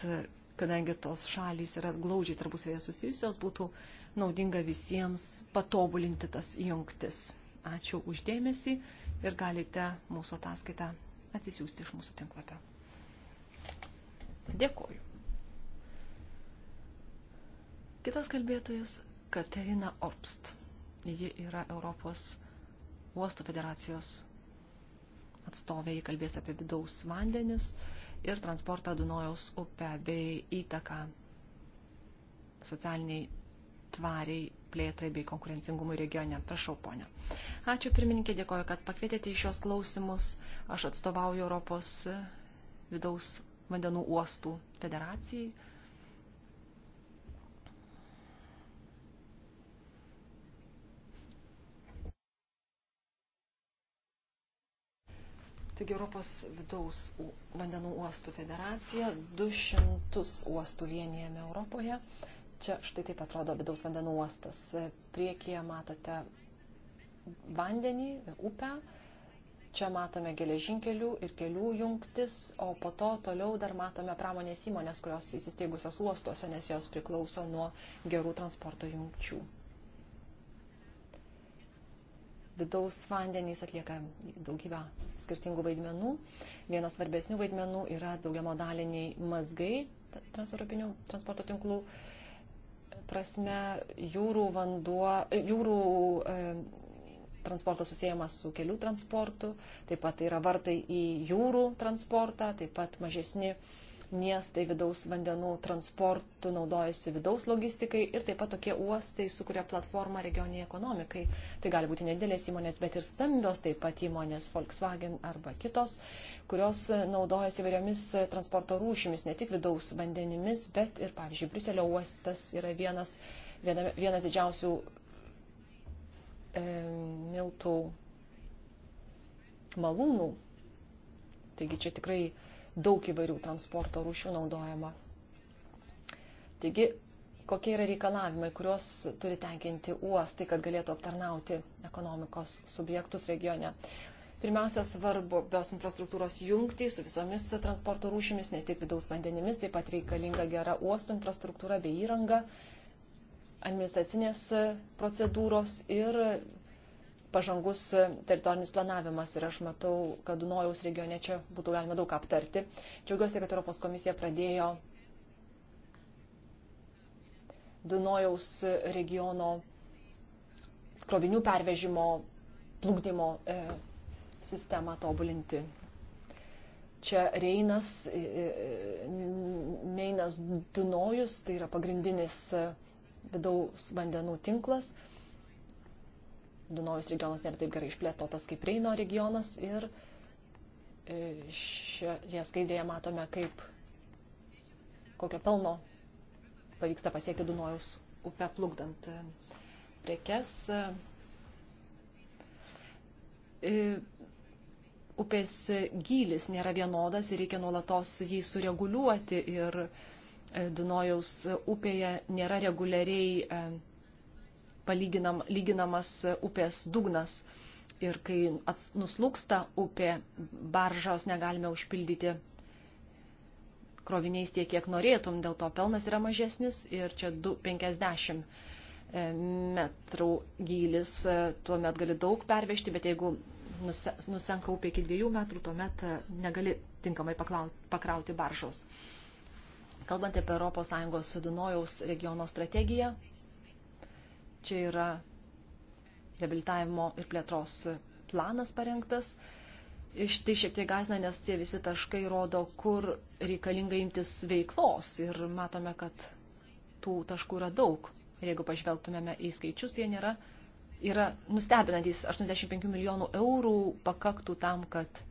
kadangi tos šalys yra glaudžiai tarpusvėje susijusios, būtų naudinga visiems patobulinti tas jungtis. Ačiū uždėmesį ir galite mūsų ataskaitą atsisiųsti iš mūsų tinklapio. Dėkoju. Kitas kalbėtojas Katerina Orpst. Ji yra Europos uosto federacijos atstovė, ji kalbės apie vidaus vandenis ir transportą Dunojaus upę bei įtaką socialiniai tvariai plėtrai bei konkurencingumui regione. Prašau, ponia. Ačiū pirmininkė, dėkoju, kad pakvietėte į šios klausimus. Aš atstovauju Europos vidaus vandenų uostų federacijai Taigi Europos vidaus vandenų uostų federacija 200 uostų vienijame Europoje. Čia štai taip atrodo vidaus vandenų uostas. Priekyje matote vandenį, upę. Čia matome geležinkelių ir kelių jungtis, o po to toliau dar matome pramonės įmonės, kurios įsisteigusios uostuose, nes jos priklauso nuo gerų transporto jungčių vidaus vandenys atlieka daugybę skirtingų vaidmenų. Vienas svarbesnių vaidmenų yra daugiamodaliniai mazgai transeuropinių transporto tinklų prasme, jūrų vanduo, jūrų e, transportas susijęs su kelių transportu, taip pat tai yra vartai į jūrų transportą, taip pat mažesni e, miestai vidaus vandenų transportų naudojasi vidaus logistikai ir taip pat tokie uostai sukuria platformą regioniai ekonomikai. Tai gali būti nedėlės įmonės, bet ir stambios taip pat įmonės Volkswagen arba kitos, kurios naudojasi įvairiomis transporto rūšimis, ne tik vidaus vandenimis, bet ir, pavyzdžiui, Briuselio uostas yra vienas, viena, vienas didžiausių e, miltų malūnų. Taigi čia tikrai daug įvairių transporto rūšių naudojama. Taigi, kokie yra reikalavimai, kuriuos turi tenkinti uostai, kad galėtų aptarnauti ekonomikos subjektus regione. Pirmiausia, svarbios infrastruktūros jungtys su visomis transporto rūšimis, ne tik vidaus vandenimis, taip pat reikalinga gera uosto infrastruktūra bei įranga, administracinės procedūros ir pažangus teritorinis planavimas ir aš matau, kad Dunojaus regione čia būtų galima daug aptarti. Džiaugiuosi, kad Europos komisija pradėjo Dunojaus regiono krovinių pervežimo plukdymo e, sistemą tobulinti. Čia Reinas, e, e Meinas Dunojus, tai yra pagrindinis e, vidaus vandenų tinklas. E, Dunojus regionas nėra taip gerai išplėtotas kaip Reino regionas ir e, šioje skaidrėje matome, kaip kokio pelno pavyksta pasiekti Dunojus upę plukdant e, prekes. E, upės gylis nėra vienodas ir reikia nuolatos jį sureguliuoti ir Dunojaus upėje nėra reguliariai palyginam, lyginamas upės dugnas. Ir kai nuslūksta upė, baržos negalime užpildyti kroviniais tiek, kiek norėtum, dėl to pelnas yra mažesnis ir čia 2,50 e, metrų gylis, e, tuomet gali daug pervežti, bet jeigu nusenka upė iki 2 metrų, tuomet e, negali tinkamai pakrauti baržos. Kalbant apie ES Dunojaus regiono strategiją, Čia yra reabilitavimo ir plėtros planas parengtas. Iš tai šiek tiek gazina, nes tie visi taškai rodo, kur reikalinga imtis veiklos ir matome, kad tų taškų yra daug. Ir jeigu pažvelgtumėme į skaičius, tai nėra, yra nustebinantis 85 milijonų eurų pakaktų tam, kad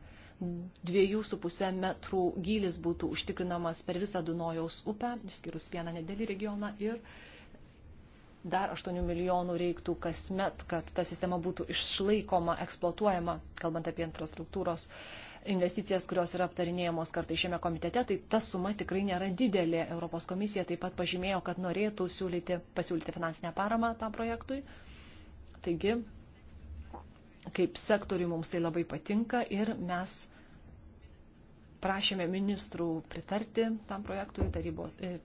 2,5 metrų gylis būtų užtikrinamas per visą Dunojaus upę, išskyrus vieną nedėlį regioną ir uh, dar 8 milijonų reiktų kasmet, kad ta sistema būtų išlaikoma, eksploatuojama, kalbant apie infrastruktūros investicijas, kurios yra aptarinėjamos kartai šiame komitete, tai ta suma tikrai nėra didelė. Europos komisija taip pat pažymėjo, kad norėtų siūlyti, pasiūlyti finansinę paramą tam projektui. Taigi, kaip sektoriui mums tai labai patinka ir mes prašėme ministrų pritarti tam projektui, tarybo, e,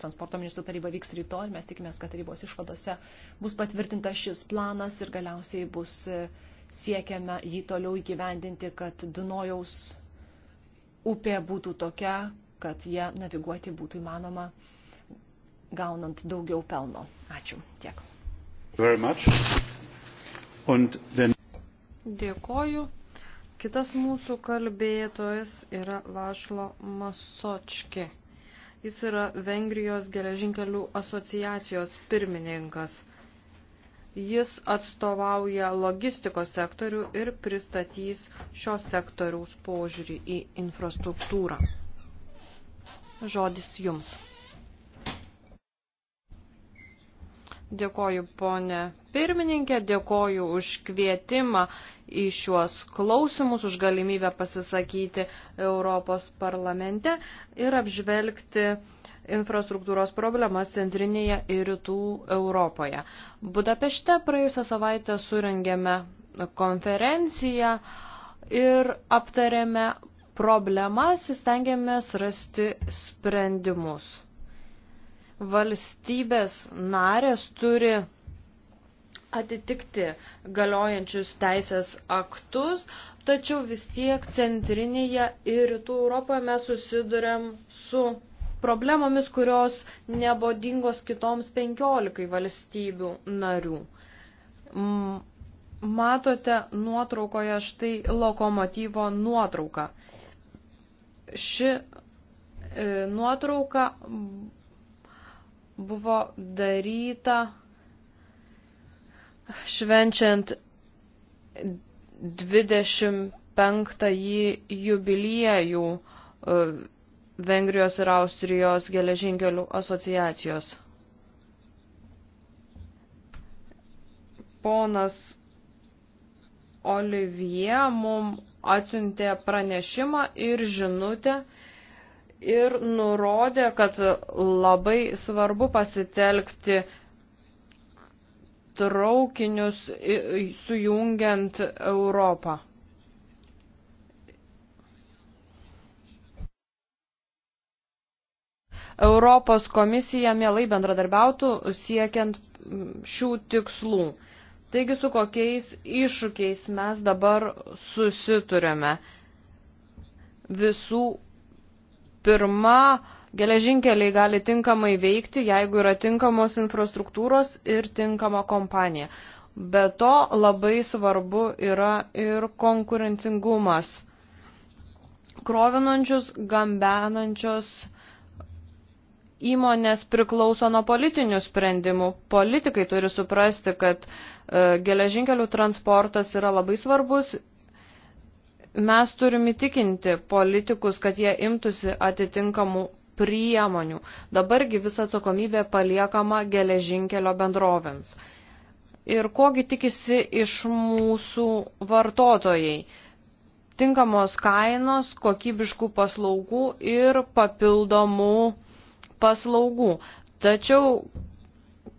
transporto ministrų taryba vyks rytoj ir mes tikimės, kad tarybos išvadose bus patvirtinta šis planas ir galiausiai bus e, siekiame jį toliau įgyvendinti, kad Dunojaus upė būtų tokia, kad jie naviguoti būtų įmanoma, gaunant daugiau pelno. Ačiū. Tiek. Then... Dėkoju. Kitas mūsų kalbėtojas yra Lašlo Masočki. Jis yra Vengrijos geležinkelių asociacijos pirmininkas. Jis atstovauja logistikos sektorių ir pristatys šio sektoriaus požiūrį į infrastruktūrą. Žodis jums. Dėkoju, ponė pirmininkė, dėkoju už kvietimą į šiuos klausimus, už galimybę pasisakyti Europos parlamente ir apžvelgti infrastruktūros problemas centrinėje ir rytų Europoje. Budapešte praėjusią savaitę surengėme konferenciją ir aptarėme problemas, stengiamės rasti sprendimus. Valstybės narės turi atitikti galiojančius teisės aktus, tačiau vis tiek centrinėje ir rytų Europoje mes susidurėm su problemomis, kurios nebodingos kitoms penkiolikai valstybių narių. Matote nuotraukoje štai lokomotyvo nuotrauką. Ši e, nuotrauka buvo daryta švenčiant 25-ąjį jubiliejų e, Vengrijos ir Austrijos geležinkelių asociacijos. Ponas Olivier mum atsiuntė pranešimą ir žinutę ir nurodė, kad labai svarbu pasitelkti traukinius sujungiant Europą. Europos komisija mielai bendradarbiautų siekiant šių tikslų. Taigi su kokiais iššūkiais mes dabar susiturime. Visų pirma, Geležinkeliai gali tinkamai veikti, jeigu yra tinkamos infrastruktūros ir tinkama kompanija. Be to labai svarbu yra ir konkurencingumas. Krovinančius, gambenančios įmonės priklauso nuo politinių sprendimų. Politikai turi suprasti, kad e, geležinkelių transportas yra labai svarbus. Mes turim įtikinti politikus, kad jie imtųsi atitinkamų priemonių. Dabargi visa atsakomybė paliekama geležinkelio bendrovėms. Ir kogi tikisi iš mūsų vartotojai? Tinkamos kainos, kokybiškų paslaugų ir papildomų paslaugų. Tačiau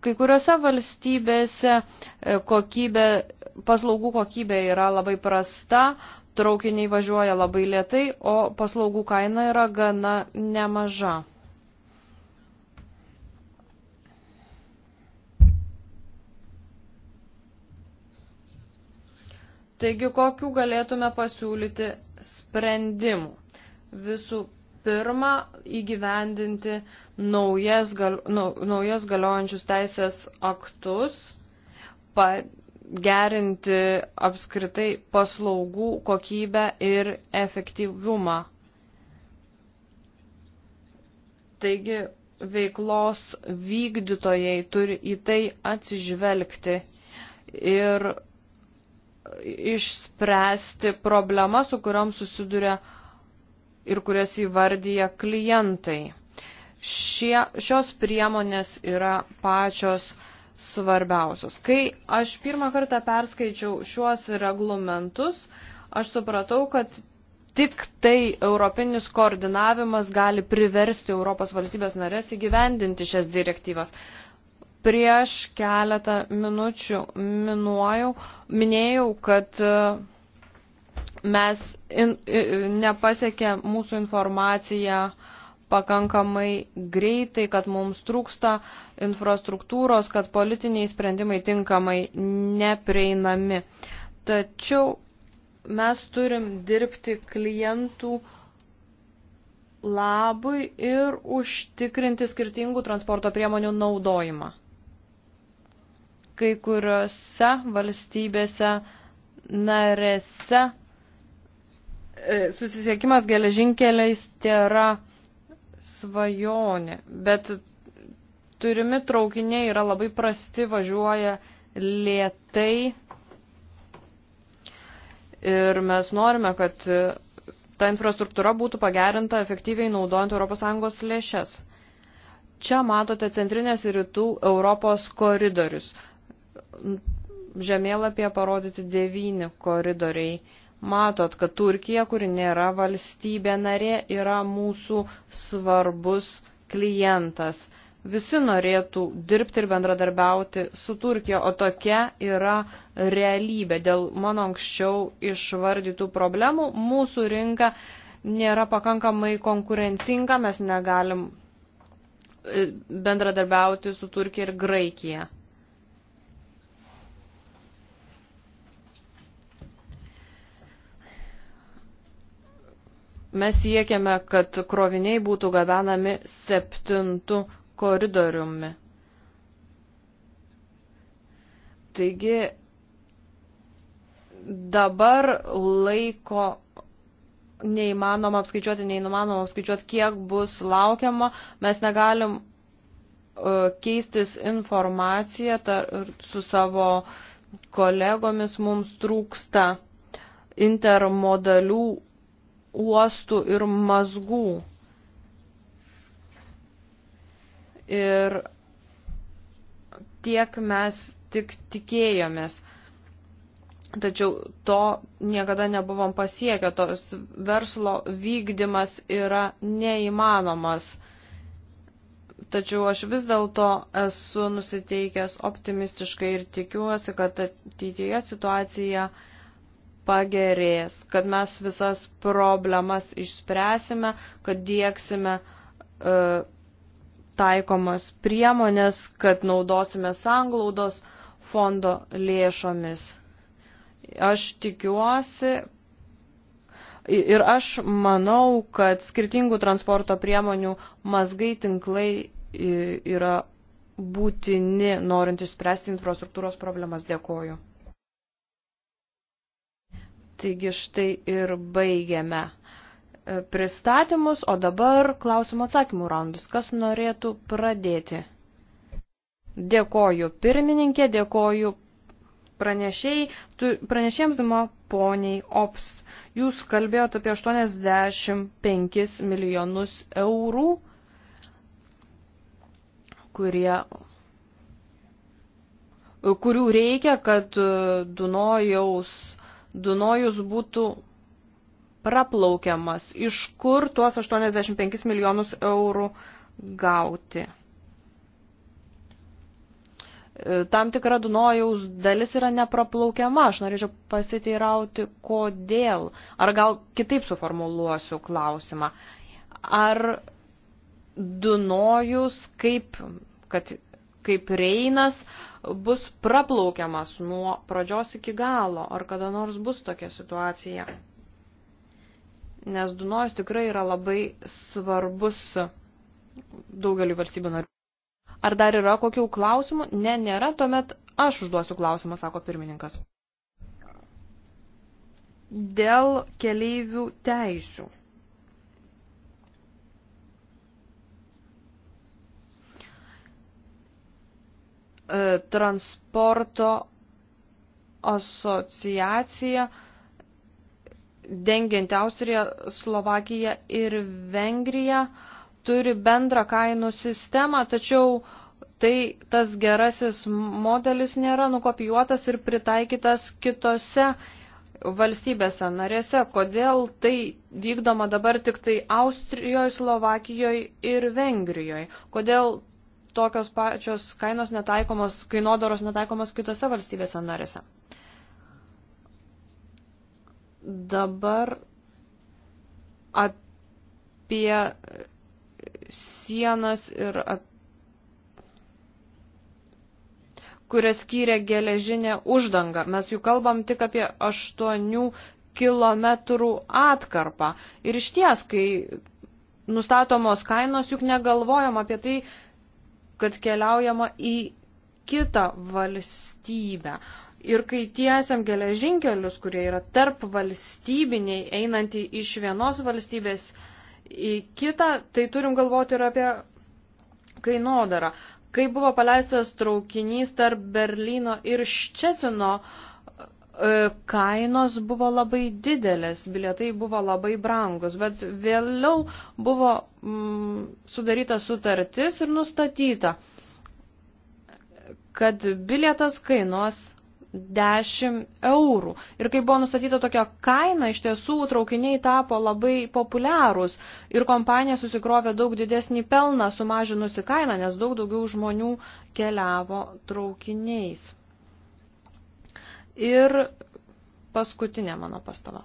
kai kuriuose valstybėse e, kokybė, paslaugų kokybė yra labai prasta, traukiniai važiuoja labai lietai, o paslaugų kaina yra gana nemaža. Taigi, kokiu galėtume pasiūlyti sprendimų? Visų pirma, įgyvendinti naujas, gal, nu, naujas galiojančius teisės aktus, pa, gerinti apskritai paslaugų kokybę ir efektyvumą. Taigi veiklos vykdytojai turi į tai atsižvelgti ir išspręsti problemas, su kuriam susiduria ir kurias įvardyja klientai. Šie, šios priemonės yra pačios uh, svarbiausios. Kai aš pirmą kartą perskaičiau šiuos reglamentus, aš supratau, kad tik tai europinis koordinavimas gali priversti Europos valstybės narės įgyvendinti šias direktyvas. Prieš keletą minučių minuojau, minėjau, kad e, mes in, in, e, nepasiekė mūsų informaciją uh, pakankamai greitai, kad mums trūksta infrastruktūros, kad politiniai sprendimai tinkamai neprieinami. Tačiau mes turim dirbti klientų labui ir užtikrinti skirtingų transporto priemonių naudojimą. Kai kuriuose valstybėse narėse e, susisiekimas geležinkeliais tėra svajonė, bet turimi traukiniai yra labai prasti, važiuoja lėtai ir mes norime, kad ta infrastruktūra būtų pagerinta efektyviai naudojant ES lėšas. Čia matote centrinės ir rytų Europos koridorius. Žemėlapyje parodyti devyni koridoriai matot, kad Turkija, kuri nėra valstybė narė, yra mūsų svarbus klientas. Visi norėtų dirbti ir bendradarbiauti su Turkija, o tokia yra realybė. Dėl mano anksčiau išvardytų problemų mūsų rinka nėra pakankamai konkurencinga, mes negalim e, bendradarbiauti su Turkija ir Graikija. Mes siekiame, kad kroviniai būtų gabenami septintų koridoriumi. Taigi dabar laiko neįmanoma apskaičiuoti, neįmanoma apskaičiuoti, kiek bus laukiama. Mes negalim e, keistis informaciją tar, su savo kolegomis, mums trūksta intermodalių uostų ir mazgų. Ir tiek mes tik tikėjomės. Tačiau to niekada nebuvom pasiekę, tos verslo vykdymas yra neįmanomas. Tačiau aš vis dėlto esu nusiteikęs optimistiškai ir tikiuosi, kad ateityje situacija uh, pagerės, kad mes visas problemas išspręsime, kad dieksime e, taikomas priemonės, kad naudosime sanglaudos fondo lėšomis. Aš tikiuosi ir aš manau, kad skirtingų transporto priemonių mazgai tinklai yra būtini, norint išspręsti infrastruktūros problemas. Dėkoju. Taigi štai ir baigiame e, pristatymus, o dabar klausimų atsakymų raundus. Kas norėtų pradėti? Dėkoju pirmininkė, dėkoju pranešėjai, pranešėjams dama poniai OPS. Jūs kalbėjote apie 85 milijonus eurų, kurie, kurių reikia, kad e, Dunojaus Dunojus būtų praplaukiamas, iš kur tuos 85 milijonus eurų gauti. E, tam tikra Dunojaus dalis yra nepraplaukiama. Aš norėčiau pasiteirauti, kodėl. Ar gal kitaip suformuluosiu klausimą. Ar Dunojus, kaip kad kaip Reinas bus praplaukiamas nuo pradžios iki galo, ar kada nors bus tokia situacija. Nes Dunojus tikrai yra labai svarbus daugeliu valstybių narių. Ar dar yra kokių klausimų? Ne, nėra, tuomet aš užduosiu klausimą, sako pirmininkas. Dėl keleivių teisių. E, transporto asociacija dengianti Austriją, Slovakiją ir Vengriją turi bendrą kainų sistemą, tačiau tai tas gerasis modelis nėra nukopijuotas ir pritaikytas kitose valstybėse narėse. Kodėl tai vykdoma dabar tik tai Austrijoje, Slovakijoje ir Vengrijoje? Kodėl tokios pačios kainos netaikomos, kainodaros netaikomos kitose valstybėse narėse. Dabar apie sienas ir apie kurią skyrė geležinė uždanga. Mes jų kalbam tik apie 8 kilometrų atkarpą. Ir iš ties, kai nustatomos kainos, juk negalvojam apie tai, kad keliaujama į kitą valstybę. Ir kai tiesiam geležinkelius, kurie yra tarp valstybiniai, einantį iš vienos valstybės į kitą, tai turim galvoti ir apie kainodarą. Kai buvo paleistas traukinys tarp Berlyno ir Ščecino, uh, E, kainos buvo labai didelės, bilietai buvo labai brangus, bet vėliau buvo mm, sudaryta sutartis ir nustatyta, kad bilietas kainuos 10 eurų. Ir kai buvo nustatyta tokia kaina, iš tiesų traukiniai tapo labai populiarūs ir kompanija susikrovė daug didesnį pelną sumažinusi kainą, nes daug daugiau žmonių keliavo traukiniais. Ir paskutinė mano pastaba.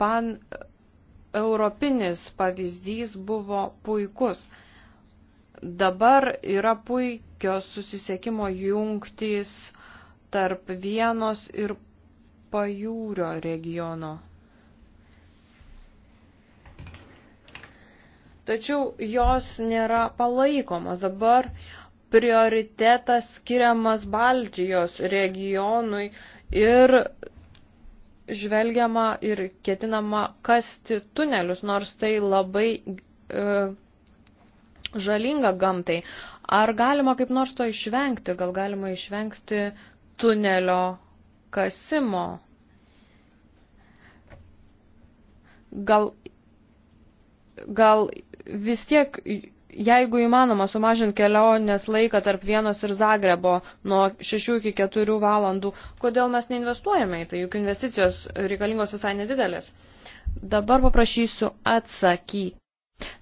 Pan europinis pavyzdys buvo puikus. Dabar yra puikios susisiekimo jungtys tarp vienos ir pajūrio regiono tačiau jos nėra palaikomos. Dabar prioritetas skiriamas Baltijos regionui ir žvelgiama ir ketinama kasti tunelius, nors tai labai e, žalinga gamtai. Ar galima kaip nors to išvengti? Gal galima išvengti tunelio kasimo? Gal, gal vis tiek, jeigu įmanoma, sumažinti kelionės laiką tarp vienos ir Zagrebo nuo 6 iki 4 valandų, kodėl mes neinvestuojame į tai, juk investicijos reikalingos visai nedidelės. Dabar paprašysiu atsakyti.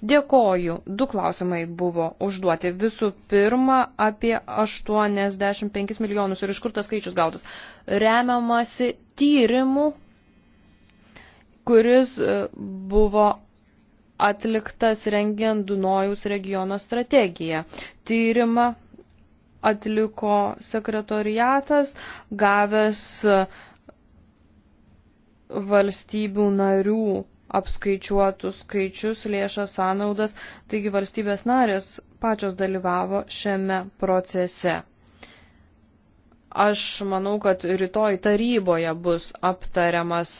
Dėkoju. Du klausimai buvo užduoti. Visų pirma, apie 85 milijonus ir iš kur tas skaičius gautas. Remiamasi tyrimu, kuris e, buvo atliktas rengiant Dunojaus regiono strategiją. Tyrimą atliko sekretoriatas, gavęs valstybių narių apskaičiuotus skaičius, lėšas sąnaudas, taigi valstybės narės pačios dalyvavo šiame procese. Aš manau, kad rytoj taryboje bus aptariamas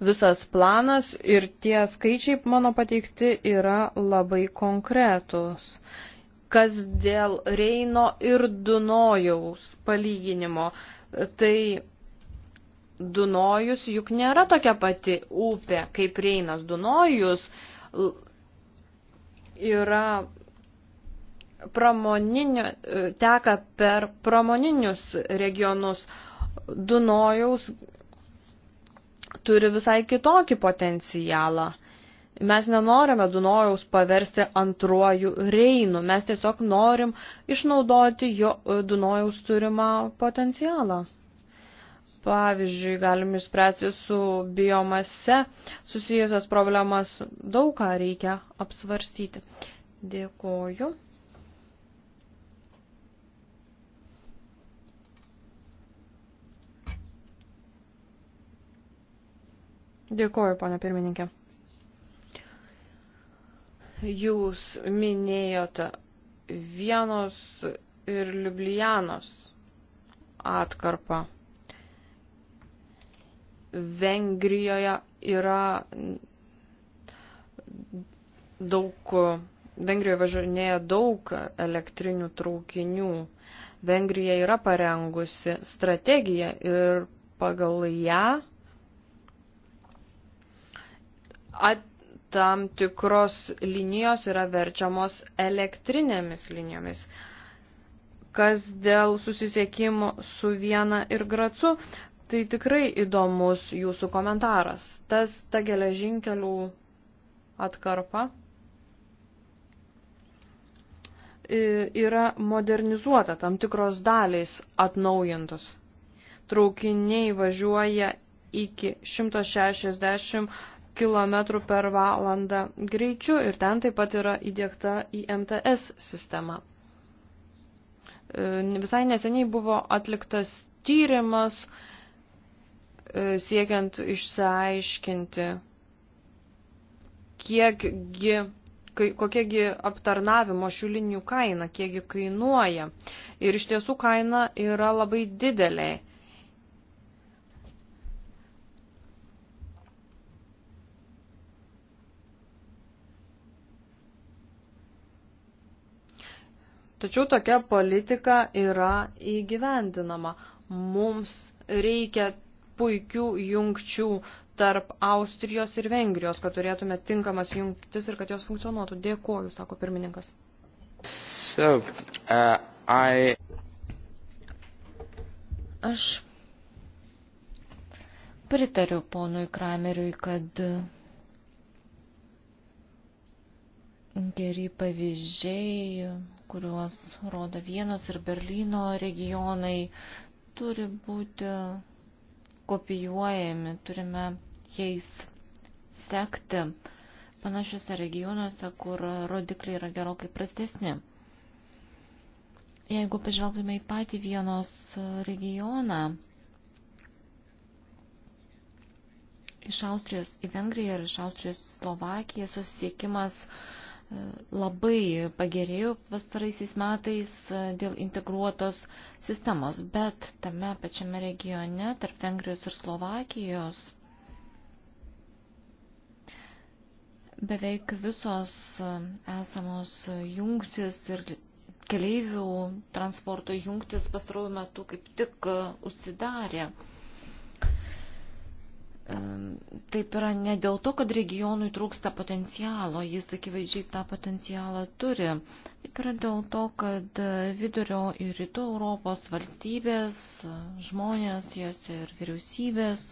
visas planas ir tie skaičiai mano pateikti yra labai konkretus. Kas dėl Reino ir Dunojaus palyginimo, tai Dunojus juk nėra tokia pati upė kaip Reinas. Dunojus yra pramoninio, teka per pramoninius regionus. Dunojaus turi visai kitokį potencialą. Mes nenorime Dunojaus paversti antruoju Reinu, mes tiesiog norim išnaudoti jo e, Dunojaus turimą potencialą. Pavyzdžiui, galim išspręsti su biomase susijusias problemas daug ką reikia apsvarstyti. Dėkoju. Dėkuoju, ponia pirmininkė. Jūs minėjote Vienos ir Liublianos atkarpą. Vengrijoje yra daug, Vengrijoje važinėja daug elektrinių traukinių. Vengrija yra parengusi strategiją ir pagal ją at, tam tikros linijos yra verčiamos elektrinėmis linijomis. Kas dėl susisiekimo su viena ir gracu, tai tikrai įdomus jūsų komentaras. Tas ta geležinkelių atkarpa yra modernizuota, tam tikros dalys atnaujintos. Traukiniai važiuoja iki 160 km per valandą greičiu ir ten taip pat yra įdėkta IMTS sistema. E, visai neseniai buvo atliktas tyrimas e, siekiant išsiaiškinti, kiekgi kokiegi aptarnavimo šių linijų kaina, kiekgi kainuoja. Ir iš tiesų kaina yra labai didelė. Tačiau tokia politika yra įgyvendinama. Mums reikia puikių jungčių tarp Austrijos ir Vengrijos, kad turėtume tinkamas jungtis ir kad jos funkcionuotų. Dėkuoju, sako pirmininkas. So, uh, I... Aš pritariu ponui Krameriui, kad geri pavyzdžiai, kuriuos rodo Vienos ir Berlyno regionai, turi būti kopijuojami, turime jais sekti panašiuose regionuose, kur rodikliai yra gerokai prastesni. Jeigu pažvelgtume į patį Vienos regioną, iš Austrijos į Vengriją ir iš Austrijos į Slovakiją susisiekimas uh, labai pagerėjo pastaraisiais metais e, dėl integruotos sistemos, bet tame pačiame regione tarp Vengrijos ir Slovakijos beveik visos e, esamos jungtis ir keleivių transporto jungtis pastarųjų metų kaip tik e, užsidarė. Taip yra ne dėl to, kad regionui trūksta potencialo, jis akivaizdžiai tą potencialą turi. Taip yra dėl to, kad vidurio ir rytų Europos valstybės, žmonės, jos ir vyriausybės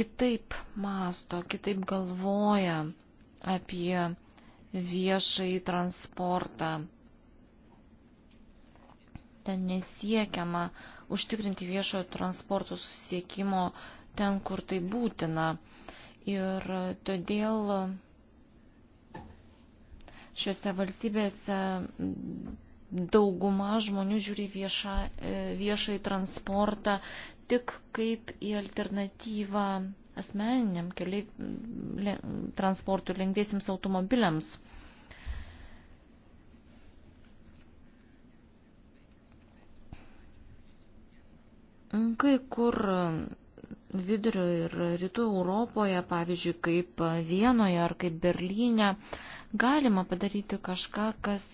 kitaip masto, kitaip galvoja apie viešai transportą ten nesiekiama užtikrinti viešojo transporto susiekimo ten, kur tai būtina. Ir todėl šiuose valstybėse dauguma žmonių žiūri e, viešą, viešai transportą tik kaip į alternatyvą asmeniniam keliai transportui lengviesiams automobiliams. Kai kur vidurio ir rytų Europoje, pavyzdžiui, kaip Vienoje ar kaip Berlyne, galima padaryti kažką, kas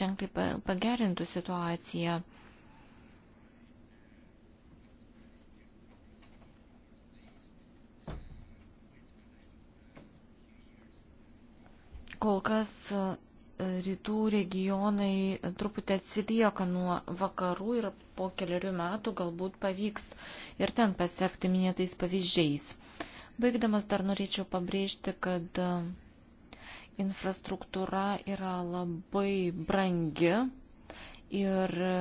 ženkliai pagerintų situaciją. Kol kas rytų regionai truputį atsilieka nuo vakarų ir po keliarių metų galbūt pavyks ir ten pasiekti minėtais pavyzdžiais. Baigdamas dar norėčiau pabrėžti, kad e, infrastruktūra yra labai brangi ir e,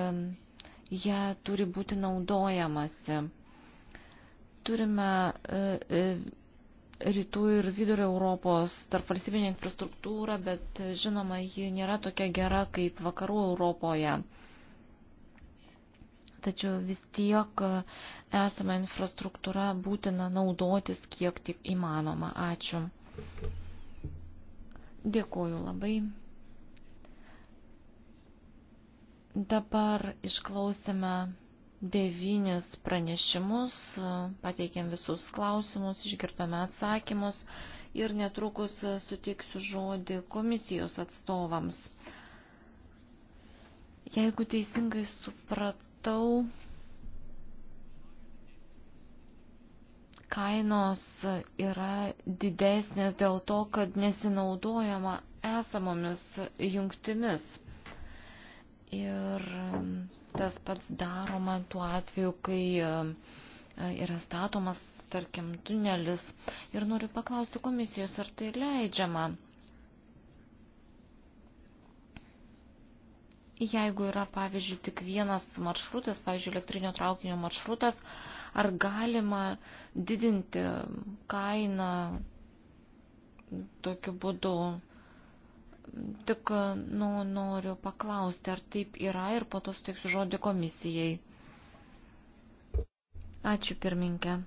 ją turi būti naudojamasi. Turime e, rytų ir vidurio Europos tarp valstybinė infrastruktūra, bet žinoma, ji nėra tokia gera kaip vakarų Europoje. Tačiau vis tiek e, esama infrastruktūra būtina naudotis kiek tik įmanoma. Ačiū. Dėkuoju labai. Dabar išklausime devynis pranešimus, pateikėm visus klausimus, išgirdome atsakymus ir netrukus suteiksiu žodį komisijos atstovams. Jeigu teisingai supratau, kainos yra didesnės dėl to, kad nesinaudojama esamomis jungtimis. Ir Tas pats daroma tuo atveju, kai e, e, yra statomas, tarkim, tunelis. Ir noriu paklausti komisijos, ar tai leidžiama. Jeigu yra, pavyzdžiui, tik vienas maršrutas, pavyzdžiui, elektrinio traukinio maršrutas, ar galima didinti kainą tokiu būdu Tik nu, noriu paklausti, ar taip yra ir po to suteiksiu žodį komisijai. Ačiū pirminkė.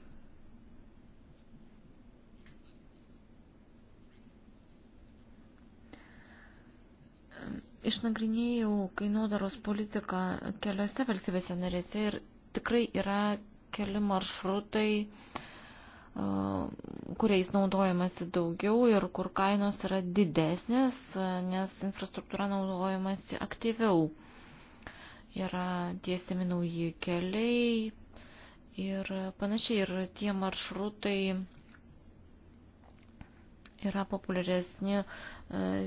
Išnagrinėjau kainodaros politiką keliose valstybėse narėse ir tikrai yra keli maršrutai, uh, kuriais naudojamasi daugiau ir kur kainos yra didesnės, nes infrastruktūra naudojamasi aktyviau. Yra tiesiami nauji keliai ir panašiai. Ir tie maršrutai yra populiaresni e,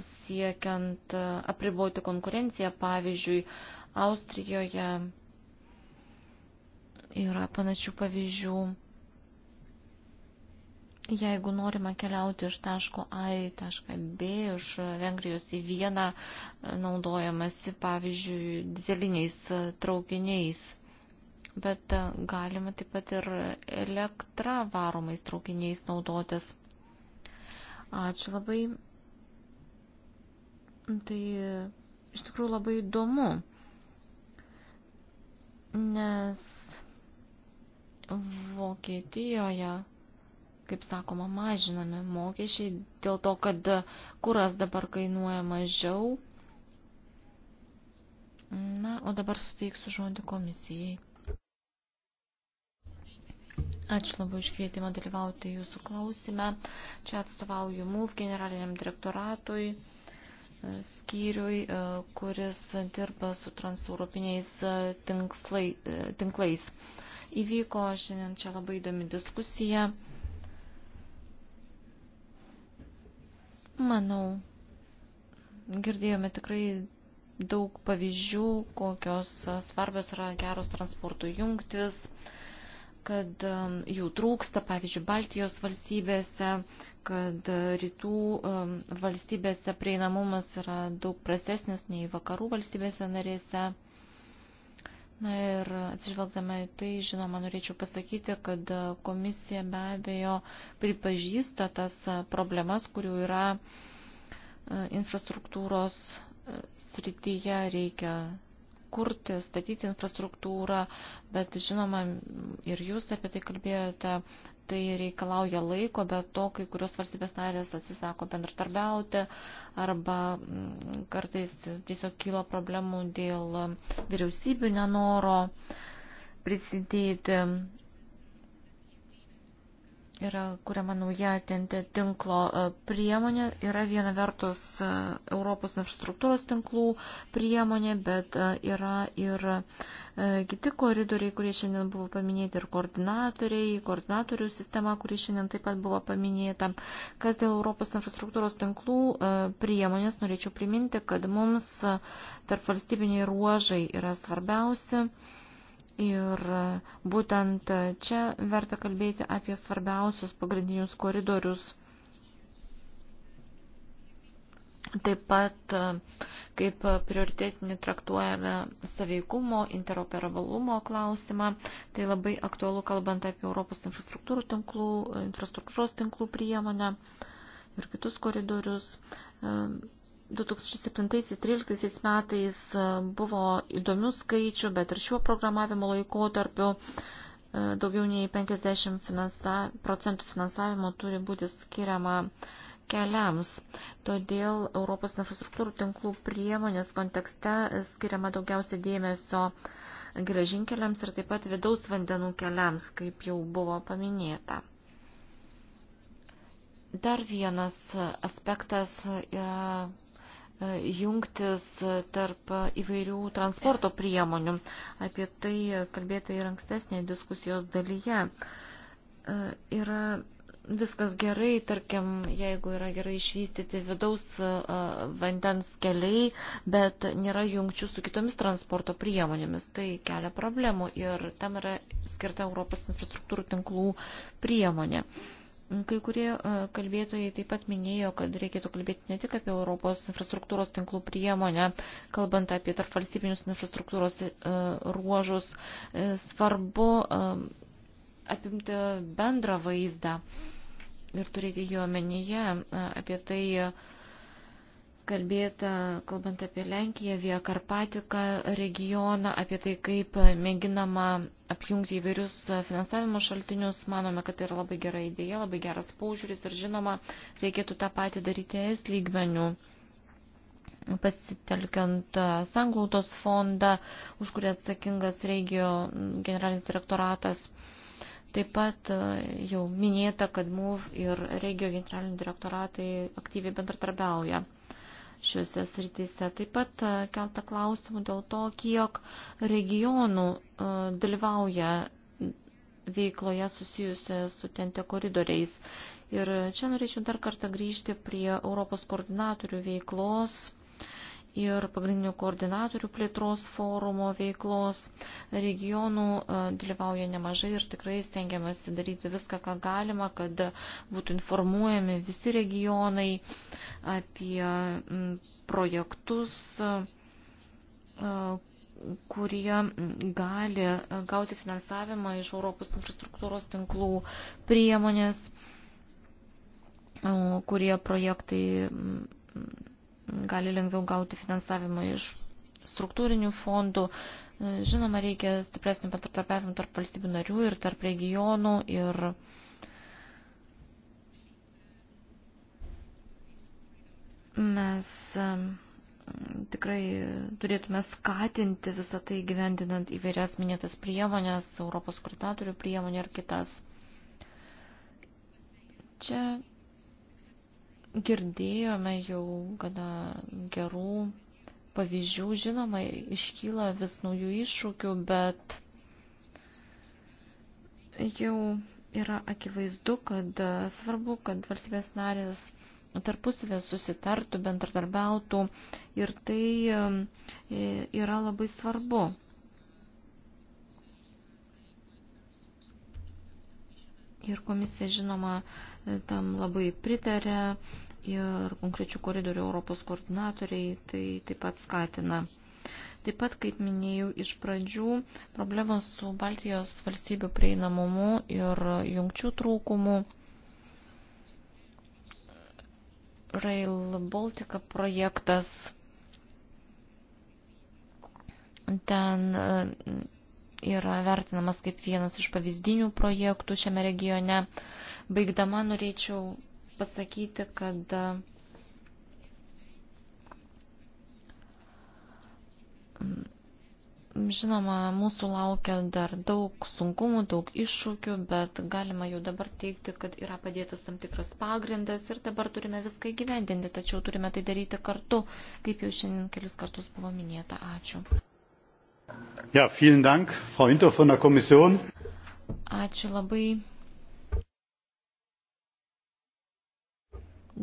siekiant e, apriboti konkurenciją. Pavyzdžiui, Austrijoje yra panašių pavyzdžių. Jeigu norima keliauti iš taško A į tašką B, iš Vengrijos į vieną naudojamasi, pavyzdžiui, dizeliniais traukiniais, bet e, galima taip pat ir elektra varomais traukiniais naudotis. Ačiū labai. Tai iš tikrųjų labai įdomu, nes Vokietijoje kaip sakoma, mažinami mokesčiai dėl to, kad kuras dabar kainuoja mažiau. Na, o dabar suteiksiu žodį komisijai. Ačiū labai už kvietimą dalyvauti jūsų klausime. Čia atstovauju MULF generaliniam direktoratui skyriui, kuris dirba su transeuropiniais tinklais. Įvyko šiandien čia labai įdomi diskusija. Manau, girdėjome tikrai daug pavyzdžių, kokios e, svarbios yra geros transporto jungtis, kad jų trūksta, pavyzdžiui, Baltijos valstybėse, kad e, rytų valstybėse prieinamumas yra daug prastesnis nei vakarų valstybėse narėse. Na ir atsižvelgdama į tai, žinoma, norėčiau pasakyti, kad komisija be abejo pripažįsta tas problemas, kurių yra e, infrastruktūros e, srityje, reikia kurti, statyti infrastruktūrą, bet žinoma, ir jūs apie tai kalbėjote, tai reikalauja laiko, bet to kai kurios valstybės narės atsisako bendratarbiauti arba mm, kartais tiesiog kyla problemų dėl vyriausybių nenoro prisidėti yra kuriama nauja tinklo e, priemonė. Yra viena vertus e, Europos infrastruktūros tinklų priemonė, bet e, yra ir kiti koridoriai, kurie šiandien buvo paminėti, ir koordinatoriai, koordinatorių sistema, kuri šiandien taip pat buvo paminėta. Kas dėl Europos infrastruktūros tinklų priemonės, norėčiau priminti, kad mums tarp valstybiniai ruožai yra svarbiausi. Ir būtent čia verta kalbėti apie svarbiausius pagrindinius koridorius. Taip pat kaip prioritetinį traktuojame saveikumo, interoperabilumo klausimą. Tai labai aktualu kalbant apie Europos infrastruktūrų tinklų, infrastruktūros tinklų priemonę ir kitus koridorius. 2007-2013 metais e, buvo įdomių skaičių, bet ir šiuo programavimo laikotarpiu e, daugiau nei 50 finansa, procentų finansavimo turi būti skiriama keliams. Todėl Europos infrastruktūrų tinklų priemonės kontekste e, skiriama daugiausia dėmesio geležinkeliams ir taip pat vidaus vandenų keliams, kaip jau buvo paminėta. Dar vienas aspektas yra jungtis tarp įvairių transporto priemonių. Apie tai kalbėta ir ankstesnėje diskusijos dalyje. E, yra viskas gerai, tarkim, jeigu yra gerai išvystyti vidaus e, vandens keliai, bet nėra jungčių su kitomis transporto priemonėmis, tai kelia problemų ir tam yra skirta Europos infrastruktūrų tinklų priemonė. Uh, Kai kurie e, kalbėtojai taip pat minėjo, kad reikėtų kalbėti ne tik apie Europos infrastruktūros tinklų priemonę, kalbant apie tarp valstybinius infrastruktūros e, ruožus, e, svarbu apimti bendrą vaizdą ir turėti jį omenyje apie tai, kalbėta, kalbant apie Lenkiją, Via Karpatiką regioną, apie tai, kaip mėginama apjungti įvairius finansavimo šaltinius. Manome, kad tai yra labai gera idėja, labai geras paužiūris ir žinoma, reikėtų tą patį daryti es lygmenių pasitelkiant sanglautos fondą, už kurį atsakingas regio generalinis direktoratas. Taip pat jau minėta, kad MUV ir regio generaliniai direktoratai aktyviai bendratarbiauja šiuose srityse. Taip pat e, keltą klausimų dėl to, kiek regionų e, dalyvauja veikloje susijusia su tente koridoriais. Ir čia norėčiau dar kartą grįžti prie Europos koordinatorių veiklos ir pagrindinių koordinatorių plėtros forumo veiklos. Regionų e, dalyvauja nemažai ir tikrai stengiamasi daryti viską, ką galima, kad būtų informuojami visi regionai apie projektus e, kurie gali gauti finansavimą iš Europos infrastruktūros tinklų priemonės, kurie projektai gali lengviau gauti finansavimą iš struktūrinių fondų. Žinoma, reikia stipresnį bendratarpiavimą tarp valstybių narių ir tarp regionų ir mes tikrai turėtume skatinti visą tai gyvendinant įvairias minėtas priemonės, Europos koordinatorių priemonę ir kitas. Čia Girdėjome jau gana gerų pavyzdžių, žinoma, iškyla vis naujų iššūkių, bet jau yra akivaizdu, kad svarbu, kad valstybės narės tarpusavė susitartų, bendradarbiautų ir tai um, yra labai svarbu. Ir komisija, žinoma, tam labai pritarė ir konkrečių koridorių Europos koordinatoriai tai taip pat skatina. Taip pat, kaip minėjau iš pradžių, problemos su Baltijos valstybių prieinamumu ir jungčių trūkumu. Rail Baltica projektas. Ten e, yra vertinamas kaip vienas iš pavyzdinių projektų šiame regione. Baigdama norėčiau pasakyti, kad mm, Žinoma, mūsų laukia dar daug sunkumų, daug iššūkių, bet galima jau dabar teikti, kad yra padėtas tam tikras pagrindas ir dabar turime viską įgyvendinti, tačiau turime tai daryti kartu, kaip jau šiandien kelius kartus buvo minėta. Ačiū. Ja, vielen Dank, Frau Inter von der Kommission. Ačiū labai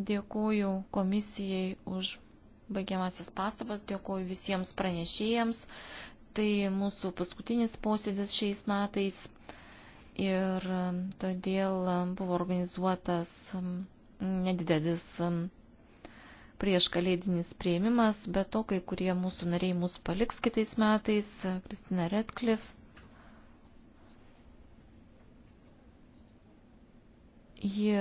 Dėkuoju komisijai už baigiamasis pastabas, dėkuoju visiems pranešėjams. Tai mūsų paskutinis posėdis šiais metais ir todėl buvo organizuotas nedidelis prieš kalėdinis prieimimas, bet to kai kurie mūsų nariai mūsų paliks kitais metais, Kristina Redcliffe. ji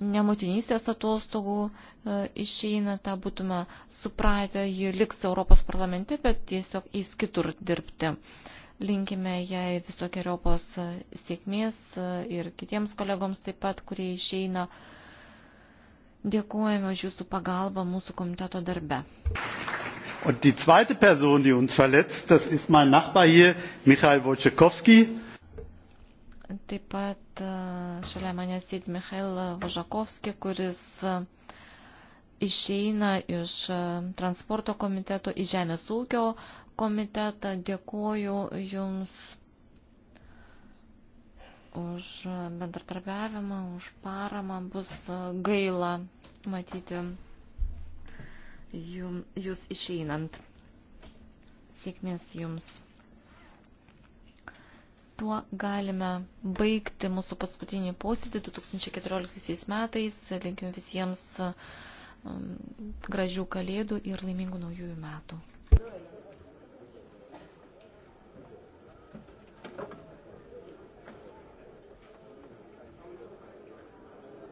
nemotinystės atostogų e, išeina, tą būtume supratę, ji liks Europos parlamente, bet tiesiog eis kitur dirbti. Linkime jai visokiojopos e, sėkmės e, ir kitiems kolegoms taip pat, kurie išeina. Dėkojame už jūsų pagalbą mūsų komiteto darbe. Und die zweite Person, die uns verletzt, das ist mein Nachbar hier, Michael Wojciechowski Taip pat e, šalia manęs sėdi Michail Važakovski, kuris e, išeina iš e, transporto komiteto į Žemės ūkio komitetą. Dėkuoju Jums už bendratarbiavimą, už paramą. Bus gaila matyti Jūs išeinant. Sėkmės Jums. Tuo galime baigti mūsų paskutinį posėdį 2014 metais. Linkiu visiems um, gražių kalėdų ir laimingų naujųjų metų.